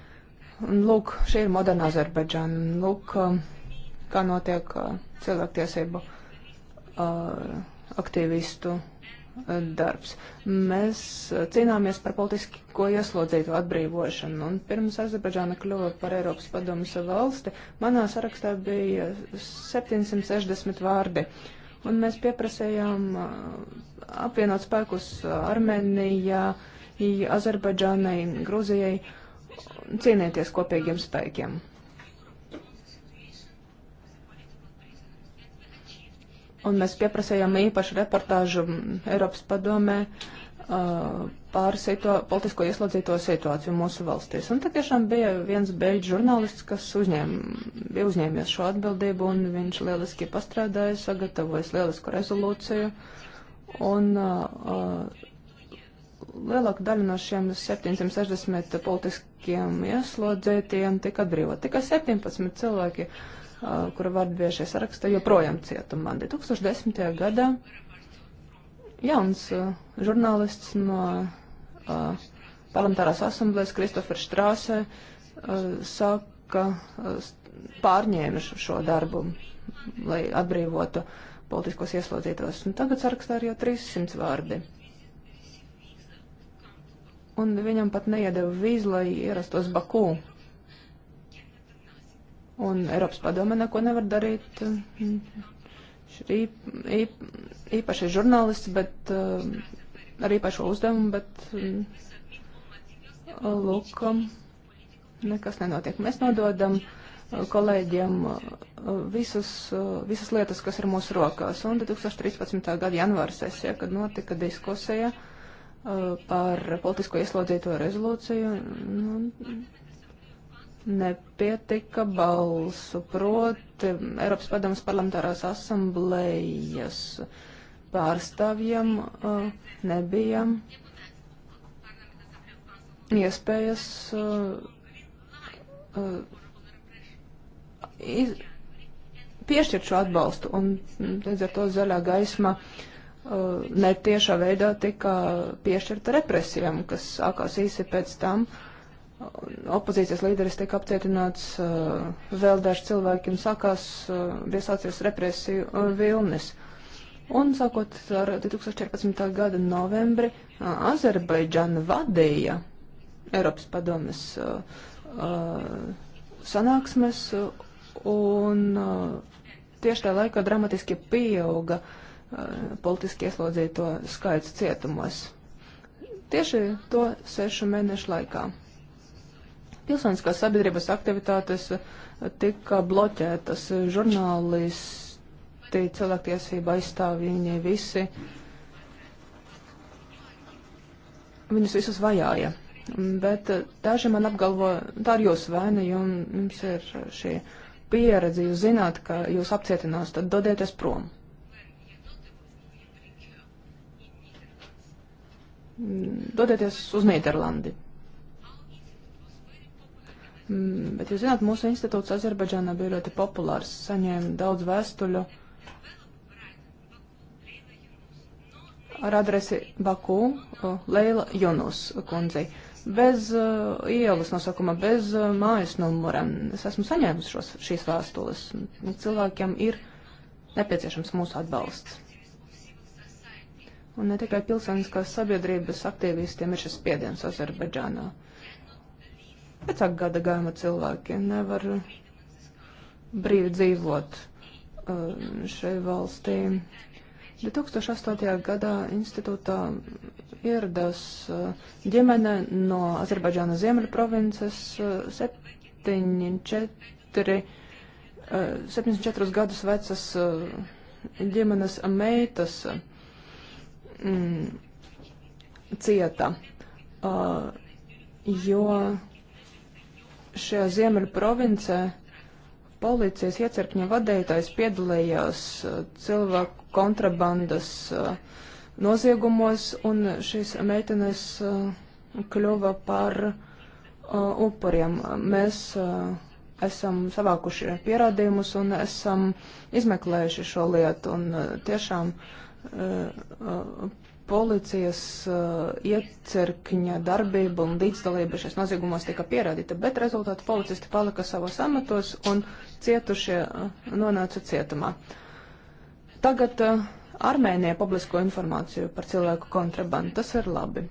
Un lūk, šī ir moderna Azerbaidžana. Un lūk, um, kā notiek uh, cilvēktiesību uh, aktīvistu uh, darbs. Mēs cīnāmies par politisko ieslodzīto atbrīvošanu, un pirms Azerbaidžāna kļuva par Eiropas padomus valsti, manā sarakstā bija 760 vārdi, un mēs pieprasījām apvienot spēkus Armēnijā, Azerbaidžānai, Gruzijai cīnīties kopīgiem spēkiem. Un mēs pieprasījām īpašu reportāžu Eiropas padomē uh, pār situa politisko ieslodzīto situāciju mūsu valstīs. Un tad tiešām bija viens beļģu žurnālists, kas uzņēm, bija uzņēmies šo atbildību, un viņš lieliski pastrādāja, sagatavojas lielisku rezolūciju. Un uh, lielāka daļa no šiem 760 politiskiem ieslodzītiem tika atbrīvot. Tikai 17 cilvēki, kura vārdi bija šie sarakstā, joprojām cietumā. 2010. gadā jauns žurnālists no parlamentārās asamblēs Kristofers Štrāsē saka, pārņēma šo darbu, lai atbrīvotu politiskos ieslodzītos. Un tagad sarakstā ir jau 300 vārdi un viņam pat neiedeva vīzu, lai ierastos Bakū. Un Eiropas padome neko nevar darīt. Šī īpaši žurnālisti, bet ar īpašo uzdevumu, bet lūk, nekas nenotiek. Mēs nododam kolēģiem visus, visas lietas, kas ir mūsu rokās. Un 2013. gada janvāra sesija, kad notika diskusija, uh, par politisko ieslodzīto rezolūciju. Nu, nepietika balsu proti Eiropas padomas parlamentārās asamblējas pārstāvjiem uh, nebija iespējas uh, uh, piešķirt šo atbalstu. Un mm, līdz ar to zaļā gaisma uh, Uh, netiešā veidā tika piešķirta represijām, kas sākās īsi pēc tam. Opozīcijas līderis tika apcietināts, uh, vēl daži cilvēkiem sākās, uh, bija sācies represiju vilnis. Un sākot ar 2014. gada novembri, Azerbaidžana vadīja Eiropas padomes sanāksmes, un tieši tajā laikā dramatiski pieauga uh, Eh, politiski ieslodzīto skaits cietumos. Tieši to sešu mēnešu laikā. Pilsoniskās sabiedrības aktivitātes eh, tika bloķētas, žurnālisti, cilvēktiesība aizstāvji, viņi visi, viņus visus vajāja. Bet eh, daži man apgalvo, tā ir jūsu vaina, jums ir šī pieredze, jūs zināt, ka jūs apcietinās, tad dodieties prom. dodieties uz Nīderlandi. Mm, bet jūs zināt, mūsu institūts Azerbaidžānā bija ļoti populārs, saņēma daudz vēstuļu ar adresi Baku, uh, Leila Junus kundzei. Bez uh, ielas nosakuma, bez uh, mājas numura. Es esmu saņēmis šos, šīs vēstules. Cilvēkiem ir nepieciešams mūsu atbalsts. Un ne tikai pilsoniskās sabiedrības aktīvistiem ir šis spiediens Azerbaidžānā. Vecāka gada gājuma cilvēki nevar brīvi dzīvot um, šai valstī. 2008. gadā institūtā ieradās uh, ģimene no Azerbaidžāna ziemeļa provinces 74, uh, 74 uh, gadus vecas ģimenes meitas mm, cieta, uh, jo šajā ziemeļu provincē policijas iecirkņa vadītājs piedalījās uh, cilvēku kontrabandas uh, noziegumos, un šīs meitenes uh, kļuva par upuriem. Mēs esam savākuši pierādījumus un esam izmeklējuši šo lietu, un tiešām uh, Uh, uh, policijas uh, iecerkņa darbība un līdzdalība šais noziegumos tika pierādīta, bet rezultāti policisti palika savos amatos un cietušie nonāca cietumā. Tagad Armēnija publisko informāciju par cilvēku kontrabandu. Tas ir labi.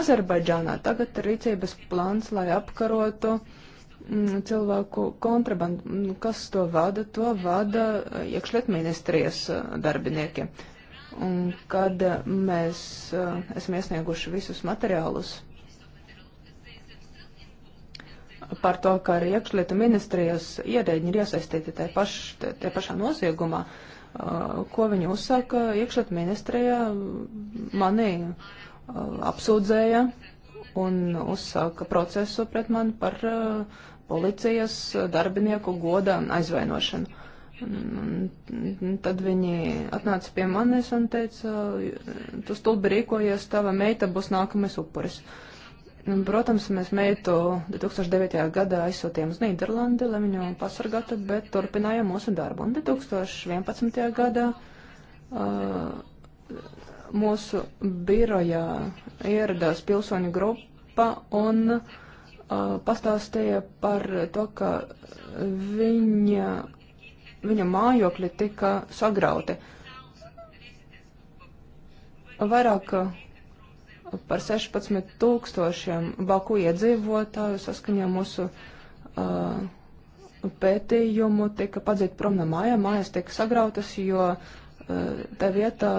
Azerbaidžānā tagad ir rīcības plāns, lai apkarotu mm, cilvēku kontrabandu. Kas to vada? To vada iekšļiet ministrijas darbinieki. Un kad mēs eh, esam iesnieguši visus materiālus par to, ka arī iekšlietu ministrijas iedēģi ir iesaistīti tajā, paš, tajā pašā noziegumā, eh, ko viņi uzsāka, iekšlietu ministrijā mani eh, apsūdzēja un uzsāka procesu pret mani par policijas darbinieku goda aizvainošanu. Un tad viņi atnāca pie manis un teica, tu stulbi rīkojies, tava meita būs nākamais upuris. Un, protams, mēs meitu 2009. gadā aizsūtījām uz Nīderlandi, lai viņu pasargātu, bet turpinājām mūsu darbu. Un 2011. gadā uh, mūsu birojā ieradās pilsoņu grupa un uh, pastāstīja par to, ka viņa viņa mājokļi tika sagrauti. Vairāk par 16 tūkstošiem Baku iedzīvotāju saskaņā mūsu uh, pētījumu tika padzīt prom no mājām, mājas tika sagrautas, jo uh, te vietā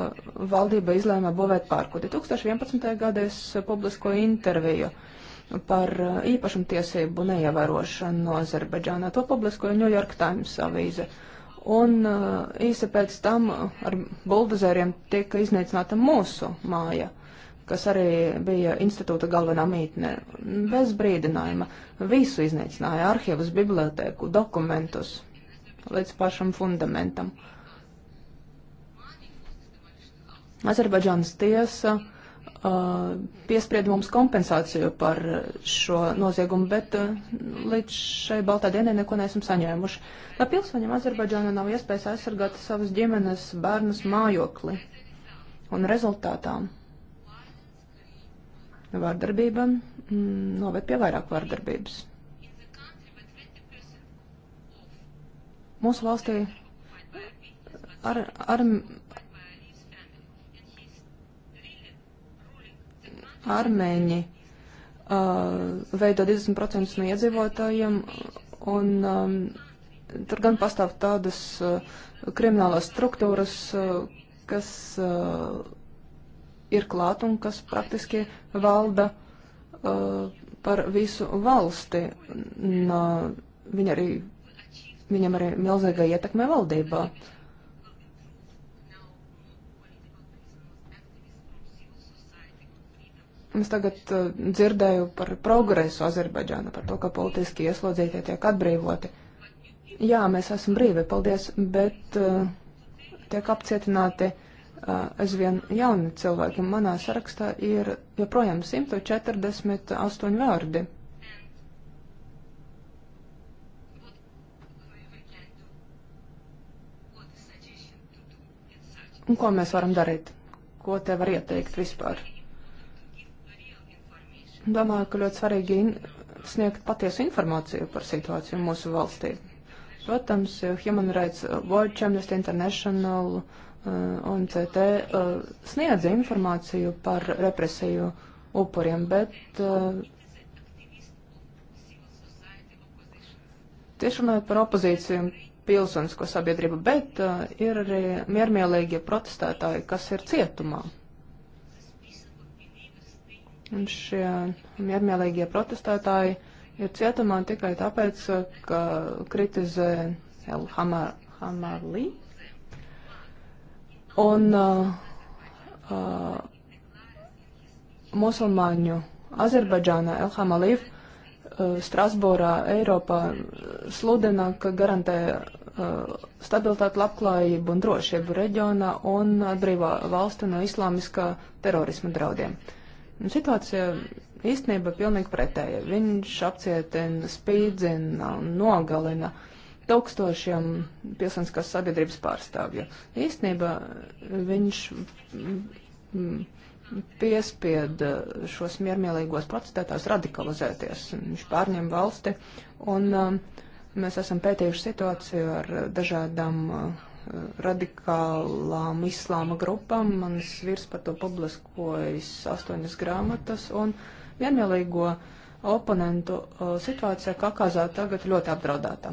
valdība izlēma būvēt pārkudi. 2011. gadā es publisko interviju uh, par uh, īpašumtiesību neievērošanu no Azerbaidžānā. To publiskoja New York Times avīze. Un uh, īsi pēc tam ar buldozēriem tika iznīcināta mūsu māja, kas arī bija institūta galvenā mītne. Bez brīdinājuma visu iznīcināja arhīvus, bibliotēku, dokumentus līdz pašam fundamentam. Azerbaidžānas tiesa uh, piesprieda mums kompensāciju par šo noziegumu, bet līdz šai baltā dienai neko neesam saņēmuši. Tā pilsoņiem Azerbaidžāna nav iespējas aizsargāt savas ģimenes bērnus mājokli. Un rezultātā vārdarbība mm, noved pie vairāk vārdarbības. Mūsu valstī ar, ar, armēņi uh, veido 20% no iedzīvotājiem, un um, tur gan pastāv tādas uh, kriminālās struktūras, uh, kas uh, ir klāt un kas praktiski valda uh, par visu valsti. Un, uh, viņa arī, viņam arī milzīga ietekme valdībā. Uh, Es tagad uh, dzirdēju par progresu Azerbaidžāna, par to, ka politiski ieslodzītie tiek atbrīvoti. Jā, mēs esam brīvi, paldies, bet uh, tiek apcietināti uh, aizvien jauni cilvēki. Manā sarakstā ir joprojām 148 vārdi. Un ko mēs varam darīt? Ko te var ieteikt vispār? Domāju, ka ļoti svarīgi sniegt patiesu informāciju par situāciju mūsu valstī. Protams, Human Rights Watch, Amnesty International, uh, OMCT uh, sniedz informāciju par represiju upuriem, bet uh, tieši runājot par opozīciju pilsonisko sabiedrību, bet ir arī miermīlīgie protestētāji, kas ir cietumā. Un šie miermīlīgie protestētāji ir cietumā tikai tāpēc, ka kritizē El Hamar, Hamarli. Un uh, uh, musulmaņu Azerbaidžānā Elham Alīv uh, Strasbūrā Eiropā sludina, ka garantē uh, stabilitāti, labklājību un drošību reģionā un atbrīvo valsti no islāmiskā terorisma draudiem. Uh, Nu, situācija īstenībā pilnīgi pretēja. Viņš apcietina, spīdzina, nogalina tūkstošiem pilsoniskās sabiedrības pārstāvju. Īstenībā viņš mm, piespieda šos miermīlīgos protestētājus radikalizēties. Viņš pārņem valsti un mm, mēs esam pētījuši situāciju ar dažādām uh, radikālām islāma grupām. Mans vīrs par to publiskojas astoņas grāmatas un vienvielīgo oponentu situācija Kakazā tagad ļoti apdraudēta.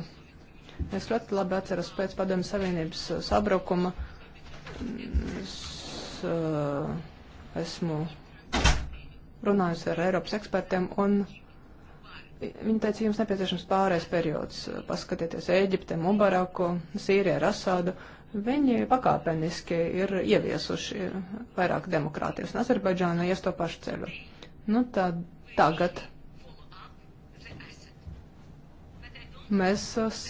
Es ļoti labi atceros pēc padomju savienības sabrukuma. Es, esmu runājusi ar Eiropas ekspertiem un Viņa teica, jums nepieciešams pārējais periods, paskatieties Ēģipte, Mubaraku, Sīriju ar Asādu. Viņi pakāpeniski ir ieviesuši vairāk demokrātijas un Azerbaidžāna ies to pašu ceļu. Nu tā tagad mēs uh,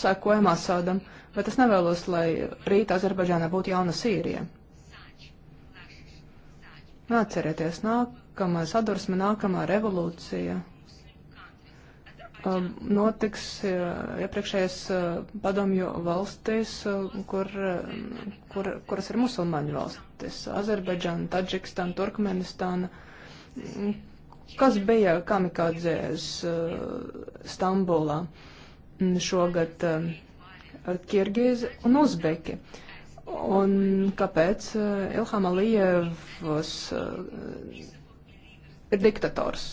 sekojam Asādam, bet es nevēlos, lai rīt Azerbaidžāna būtu jauna Sīrija. Atcerieties, nākamā sadursme, nākamā revolūcija Um, notiks uh, iepriekšējās uh, padomju valstīs, uh, kur, um, kur, kuras ir musulmaņu valstis - Azerbaidžana, Tadžikistāna, Turkmenistāna. Mm, kas bija kamikādzēs Stambulā mm, šogad um, Kirgīzi un Uzbeki? Un kāpēc Ilham Alijevs ir diktators?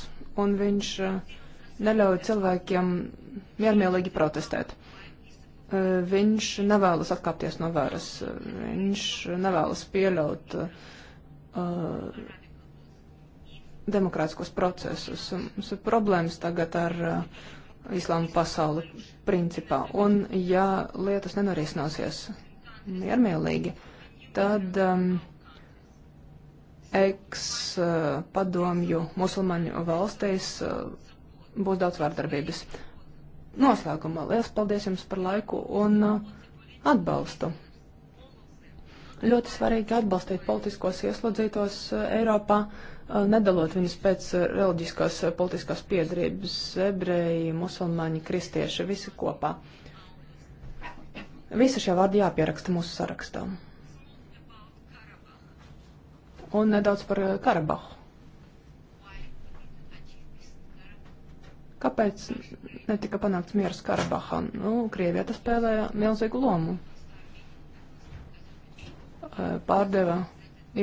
Un viņš uh, neļauj cilvēkiem miermīlīgi protestēt. Viņš nevēlas atkāpties no varas, viņš nevēlas pieļaut uh, demokrātiskos procesus. Mums ir problēmas tagad ar uh, islāma pasauli principā. Un ja lietas nenorisināsies miermīlīgi, tad um, eks-padomju uh, musulmaņu valstīs uh, būs daudz vārdarbības. Noslēgumā liels paldies jums par laiku un uh, atbalstu. Ļoti svarīgi atbalstīt politiskos ieslodzītos uh, Eiropā, uh, nedalot viņus pēc reliģiskās politiskās piedarības - ebreji, musulmaņi, kristieši, visi kopā. Visi šie vārdi jāpieraksta mūsu sarakstā. Un nedaudz par Karabahu. Kāpēc netika panākts miers Karabahā? Nu, Krievija tas spēlēja milzīgu lomu. Pārdeva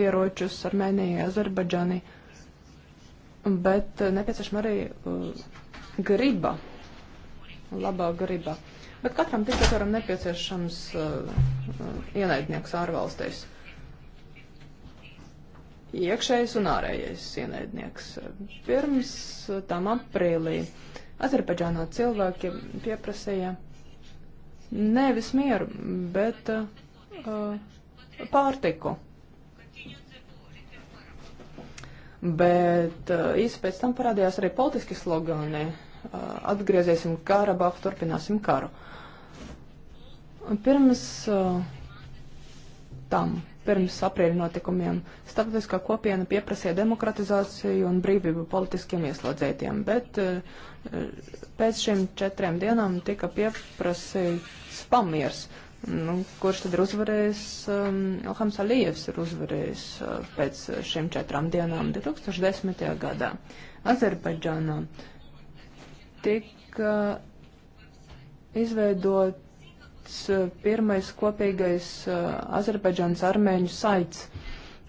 ieročus Armēnijai, Azerbaidžani, bet nepieciešama arī uh, griba, labā griba. Bet katram diktatoram nepieciešams uh, uh, ienaidnieks ārvalstīs. Uh, iekšējais un ārējais ienaidnieks. Pirms tam aprīlī Azerbaidžānā cilvēki pieprasīja nevis mieru, bet uh, pārtiku. Bet uh, īsi pēc tam parādījās arī politiski slogani uh, - atgriezīsim Karabahu, turpināsim karu. Pirms uh, tam pirms aprīļa notikumiem. Starptautiskā kopiena pieprasīja demokratizāciju un brīvību politiskiem ieslodzītiem, bet eh, pēc šiem četriem dienām tika pieprasīts pamiers. Nu, kurš tad ir uzvarējis? Um, Ilhams Alijevs ir uzvarējis uh, pēc šiem četrām dienām 2010. gadā. Azerbaidžānā tika izveidot izveidots eh, pirmais kopīgais eh, Azerbaidžānas armēņu saits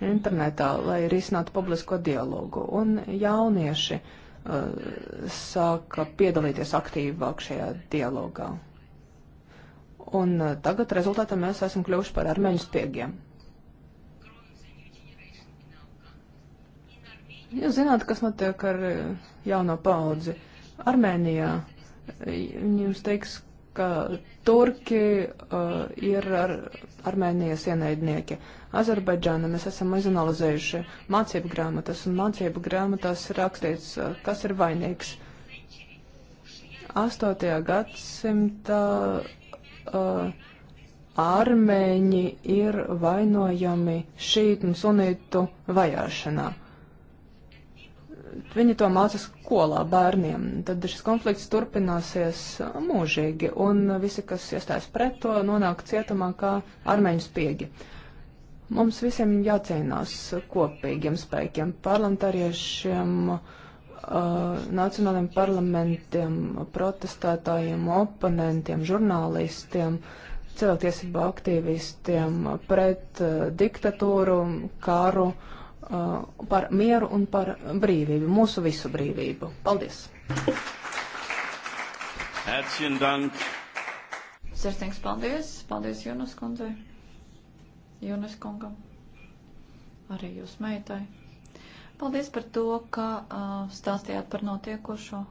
internetā, lai risinātu publisko dialogu. Un jaunieši eh, sāka piedalīties aktīvāk šajā dialogā. Un tagad rezultātā mēs esam kļuvuši par armēņu spiegiem. Jūs zināt, kas notiek ar jauno paudzi Armēnijā. Viņi jums teiks, ka turki uh, ir ar, Armēnijas ienaidnieki. Azerbaidžāna mēs esam izanalizējuši mācību grāmatas, un mācību grāmatās ir rakstīts, uh, kas ir vainīgs. 8. gadsimta uh, armēņi ir vainojami šītu un sunītu vajāšanā. Uh, viņi to māca skolā bērniem. Tad šis konflikts turpināsies mūžīgi, un visi, kas iestājas pret to, nonāk cietumā kā armēņu spiegi. Mums visiem jācīnās kopīgiem spēkiem, parlamentāriešiem, uh, nacionāliem parlamentiem, protestētājiem, oponentiem, žurnālistiem, cilvēktiesību aktīvistiem pret uh, diktatūru, karu. Uh, Uh, par mieru un par brīvību, mūsu visu brīvību. Paldies! Sirsnīgs paldies! Paldies Jonas kundzei! Jonas kungam! Arī jūs meitai! Paldies par to, ka uh, stāstījāt par notiekošo.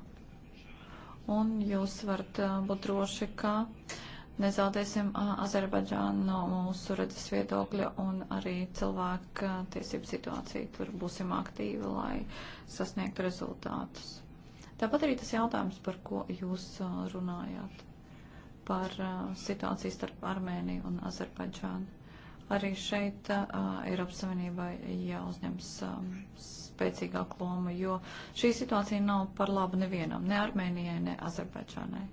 Un jūs varat uh, būt droši, ka uh, nezaudēsim Azerbaidžānu no mūsu redzes viedokļa un arī cilvēku tiesību situāciju. Tur būsim aktīvi, lai sasniegtu rezultātus. Tāpat arī tas jautājums, par ko jūs runājāt, par situāciju starp Armēniju un Azerbaidžānu. Arī šeit uh, Eiropas Savienībai jāuzņems um, spēcīgāku lomu, jo šī situācija nav par labu nevienam, ne Armēnijai, ne Azerbaidžānai.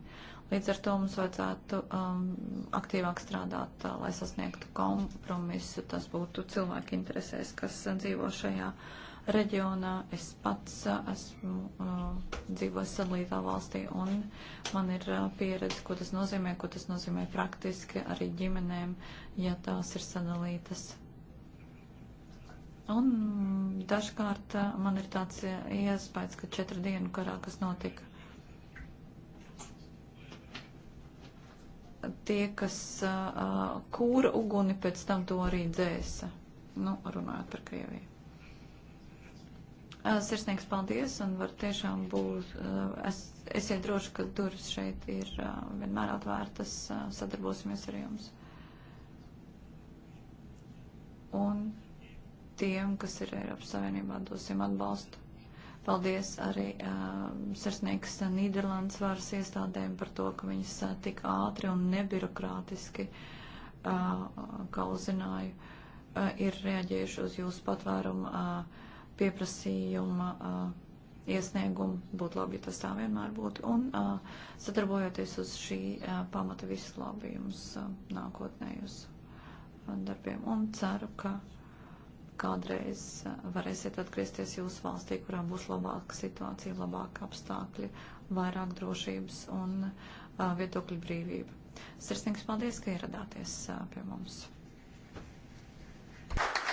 Līdz ar to mums vajadzētu um, aktīvāk strādāt, tā, uh, lai sasniegtu kompromisu. Tas būtu cilvēku interesēs, kas uh, dzīvo šajā reģionā. Es pats uh, esmu uh, dzīvojis sadalītā valstī un man ir uh, pieredze, ko tas nozīmē, ko tas nozīmē praktiski arī ģimenēm, ja tās ir sadalītas. Un mm, dažkārt man ir tāds iespējas, ka četru dienu karā, kas notika tie, kas uh, kūra uguni, pēc tam to arī dzēsa. Nu, runājot par Krieviju. Uh, sirsnīgs paldies un var tiešām būt, uh, es, esiet droši, ka durvis šeit ir uh, vienmēr atvērtas, uh, sadarbosimies ar jums. Un tiem, kas ir Eiropas Savienībā, dosim atbalstu. Paldies arī uh, sirsnīgs Nīderlandes varas iestādēm par to, ka viņas uh, tik ātri un nebirokrātiski, uh, kā uzzināju, uh, ir reaģējuši uz jūsu patvērumu uh, pieprasījuma uh, iesniegumu. Būtu labi, ja tas tā vienmēr būtu. Un uh, sadarbojoties uz šī uh, pamata visu labi jums uh, nākotnē uz uh, darbiem. Un ceru, ka kādreiz eh, varēsiet atgriezties jūsu valstī, kurā būs labāka situācija, labāka apstākļi, vairāk drošības un uh, viedokļu brīvība. Sirsnīgs paldies, ka ieradāties uh, pie mums. Thank you.